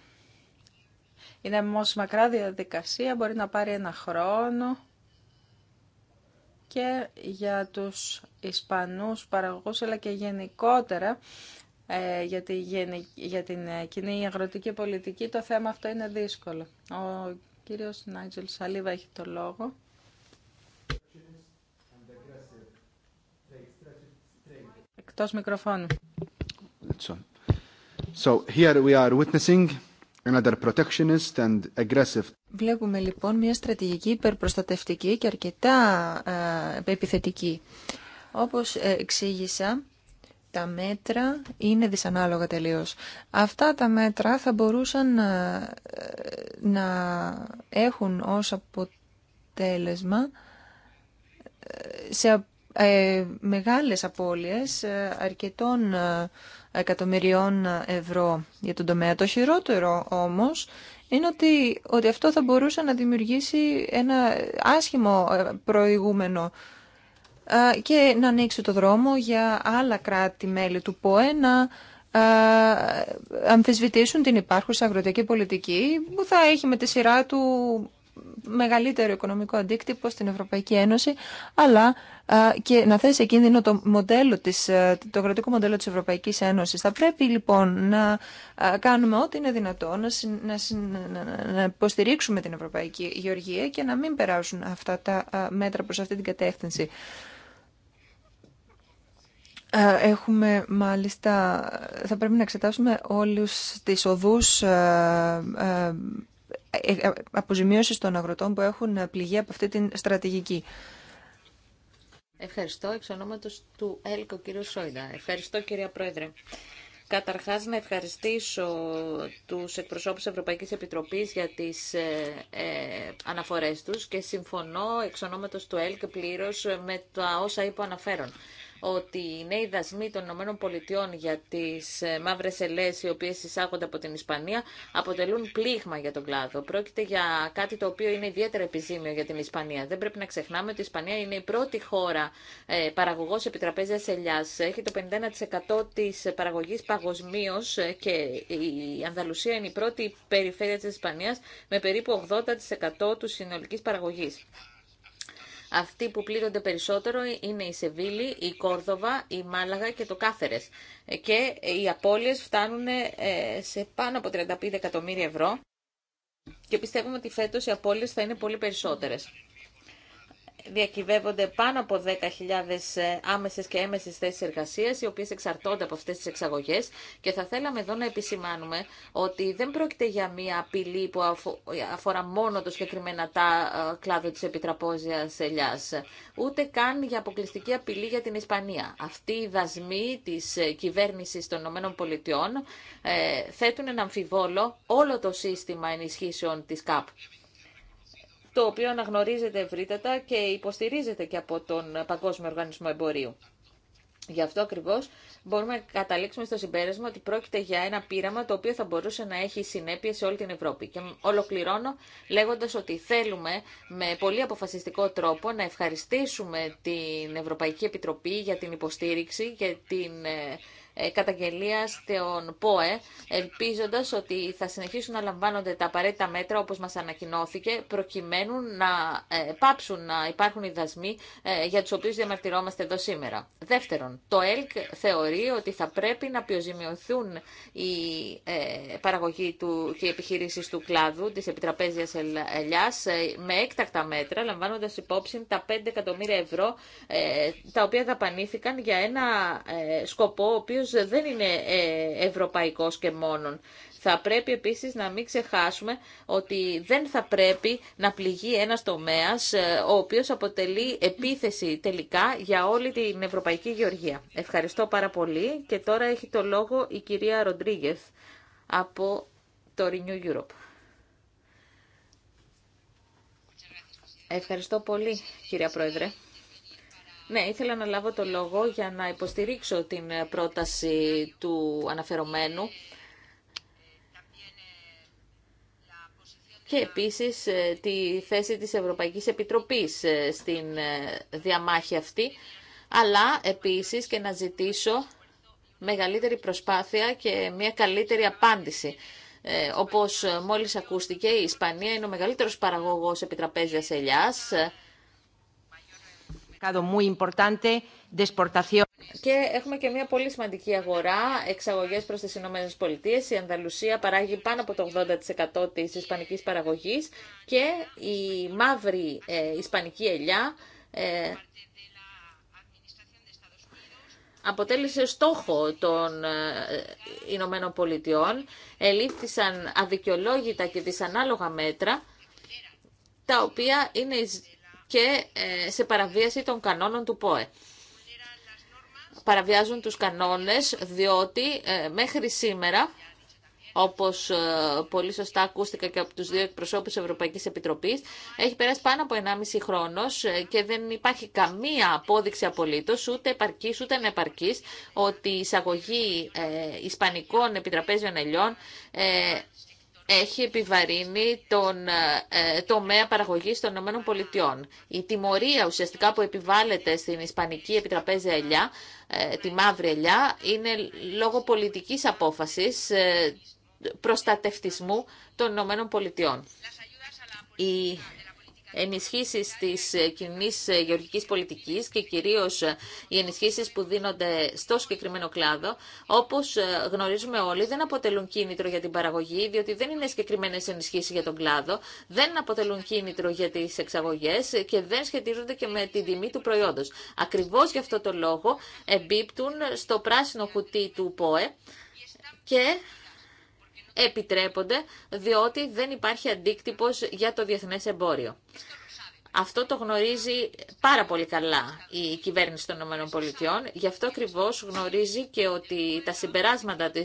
Είναι όμως μακρά διαδικασία, μπορεί να πάρει ένα χρόνο και για τους Ισπανούς παραγωγούς αλλά και γενικότερα ε, για την ε, κοινή αγροτική πολιτική το θέμα αυτό είναι δύσκολο. Ο κύριος Νάιτζελ Σαλίβα έχει το λόγο. Εκτός μικροφώνου. So here we are witnessing Βλέπουμε λοιπόν μια στρατηγική υπερπροστατευτική και αρκετά ε, επιθετική. Όπως ε, εξήγησα, τα μέτρα είναι δυσανάλογα τελείως. Αυτά τα μέτρα θα μπορούσαν να, ε, να έχουν ως αποτέλεσμα σε ε, μεγάλες απώλειες αρκετών εκατομμυριών ευρώ για τον τομέα. Το χειρότερο όμως είναι ότι, ότι αυτό θα μπορούσε να δημιουργήσει ένα άσχημο ε, προηγούμενο ε, και να ανοίξει το δρόμο για άλλα κράτη-μέλη του ΠΟΕ να ε, αμφισβητήσουν την υπάρχουσα αγροτική πολιτική που θα έχει με τη σειρά του μεγαλύτερο οικονομικό αντίκτυπο στην Ευρωπαϊκή Ένωση, αλλά και να θέσει κίνδυνο το, μοντέλο της, ε, το κρατικό μοντέλο της Ευρωπαϊκής Ένωσης. Θα πρέπει λοιπόν να κάνουμε ό,τι είναι δυνατό, να, να, να υποστηρίξουμε την Ευρωπαϊκή Γεωργία και να μην περάσουν αυτά τα μέτρα προς αυτή την κατεύθυνση. Έχουμε μάλιστα, θα πρέπει να εξετάσουμε όλους τις οδούς ε, ε, Αποζημίωση των αγροτών που έχουν πληγεί από αυτή την στρατηγική. Ευχαριστώ εξ ονόματος του ΕΛΚΟ κύριο Σόιδα. Ευχαριστώ κυρία Πρόεδρε. Καταρχάς να ευχαριστήσω τους εκπροσώπους Ευρωπαϊκής Επιτροπής για τις ε, ε, αναφορές τους και συμφωνώ εξ ονόματος του ΕΛΚ πλήρως με τα όσα είπα αναφέρον ότι οι νέοι δασμοί των ΗΠΑ για τι ε, μαύρε ελές οι οποίε εισάγονται από την Ισπανία αποτελούν πλήγμα για τον κλάδο. Πρόκειται για κάτι το οποίο είναι ιδιαίτερα επιζήμιο για την Ισπανία. Δεν πρέπει να ξεχνάμε ότι η Ισπανία είναι η πρώτη χώρα ε, παραγωγό επιτραπέζια ελιά. Έχει το 51% τη παραγωγή παγκοσμίω ε, και η Ανδαλουσία είναι η πρώτη περιφέρεια τη Ισπανία, με περίπου 80% του συνολική παραγωγή. Αυτοί που πλήττονται περισσότερο είναι η Σεβίλη, η Κόρδοβα, η Μάλαγα και το Κάθερες. Και οι απώλειες φτάνουν ε, σε πάνω από 35 εκατομμύρια ευρώ και πιστεύουμε ότι φέτος οι απώλειες θα είναι πολύ περισσότερες διακυβεύονται πάνω από 10.000 ε, άμεσες και έμεσες θέσεις εργασίας, οι οποίες εξαρτώνται από αυτές τις εξαγωγές. Και θα θέλαμε εδώ να επισημάνουμε ότι δεν πρόκειται για μία απειλή που αφορά μόνο το συγκεκριμένα τα ε, κλάδο της επιτραπόζιας ελιάς, ούτε καν για αποκλειστική απειλή για την Ισπανία. Αυτοί οι δασμοί της ε, κυβέρνησης των ΗΠΑ θέτουν ένα αμφιβόλο όλο το σύστημα ενισχύσεων της ΚΑΠ το οποίο αναγνωρίζεται ευρύτατα και υποστηρίζεται και από τον Παγκόσμιο Οργανισμό Εμπορίου. Γι' αυτό ακριβώ μπορούμε να καταλήξουμε στο συμπέρασμα ότι πρόκειται για ένα πείραμα το οποίο θα μπορούσε να έχει συνέπειε σε όλη την Ευρώπη. Και ολοκληρώνω λέγοντα ότι θέλουμε με πολύ αποφασιστικό τρόπο να ευχαριστήσουμε την Ευρωπαϊκή Επιτροπή για την υποστήριξη και την ε, ε, καταγγελία στον ΠΟΕ, ελπίζοντα ότι θα συνεχίσουν να λαμβάνονται τα απαραίτητα μέτρα όπω μα ανακοινώθηκε, προκειμένου να ε, πάψουν να υπάρχουν οι δασμοί ε, για του οποίου διαμαρτυρόμαστε εδώ σήμερα. Δεύτερον, το ΕΛΚ θεωρεί ότι θα πρέπει να πιοζημιωθούν η παραγωγή του και οι επιχειρήσει του κλάδου τη επιτραπέζια ελιά με έκτακτα μέτρα, λαμβάνοντα υπόψη τα 5 εκατομμύρια ευρώ τα οποία δαπανήθηκαν για ένα σκοπό ο οποίο ε, δεν είναι ε, ευρωπαϊκός και μόνον. Θα πρέπει επίσης να μην ξεχάσουμε ότι δεν θα πρέπει να πληγεί ένας τομέας ε, ο οποίος αποτελεί επίθεση τελικά για όλη την Ευρωπαϊκή Γεωργία. Ευχαριστώ πάρα πολύ και τώρα έχει το λόγο η κυρία Ροντρίγεθ από το Renew Europe. Ευχαριστώ πολύ κυρία Πρόεδρε. Ναι, ήθελα να λάβω το λόγο για να υποστηρίξω την πρόταση του αναφερομένου και επίσης ε, τη θέση της Ευρωπαϊκής Επιτροπής ε, στην ε, διαμάχη αυτή, αλλά επίσης και να ζητήσω μεγαλύτερη προσπάθεια και μια καλύτερη απάντηση. Ε, όπως μόλις ακούστηκε, η Ισπανία είναι ο μεγαλύτερος παραγωγός επιτραπέζιας ελιάς. Και έχουμε και μια πολύ σημαντική αγορά, Εξαγωγέ προ τι Ηνωμένε Πολιτείε. Η Ανταλουσία παράγει πάνω από το 80% τη Ισπανική παραγωγή και η μαύρη ε, ισπανική ελιά ε, αποτέλεσε στόχο των ε, Ηνωμένων Πολιτειών. Ελήφθησαν αδικαιολόγητα και δυσανάλογα μέτρα τα οποία είναι και ε, σε παραβίαση των κανόνων του ΠΟΕ. Παραβιάζουν τους κανόνες διότι ε, μέχρι σήμερα όπως ε, πολύ σωστά ακούστηκα και από τους δύο εκπροσώπους Ευρωπαϊκής Επιτροπής, έχει περάσει πάνω από 1,5 χρόνος και δεν υπάρχει καμία απόδειξη απολύτως, ούτε επαρκής ούτε ανεπαρκής, ότι η εισαγωγή ε, ισπανικών επιτραπέζιων ελιών έχει επιβαρύνει τον ε, τομέα παραγωγής των ΗΠΑ. Η τιμωρία ουσιαστικά που επιβάλλεται στην Ισπανική Επιτραπέζια Ελιά, ε, τη Μαύρη Ελιά, είναι λόγω πολιτικής απόφασης ε, προστατευτισμού των ΗΠΑ ενισχύσεις τη κοινή γεωργικής πολιτικής και κυρίως οι ενισχύσεις που δίνονται στο συγκεκριμένο κλάδο, όπως γνωρίζουμε όλοι, δεν αποτελούν κίνητρο για την παραγωγή, διότι δεν είναι συγκεκριμένε ενισχύσεις για τον κλάδο, δεν αποτελούν κίνητρο για τις εξαγωγές και δεν σχετίζονται και με την τιμή του προϊόντο Ακριβώ γι' αυτό το λόγο εμπίπτουν στο πράσινο κουτί του ΠΟΕ και επιτρέπονται διότι δεν υπάρχει αντίκτυπος για το διεθνές εμπόριο. Αυτό το γνωρίζει πάρα πολύ καλά η κυβέρνηση των ΗΠΑ. Γι' αυτό ακριβώ γνωρίζει και ότι τα συμπεράσματα τη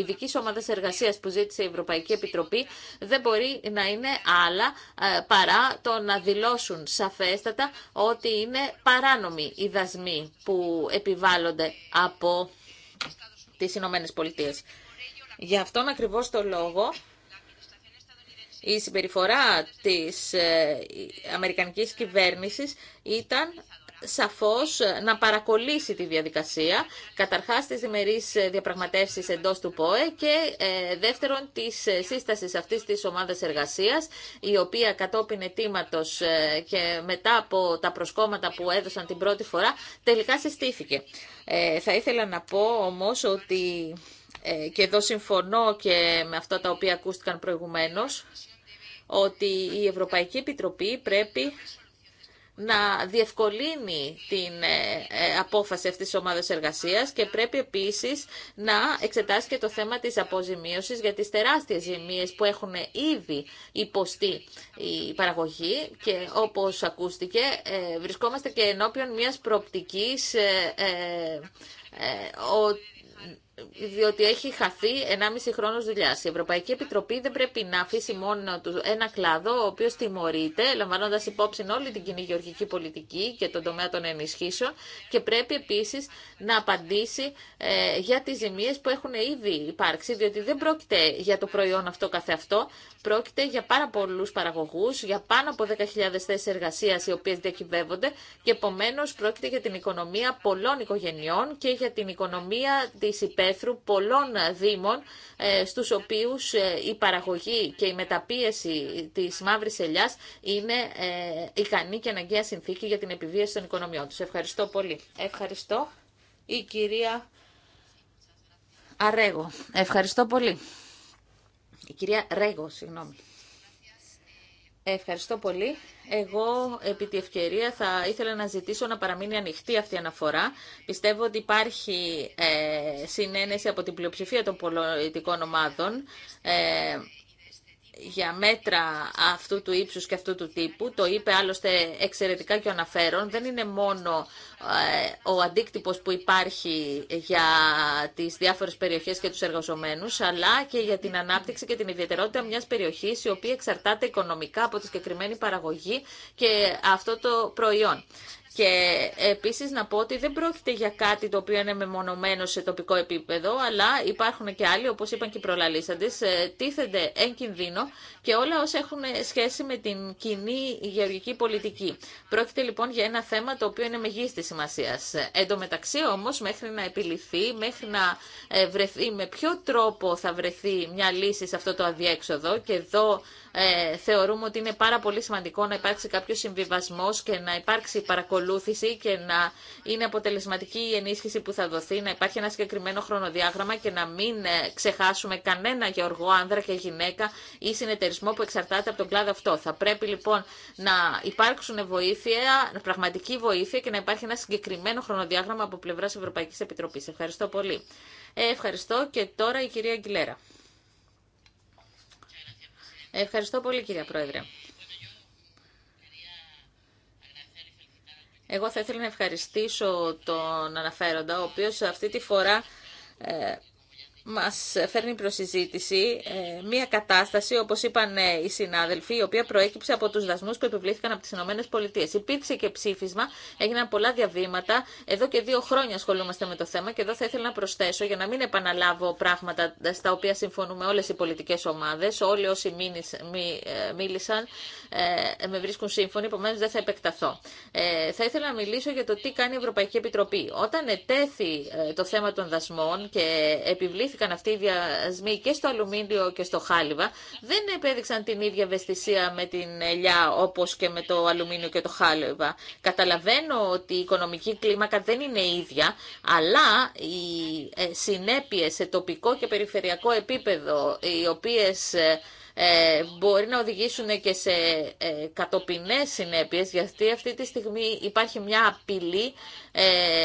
ειδική ομάδα εργασία που ζήτησε η Ευρωπαϊκή Επιτροπή δεν μπορεί να είναι άλλα ε, παρά το να δηλώσουν σαφέστατα ότι είναι παράνομοι οι δασμοί που επιβάλλονται από τις ΗΠΑ. Γι' αυτόν ακριβώς το λόγο η συμπεριφορά της ε, αμερικανικής κυβέρνησης ήταν σαφώς να παρακολύσει τη διαδικασία, καταρχάς τις διμερείς διαπραγματεύσεις εντός του ΠΟΕ και ε, δεύτερον της σύστασης αυτής της ομάδας εργασίας, η οποία κατόπιν ετήματος ε, και μετά από τα προσκόμματα που έδωσαν την πρώτη φορά, τελικά συστήθηκε. θα ήθελα να πω όμως ότι ε, και εδώ συμφωνώ και με αυτά τα οποία ακούστηκαν προηγουμένως, ότι η Ευρωπαϊκή Επιτροπή πρέπει να διευκολύνει την ε, ε, απόφαση αυτής της ομάδας εργασίας και πρέπει επίσης να εξετάσει και το θέμα της αποζημίωσης για τις τεράστιες ζημίες που έχουν ήδη υποστεί η παραγωγή και όπως ακούστηκε βρισκόμαστε και ενώπιον μιας προοπτικής διότι έχει χαθεί 1,5 χρόνο δουλειά. Η Ευρωπαϊκή Επιτροπή δεν πρέπει να αφήσει μόνο του ένα κλάδο, ο οποίο τιμωρείται, λαμβάνοντα υπόψη όλη την κοινή γεωργική πολιτική και τον τομέα των ενισχύσεων, και πρέπει επίση να απαντήσει ε, για τι ζημίε που έχουν ήδη υπάρξει, διότι δεν πρόκειται για το προϊόν αυτό καθεαυτό, πρόκειται για πάρα πολλού παραγωγού, για πάνω από 10.000 θέσει εργασία οι οποίε διακυβεύονται και επομένω πρόκειται για την οικονομία πολλών οικογενειών και για την οικονομία τη υπέρ υπαίθρου πολλών δήμων ε, στους οποίους ε, η παραγωγή και η μεταπίεση της μαύρης ελιάς είναι ε, ικανή και αναγκαία συνθήκη για την επιβίωση των οικονομιών τους. Ευχαριστώ πολύ. Ευχαριστώ η κυρία Αρέγο. Ευχαριστώ πολύ. Η κυρία Ρέγο, συγγνώμη. Ευχαριστώ πολύ. Εγώ επί τη ευκαιρία θα ήθελα να ζητήσω να παραμείνει ανοιχτή αυτή η αναφορά. Πιστεύω ότι υπάρχει ε, συνένεση από την πλειοψηφία των πολιτικών ομάδων. Ε, για μέτρα αυτού του ύψους και αυτού του τύπου, το είπε άλλωστε εξαιρετικά και ο αναφέρον, δεν είναι μόνο ε, ο αντίκτυπος που υπάρχει για τις διάφορες περιοχές και τους εργαζομένους, αλλά και για την ανάπτυξη και την ιδιαιτερότητα μιας περιοχής η οποία εξαρτάται οικονομικά από τη συγκεκριμένη παραγωγή και αυτό το προϊόν. Και επίσης να πω ότι δεν πρόκειται για κάτι το οποίο είναι μεμονωμένο σε τοπικό επίπεδο, αλλά υπάρχουν και άλλοι, όπως είπαν και οι προλαλήσαντες, ε, τίθενται εν κινδύνο και όλα όσα έχουν σχέση με την κοινή γεωργική πολιτική. Πρόκειται λοιπόν για ένα θέμα το οποίο είναι μεγίστη σημασία. Εν τω μεταξύ όμως, μέχρι να επιληθεί, μέχρι να ε, βρεθεί με ποιο τρόπο θα βρεθεί μια λύση σε αυτό το αδιέξοδο και εδώ ε, θεωρούμε ότι είναι πάρα πολύ σημαντικό να υπάρξει κάποιο συμβιβασμό και να υπάρξει παρακολούθηση και να είναι αποτελεσματική η ενίσχυση που θα δοθεί, να υπάρχει ένα συγκεκριμένο χρονοδιάγραμμα και να μην ε, ξεχάσουμε κανένα γεωργό άνδρα και γυναίκα ή συνεταιρισμό που εξαρτάται από τον κλάδο αυτό. Θα πρέπει λοιπόν να υπάρξουν βοήθεια, πραγματική βοήθεια και να υπάρχει ένα συγκεκριμένο χρονοδιάγραμμα από πλευρά Ευρωπαϊκή Επιτροπή. Ευχαριστώ πολύ. Ε, ευχαριστώ και τώρα η κυρία Αγγιλέρα. Ευχαριστώ πολύ κυρία Πρόεδρε. Εγώ θα ήθελα να ευχαριστήσω τον αναφέροντα, ο οποίος αυτή τη φορά ε, μας φέρνει προς συζήτηση ε, μια κατάσταση, όπως είπαν ε, οι συνάδελφοι, η οποία προέκυψε από τους δασμούς που επιβλήθηκαν από τις Ηνωμένες Πολιτείες. Υπήρξε και ψήφισμα, έγιναν πολλά διαβήματα. Εδώ και δύο χρόνια ασχολούμαστε με το θέμα και εδώ θα ήθελα να προσθέσω, για να μην επαναλάβω πράγματα στα οποία συμφωνούμε όλες οι πολιτικές ομάδες, όλοι όσοι ε, μίλησαν ε, με βρίσκουν σύμφωνοι, επομένω δεν θα επεκταθώ. Ε, θα ήθελα να μιλήσω για το τι κάνει η Ευρωπαϊκή Επιτροπή. Όταν ετέθη ε, το θέμα των δασμών και επιβλήθηκε προβλήθηκαν αυτοί οι βιασμοί και στο αλουμίνιο και στο χάλιβα δεν επέδειξαν την ίδια ευαισθησία με την ελιά όπως και με το αλουμίνιο και το χάλιβα. Καταλαβαίνω ότι η οικονομική κλίμακα δεν είναι ίδια, αλλά οι ε, συνέπειες σε τοπικό και περιφερειακό επίπεδο, οι οποίες ε, ε, μπορεί να οδηγήσουν και σε ε, κατοπινές συνέπειες, γιατί αυτή τη στιγμή υπάρχει μια απειλή ε,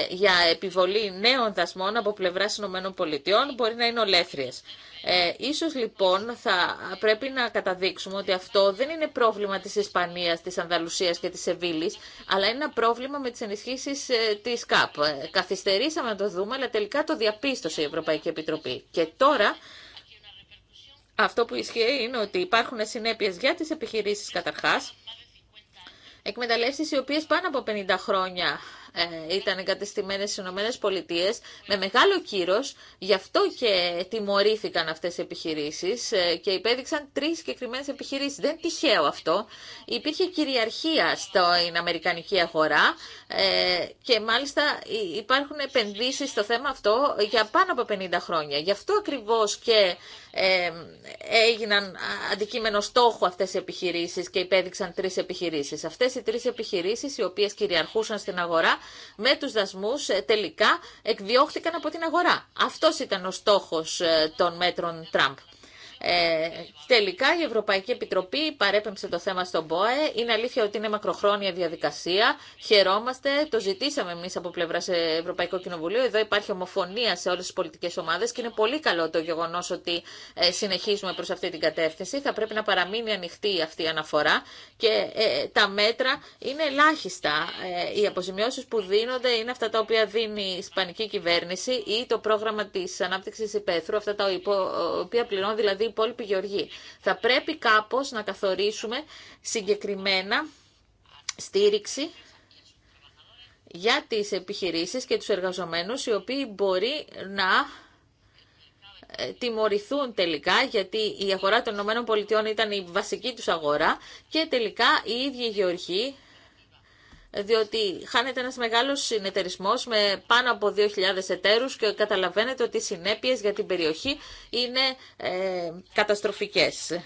για επιβολή νέων δασμών από πλευράς Ηνωμένων Πολιτειών, μπορεί να είναι ολέθριες. Ε, ίσως λοιπόν θα πρέπει να καταδείξουμε ότι αυτό δεν είναι πρόβλημα της Ισπανίας, της Ανδαλουσίας και της Σεβίλης, αλλά είναι ένα πρόβλημα με τις ενισχύσεις ε, της ΚΑΠ. καθυστερήσαμε να το δούμε, αλλά τελικά το διαπίστωσε η Ευρωπαϊκή Επιτροπή. Και τώρα αυτό που ισχύει είναι ότι υπάρχουν συνέπειες για τις επιχειρήσεις καταρχάς, εκμεταλλεύσεις οι οποίες πάνω από 50 χρόνια ε, ήταν εγκατεστημένε στι Ηνωμένες Πολιτείες με μεγάλο κύρο γι' αυτό και τιμωρήθηκαν αυτέ οι επιχειρήσεις ε, και υπέδειξαν τρει συγκεκριμένε επιχειρήσεις. Δεν τυχαίο αυτό. Υπήρχε κυριαρχία στην Αμερικανική αγορά ε, και μάλιστα υπάρχουν επενδύσει στο θέμα αυτό για πάνω από 50 χρόνια. Γι' αυτό ακριβώ και έγιναν αντικείμενο στόχο αυτέ οι επιχειρήσει και υπέδειξαν τρει επιχειρήσει. Αυτέ οι τρει επιχειρήσει οι οποίε κυριαρχούσαν στην αγορά με τους δασμούς ε, τελικά εκδιώχθηκαν από την αγορά. Αυτός ήταν ο στόχος ε, των μέτρων Τραμπ. Ε, τελικά η Ευρωπαϊκή Επιτροπή παρέπεμψε το θέμα στον ΠΟΕ. Είναι αλήθεια ότι είναι μακροχρόνια διαδικασία. Χαιρόμαστε. Το ζητήσαμε εμεί από πλευρά Ευρωπαϊκό Κοινοβουλίο Εδώ υπάρχει ομοφωνία σε όλε τι πολιτικέ ομάδε και είναι πολύ καλό το γεγονό ότι ε, συνεχίζουμε προ αυτή την κατεύθυνση. Θα πρέπει να παραμείνει ανοιχτή αυτή η αναφορά και ε, τα μέτρα είναι ελάχιστα. Ε, οι αποζημιώσει που δίνονται είναι αυτά τα οποία δίνει η Ισπανική κυβέρνηση ή το πρόγραμμα τη ανάπτυξη υπαίθρου, αυτά τα οποία πληρώνουν δηλαδή υπόλοιποι γεωργοί. Θα πρέπει κάπως να καθορίσουμε συγκεκριμένα στήριξη για τις επιχειρήσεις και τους εργαζομένους οι οποίοι μπορεί να ε, τιμωρηθούν τελικά γιατί η αγορά των ΗΠΑ ήταν η βασική τους αγορά και τελικά η ίδιοι γεωργοί διότι χάνεται ένας μεγάλος συνεταιρισμός με πάνω από 2.000 εταίρους και καταλαβαίνετε ότι οι συνέπειες για την περιοχή είναι ε, καταστροφικές.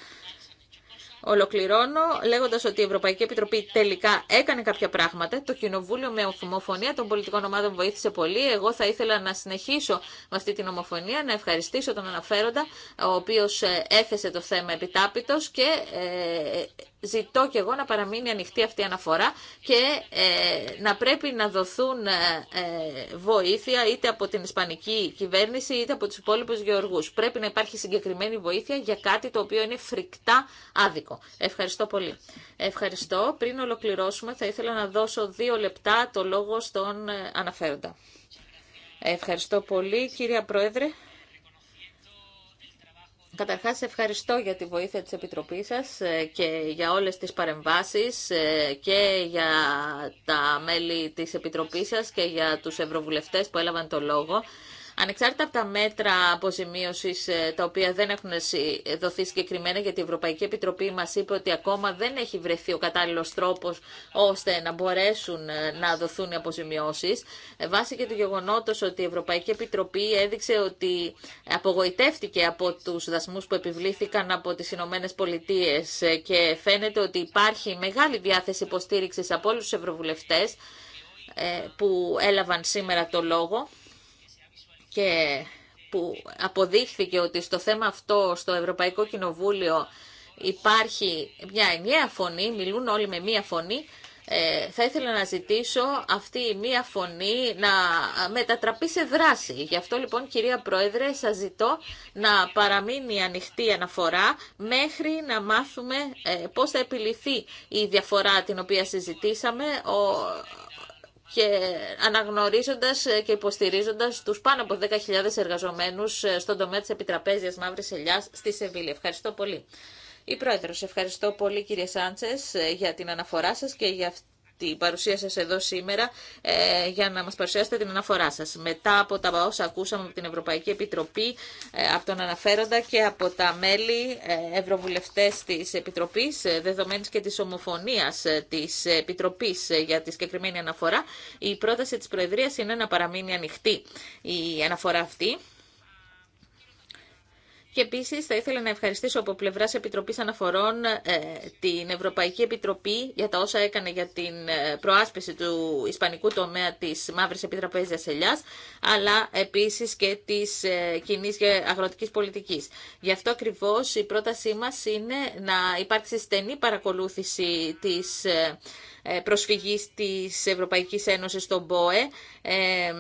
Ολοκληρώνω λέγοντα ότι η Ευρωπαϊκή Επιτροπή τελικά έκανε κάποια πράγματα. Το Κοινοβούλιο με ομοφωνία των πολιτικών ομάδων βοήθησε πολύ. Εγώ θα ήθελα να συνεχίσω με αυτή την ομοφωνία, να ευχαριστήσω τον αναφέροντα, ο οποίο ε, έθεσε το θέμα επιτάπητο και ε, ζητώ και εγώ να παραμείνει ανοιχτή αυτή η αναφορά και ε, να πρέπει να δοθούν ε, ε, βοήθεια είτε από την Ισπανική κυβέρνηση είτε από τους υπόλοιπους γεωργούς. Πρέπει να υπάρχει συγκεκριμένη βοήθεια για κάτι το οποίο είναι φρικτά άδικο. Ευχαριστώ πολύ. Ευχαριστώ. Πριν ολοκληρώσουμε θα ήθελα να δώσω δύο λεπτά το λόγο στον αναφέροντα. Ευχαριστώ πολύ κυρία Πρόεδρε. Καταρχάς ευχαριστώ για τη βοήθεια της Επιτροπής σας ε, και για όλες τις παρεμβάσεις ε, και για τα μέλη της Επιτροπής σας και για τους ευρωβουλευτές που έλαβαν το λόγο. Ανεξάρτητα από τα μέτρα αποζημίωση ε, τα οποία δεν έχουν δοθεί συγκεκριμένα, γιατί η Ευρωπαϊκή Επιτροπή μα είπε ότι ακόμα δεν έχει βρεθεί ο κατάλληλο τρόπο ώστε να μπορέσουν ε, να δοθούν οι αποζημιώσει, ε, βάσει και του γεγονότο ότι η Ευρωπαϊκή Επιτροπή έδειξε ότι απογοητεύτηκε από του δασμού που επιβλήθηκαν από τι Ηνωμένε Πολιτείε και φαίνεται ότι υπάρχει μεγάλη διάθεση υποστήριξη από όλου του Ευρωβουλευτέ που έλαβαν σήμερα το λόγο και που αποδείχθηκε ότι στο θέμα αυτό στο Ευρωπαϊκό Κοινοβούλιο υπάρχει μια ενιαία φωνή, μιλούν όλοι με μια φωνή, ε, θα ήθελα να ζητήσω αυτή η μία φωνή να μετατραπεί σε δράση. Γι' αυτό λοιπόν κυρία Πρόεδρε σας ζητώ να παραμείνει ανοιχτή η αναφορά μέχρι να μάθουμε ε, πώς θα επιληθεί η διαφορά την οποία συζητήσαμε και αναγνωρίζοντας ε, και υποστηρίζοντας τους πάνω από 10.000 εργαζομένους ε, στον τομέα της επιτραπέζιας μαύρης ελιάς στη Σεβίλη. Ευχαριστώ πολύ. Η Πρόεδρος, ευχαριστώ πολύ κύριε Σάντσες ε, για την αναφορά σας και για αυτή την παρουσία σας εδώ σήμερα ε, για να μας παρουσιάσετε την αναφορά σας. Μετά από τα όσα ακούσαμε από την Ευρωπαϊκή Επιτροπή, ε, από τον αναφέροντα και από τα μέλη ε, ευρωβουλευτές της Επιτροπής, ε, δεδομένης και της ομοφωνίας της Επιτροπής για τη συγκεκριμένη αναφορά, η πρόταση της Προεδρίας είναι να παραμείνει ανοιχτή η αναφορά αυτή και επίση θα ήθελα να ευχαριστήσω από πλευρά Επιτροπή Αναφορών ε, την Ευρωπαϊκή Επιτροπή για τα όσα έκανε για την ε, προάσπιση του ισπανικού τομέα τη Μαύρη Επιτραπέζια Ελιά, αλλά επίση και τη ε, κοινή αγροτική πολιτική. Γι' αυτό ακριβώ η πρότασή μα είναι να υπάρξει στενή παρακολούθηση τη. Ε, ε, προσφυγής της Ευρωπαϊκής Ένωσης στον ΠΟΕ. Ε,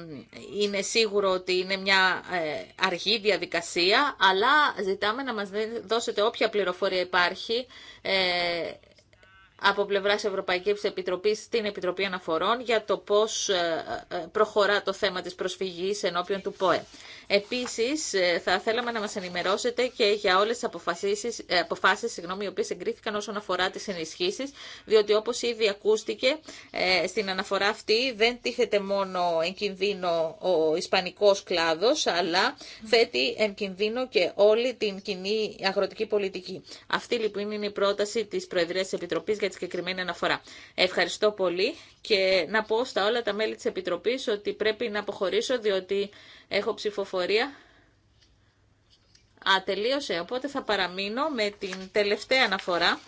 είναι σίγουρο ότι είναι μια ε, αργή διαδικασία, αλλά ζητάμε να μας δώσετε όποια πληροφορία υπάρχει από πλευρά Ευρωπαϊκή Επιτροπή στην Επιτροπή Αναφορών για το πώ ε, ε, προχωρά το θέμα τη προσφυγή ενώπιον του ΠΟΕ. Επίση, ε, θα θέλαμε να μα ενημερώσετε και για όλε τι αποφάσει οι οποίες εγκρίθηκαν όσον αφορά τι ενισχύσει, διότι όπω ήδη ακούστηκε στην αναφορά αυτή δεν τίθεται μόνο εν κινδύνο ο ισπανικό κλάδο, αλλά θέτει εν κινδύνο και όλη την κοινή αγροτική πολιτική. Αυτή λοιπόν είναι η πρόταση τη Προεδρία Επιτροπή τη συγκεκριμένη αναφορά. Ευχαριστώ πολύ και να πω στα όλα τα μέλη της Επιτροπής ότι πρέπει να αποχωρήσω διότι έχω ψηφοφορία. Α, τελείωσε. Οπότε θα παραμείνω με την τελευταία αναφορά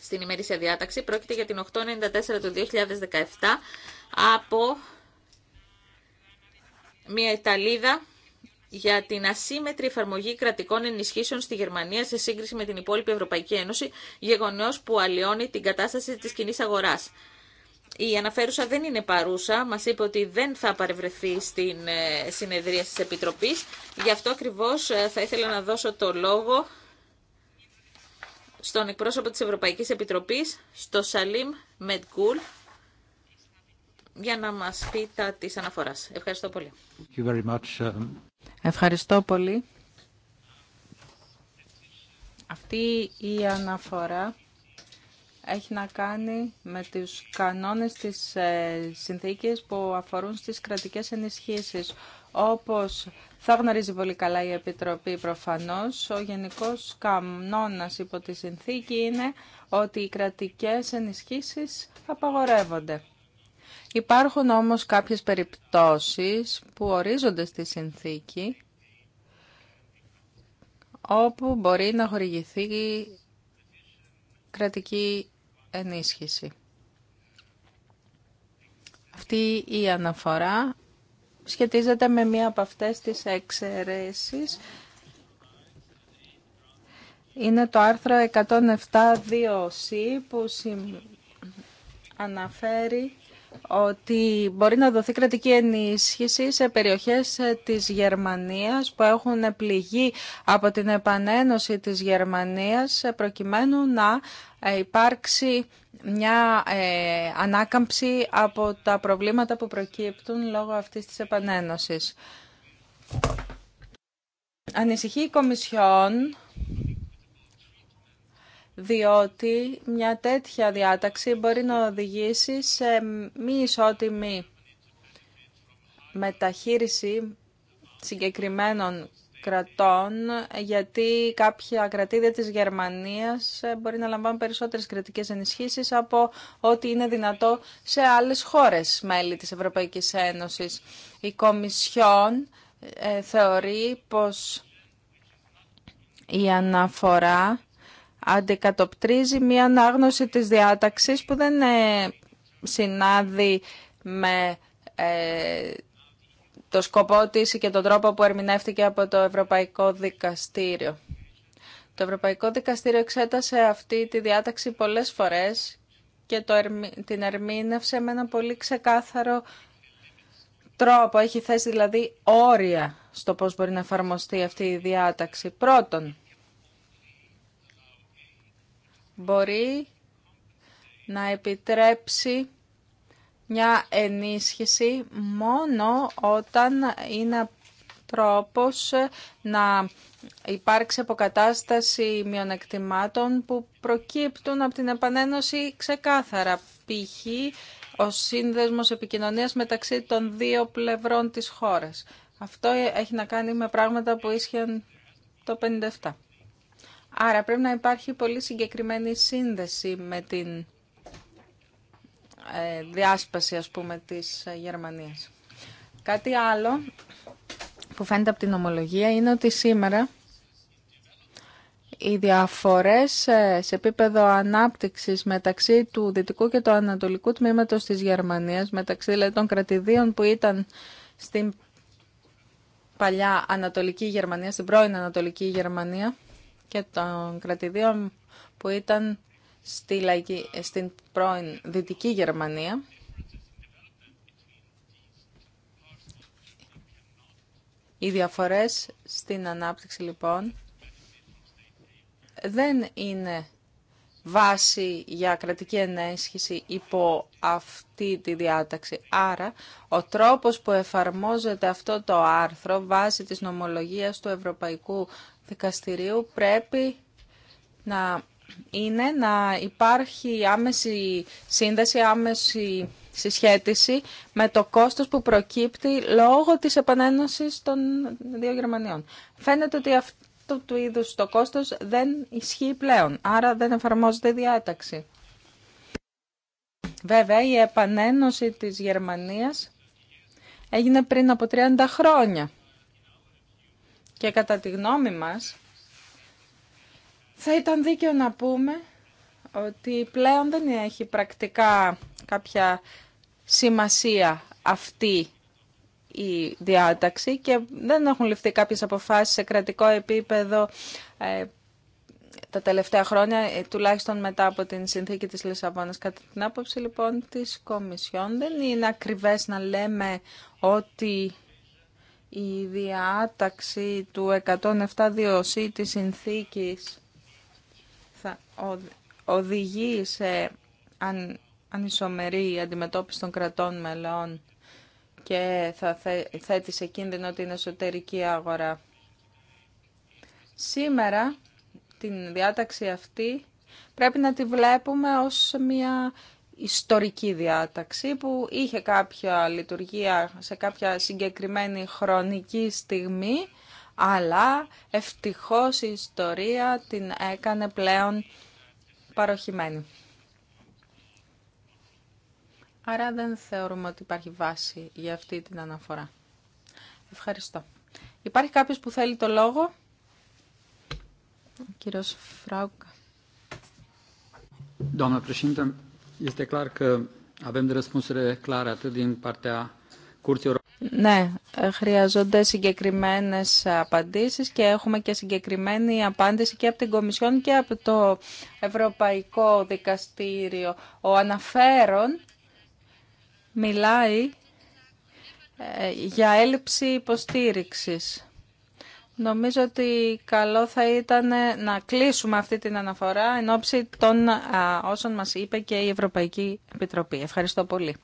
στην ημερήσια διάταξη. Πρόκειται για την 894 του 2017 από μια Ιταλίδα για την ασύμετρη εφαρμογή κρατικών ενισχύσεων στη Γερμανία σε σύγκριση με την υπόλοιπη Ευρωπαϊκή Ένωση, γεγονό που αλλοιώνει την κατάσταση τη κοινή αγορά. Η αναφέρουσα δεν είναι παρούσα, μα είπε ότι δεν θα παρευρεθεί στην ε, συνεδρία τη Επιτροπής. Γι' αυτό ακριβώς ε, θα ήθελα να δώσω το λόγο στον εκπρόσωπο της Ευρωπαϊκής Επιτροπής, στο Σαλίμ Μετκούλ, για να μας πει τα της αναφοράς. Ευχαριστώ πολύ. Um, Ευχαριστώ πολύ. Αυτή η αναφορά έχει να κάνει με τους κανόνες της ε, συνθήκης που αφορούν στις κρατικές ενισχύσεις. Όπως θα γνωρίζει πολύ καλά η Επιτροπή προφανώς, ο γενικός κανόνας υπό τη συνθήκη είναι ότι οι κρατικές ενισχύσεις απαγορεύονται. Υπάρχουν όμως κάποιες περιπτώσεις που ορίζονται στη συνθήκη όπου μπορεί να χορηγηθεί κρατική ενίσχυση. Αυτή η αναφορά σχετίζεται με μία από αυτές τις εξαιρέσεις. Είναι το άρθρο 107.2c που αναφέρει ότι μπορεί να δοθεί κρατική ενίσχυση σε περιοχές της Γερμανίας που έχουν πληγεί από την επανένωση της Γερμανίας προκειμένου να ε, υπάρξει μια ε, ανάκαμψη από τα προβλήματα που προκύπτουν λόγω αυτής της επανένωσης. Ανησυχεί η Κομισιόν διότι μια τέτοια διάταξη μπορεί να οδηγήσει σε μη ισότιμη μεταχείριση συγκεκριμένων κρατών, γιατί κάποια κρατήδια της Γερμανίας ε, μπορεί να λαμβάνουν περισσότερες κρατικές ενισχύσεις από ό,τι είναι δυνατό σε άλλες χώρες μέλη της Ευρωπαϊκής Ένωσης. Η Κομισιόν ε, θεωρεί πως η αναφορά αντικατοπτρίζει μία ανάγνωση της διάταξης που δεν ε, συνάδει με ε, το σκοπό της και τον τρόπο που ερμηνεύτηκε από το Ευρωπαϊκό Δικαστήριο. Το Ευρωπαϊκό Δικαστήριο εξέτασε αυτή τη διάταξη πολλές φορές και το, την ερμήνευσε με ένα πολύ ξεκάθαρο τρόπο. Έχει θέσει δηλαδή όρια στο πώς μπορεί να εφαρμοστεί αυτή η διάταξη. Πρώτον, μπορεί να επιτρέψει μια ενίσχυση μόνο όταν είναι τρόπος να υπάρξει αποκατάσταση μειονεκτημάτων που προκύπτουν από την επανένωση ξεκάθαρα. Π.χ. ο σύνδεσμος επικοινωνίας μεταξύ των δύο πλευρών της χώρας. Αυτό έχει να κάνει με πράγματα που ίσχυαν το 57. Άρα πρέπει να υπάρχει πολύ συγκεκριμένη σύνδεση με την ε, διάσπαση, ας πούμε, της ε, Γερμανίας. Κάτι άλλο που φαίνεται από την ομολογία είναι ότι σήμερα οι διαφορές ε, σε επίπεδο ανάπτυξης μεταξύ του δυτικού και του ανατολικού τμήματος της Γερμανίας, μεταξύ δηλαδή των κρατηδίων που ήταν στην παλιά Ανατολική Γερμανία, στην πρώην Ανατολική Γερμανία, και των κρατηδίων που ήταν στη λαϊκή, στην πρώην Δυτική Γερμανία. Οι διαφορές στην ανάπτυξη λοιπόν δεν είναι βάση για κρατική ενέσχυση υπό αυτή τη διάταξη. Άρα, ο τρόπος που εφαρμόζεται αυτό το άρθρο βάσει της νομολογίας του Ευρωπαϊκού δικαστηρίου πρέπει να είναι να υπάρχει άμεση σύνδεση, άμεση συσχέτιση με το κόστος που προκύπτει λόγω της επανένωσης των δύο Γερμανιών. Φαίνεται ότι αυτό του είδους το κόστος δεν ισχύει πλέον, άρα δεν εφαρμόζεται διάταξη. Βέβαια, η επανένωση της Γερμανίας έγινε πριν από 30 χρόνια. Και κατά τη γνώμη μας, θα ήταν δίκαιο να πούμε ότι πλέον δεν έχει πρακτικά κάποια σημασία αυτή η διάταξη και δεν έχουν ληφθεί κάποιες αποφάσεις σε κρατικό επίπεδο ε, τα τελευταία χρόνια, ε, τουλάχιστον μετά από την συνθήκη της Λισαβόνας. Κατά την άποψη λοιπόν της Κομισιόν δεν είναι ακριβές να λέμε ότι η διάταξη του 107.2c της συνθήκης θα οδηγεί σε αν, ανισομερή αντιμετώπιση των κρατών μελών και θα θέτει σε κίνδυνο την εσωτερική αγορά. Σήμερα την διάταξη αυτή πρέπει να τη βλέπουμε ως μια ιστορική διάταξη που είχε κάποια λειτουργία σε κάποια συγκεκριμένη χρονική στιγμή αλλά ευτυχώς η ιστορία την έκανε πλέον παροχημένη. Άρα δεν θεωρούμε ότι υπάρχει βάση για αυτή την αναφορά. Ευχαριστώ. Υπάρχει κάποιος που θέλει το λόγο. κύριος Φράουκ este clar că avem de clare atât din partea Curții Europene. Ναι, eh, χρειαζόνται συγκεκριμένες απαντήσεις και έχουμε και συγκεκριμένη απάντηση και από την Κομισιόν και από το Ευρωπαϊκό Δικαστήριο. Ο αναφέρον μιλάει ε, για έλλειψη υποστήριξης. Νομίζω ότι καλό θα ήταν να κλείσουμε αυτή την αναφορά εν ώψη των όσων μας είπε και η Ευρωπαϊκή Επιτροπή. Ευχαριστώ πολύ.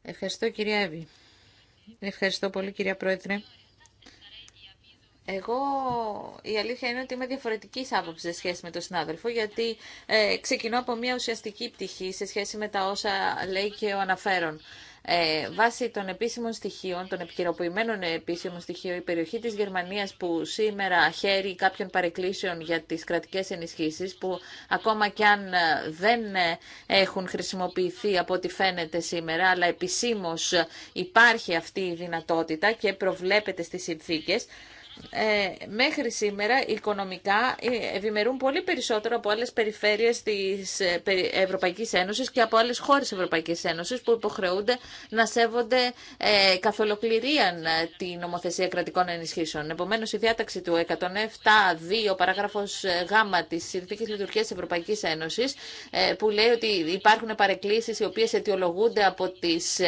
Ευχαριστώ κυρία Εύη. Ευχαριστώ πολύ κυρία Πρόεδρε. Εγώ η αλήθεια είναι ότι είμαι διαφορετική άποψη σε σχέση με τον συνάδελφο, γιατί ε, ξεκινώ από μια ουσιαστική πτυχή σε σχέση με τα όσα λέει και ο αναφέρον. Ε, βάσει των επίσημων στοιχείων, των επικαιροποιημένων επίσημων στοιχείων, η περιοχή της Γερμανίας που σήμερα χαίρει κάποιων παρεκκλήσεων για τις κρατικές ενισχύσεις που ακόμα και αν ε, δεν έχουν χρησιμοποιηθεί από ό,τι φαίνεται σήμερα, αλλά επισήμως υπάρχει αυτή η δυνατότητα και προβλέπεται στις συνθήκες, ε, μέχρι σήμερα οικονομικά ε, ευημερούν πολύ περισσότερο από άλλες περιφέρειες της ε, Ευρωπαϊκής Ένωσης και από άλλες χώρες Ευρωπαϊκής Ένωσης που υποχρεούνται να σέβονται ε, καθ' ολοκληρίαν ε, την νομοθεσία κρατικών ενισχύσεων. Επομένως, η διάταξη του 107.2 παράγραφος Γ της Συνθήκης Λειτουργίας Ευρωπαϊκής Ένωσης ε, που λέει ότι υπάρχουν παρεκκλήσεις οι οποίες αιτιολογούνται από τις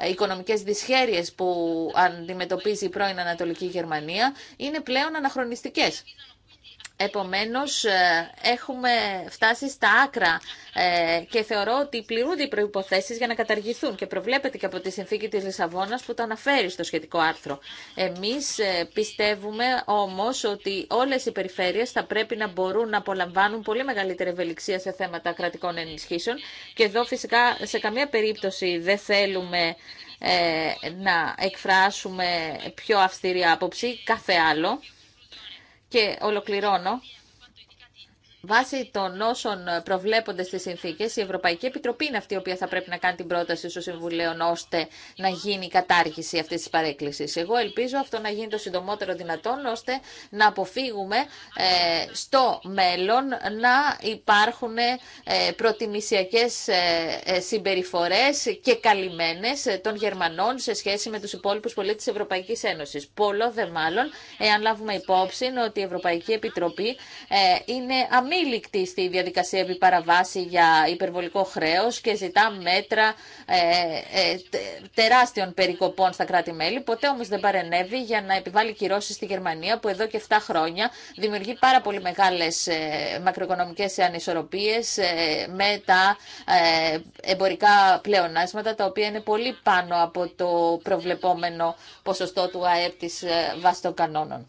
ε, οικονομικέ δυσχέρειες που αντιμετωπίζει η πρώην Ανατολική Γερμανία είναι πλέον αναχρονιστικές. Επομένως, ε, έχουμε φτάσει στα άκρα ε, και θεωρώ ότι πληρούνται οι προϋποθέσεις για να καταργηθούν και προβλέπεται και από τη συνθήκη της Λισαβόνας που το αναφέρει στο σχετικό άρθρο. Εμείς ε, πιστεύουμε όμως ότι όλες οι περιφέρειες θα πρέπει να μπορούν να απολαμβάνουν πολύ μεγαλύτερη ευελιξία σε θέματα κρατικών ενισχύσεων και εδώ φυσικά σε καμία περίπτωση δεν θέλουμε να εκφράσουμε πιο αυστηρή άποψη, κάθε άλλο. Και ολοκληρώνω Βάσει των όσων προβλέπονται στις συνθήκε, η Ευρωπαϊκή Επιτροπή είναι αυτή η οποία θα πρέπει να κάνει την πρόταση στο Συμβουλίο ώστε να γίνει η κατάργηση αυτή τη παρέκκληση. Εγώ ελπίζω αυτό να γίνει το συντομότερο δυνατόν ώστε να αποφύγουμε ε, στο μέλλον να υπάρχουν ε, προτιμησιακές ε, ε, και καλυμμένες ε, των Γερμανών σε σχέση με του υπόλοιπου πολίτε τη Ευρωπαϊκή Ένωση. Πολλό δε μάλλον εάν λάβουμε υπόψη ότι η Ευρωπαϊκή Επιτροπή είναι ληκτή στη διαδικασία επιπαραβάση για υπερβολικό χρέος και ζητά μέτρα ε, ε, τεράστιων περικοπών στα κράτη-μέλη. Ποτέ όμως δεν παρενέβη για να επιβάλλει κυρώσεις στη Γερμανία που εδώ και 7 χρόνια δημιουργεί πάρα πολύ μεγάλες ε, μακροοικονομικές ανισορροπίες με τα εμπορικά πλεονάσματα τα οποία είναι πολύ πάνω από το προβλεπόμενο ποσοστό του ΑΕΠ της βάση των κανόνων.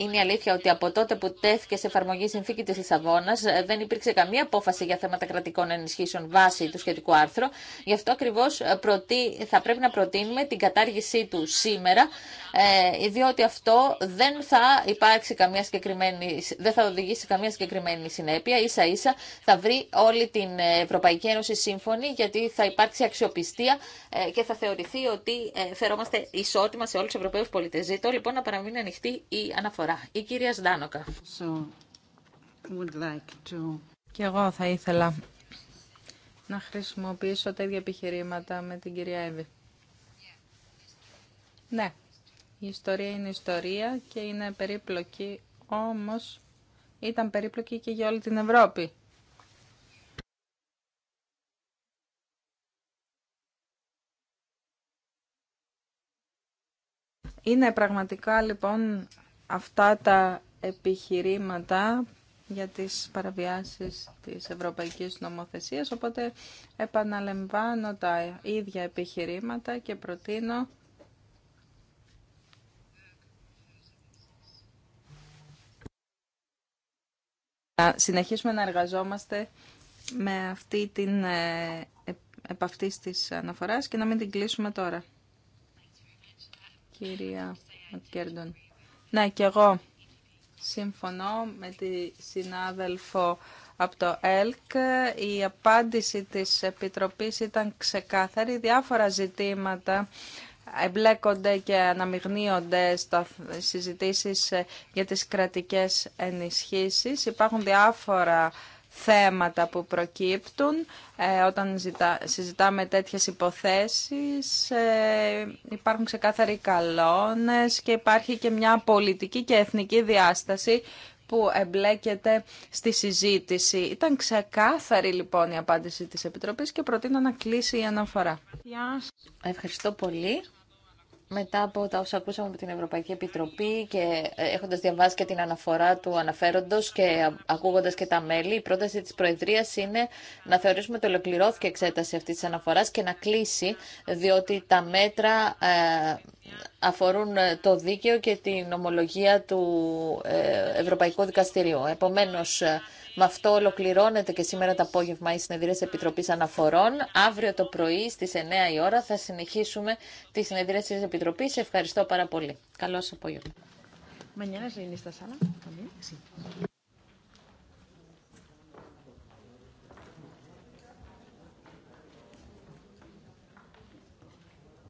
Είναι η αλήθεια ότι από τότε που τέθηκε σε εφαρμογή η συνθήκη τη Λισαβόνα ε, δεν υπήρξε καμία απόφαση για θέματα κρατικών ενισχύσεων βάσει του σχετικού άρθρου. Γι' αυτό ακριβώ ε, θα πρέπει να προτείνουμε την κατάργησή του σήμερα, ε, διότι αυτό δεν θα υπάρξει καμία συγκεκριμένη, δεν θα οδηγήσει καμία συγκεκριμένη συνέπεια. σα ίσα θα βρει όλη την Ευρωπαϊκή Ένωση σύμφωνη, γιατί θα υπάρξει αξιοπιστία και θα θεωρηθεί ότι φερόμαστε ισότιμα σε όλου του Ευρωπαίου πολίτε. Ζήτω λοιπόν να παραμείνει ανοιχτή η αναφορά η κυρία Σντάνοκα. Και εγώ θα ήθελα να χρησιμοποιήσω τέτοια ίδια επιχειρήματα με την κυρία Εύη. Ναι, η ιστορία είναι ιστορία και είναι περίπλοκη, όμως ήταν περίπλοκη και για όλη την Ευρώπη. Είναι πραγματικά λοιπόν αυτά τα επιχειρήματα για τις παραβιάσεις της Ευρωπαϊκής Νομοθεσίας, οπότε επαναλαμβάνω τα ίδια επιχειρήματα και προτείνω να συνεχίσουμε να εργαζόμαστε με αυτή την ε, επαυτή της αναφοράς και να μην την κλείσουμε τώρα. Κυρία Κέρντον. Ναι, και εγώ συμφωνώ με τη συνάδελφο από το ΕΛΚ. Η απάντηση της Επιτροπής ήταν ξεκάθαρη. Διάφορα ζητήματα εμπλέκονται και αναμειγνύονται στα συζητήσεις για τις κρατικές ενισχύσεις. Υπάρχουν διάφορα θέματα που προκύπτουν ε, όταν συζητάμε τέτοιες υποθέσεις. Ε, υπάρχουν ξεκάθαροι καλώνες και υπάρχει και μια πολιτική και εθνική διάσταση που εμπλέκεται στη συζήτηση. Ήταν ξεκάθαρη λοιπόν η απάντηση της Επιτροπής και προτείνω να κλείσει η αναφορά. Ευχαριστώ πολύ μετά από τα όσα ακούσαμε από την Ευρωπαϊκή Επιτροπή και ε, έχοντας διαβάσει και την αναφορά του αναφέροντος και ακούγοντας και τα μέλη, η πρόταση της Προεδρίας είναι να θεωρήσουμε ότι ολοκληρώθηκε εξέταση αυτής της αναφοράς και να κλείσει, διότι τα μέτρα ε, αφορούν ε, το δίκαιο και την ομολογία του Ευρωπαϊκού Δικαστηρίου. Επομένως, με αυτό ολοκληρώνεται και σήμερα το απόγευμα η συνεδρία τη Επιτροπής Αναφορών. Αύριο το πρωί στις 9 η ώρα θα συνεχίσουμε τη συνεδρία τη Επιτροπής. Ευχαριστώ πάρα πολύ. Καλό σας απόγευμα.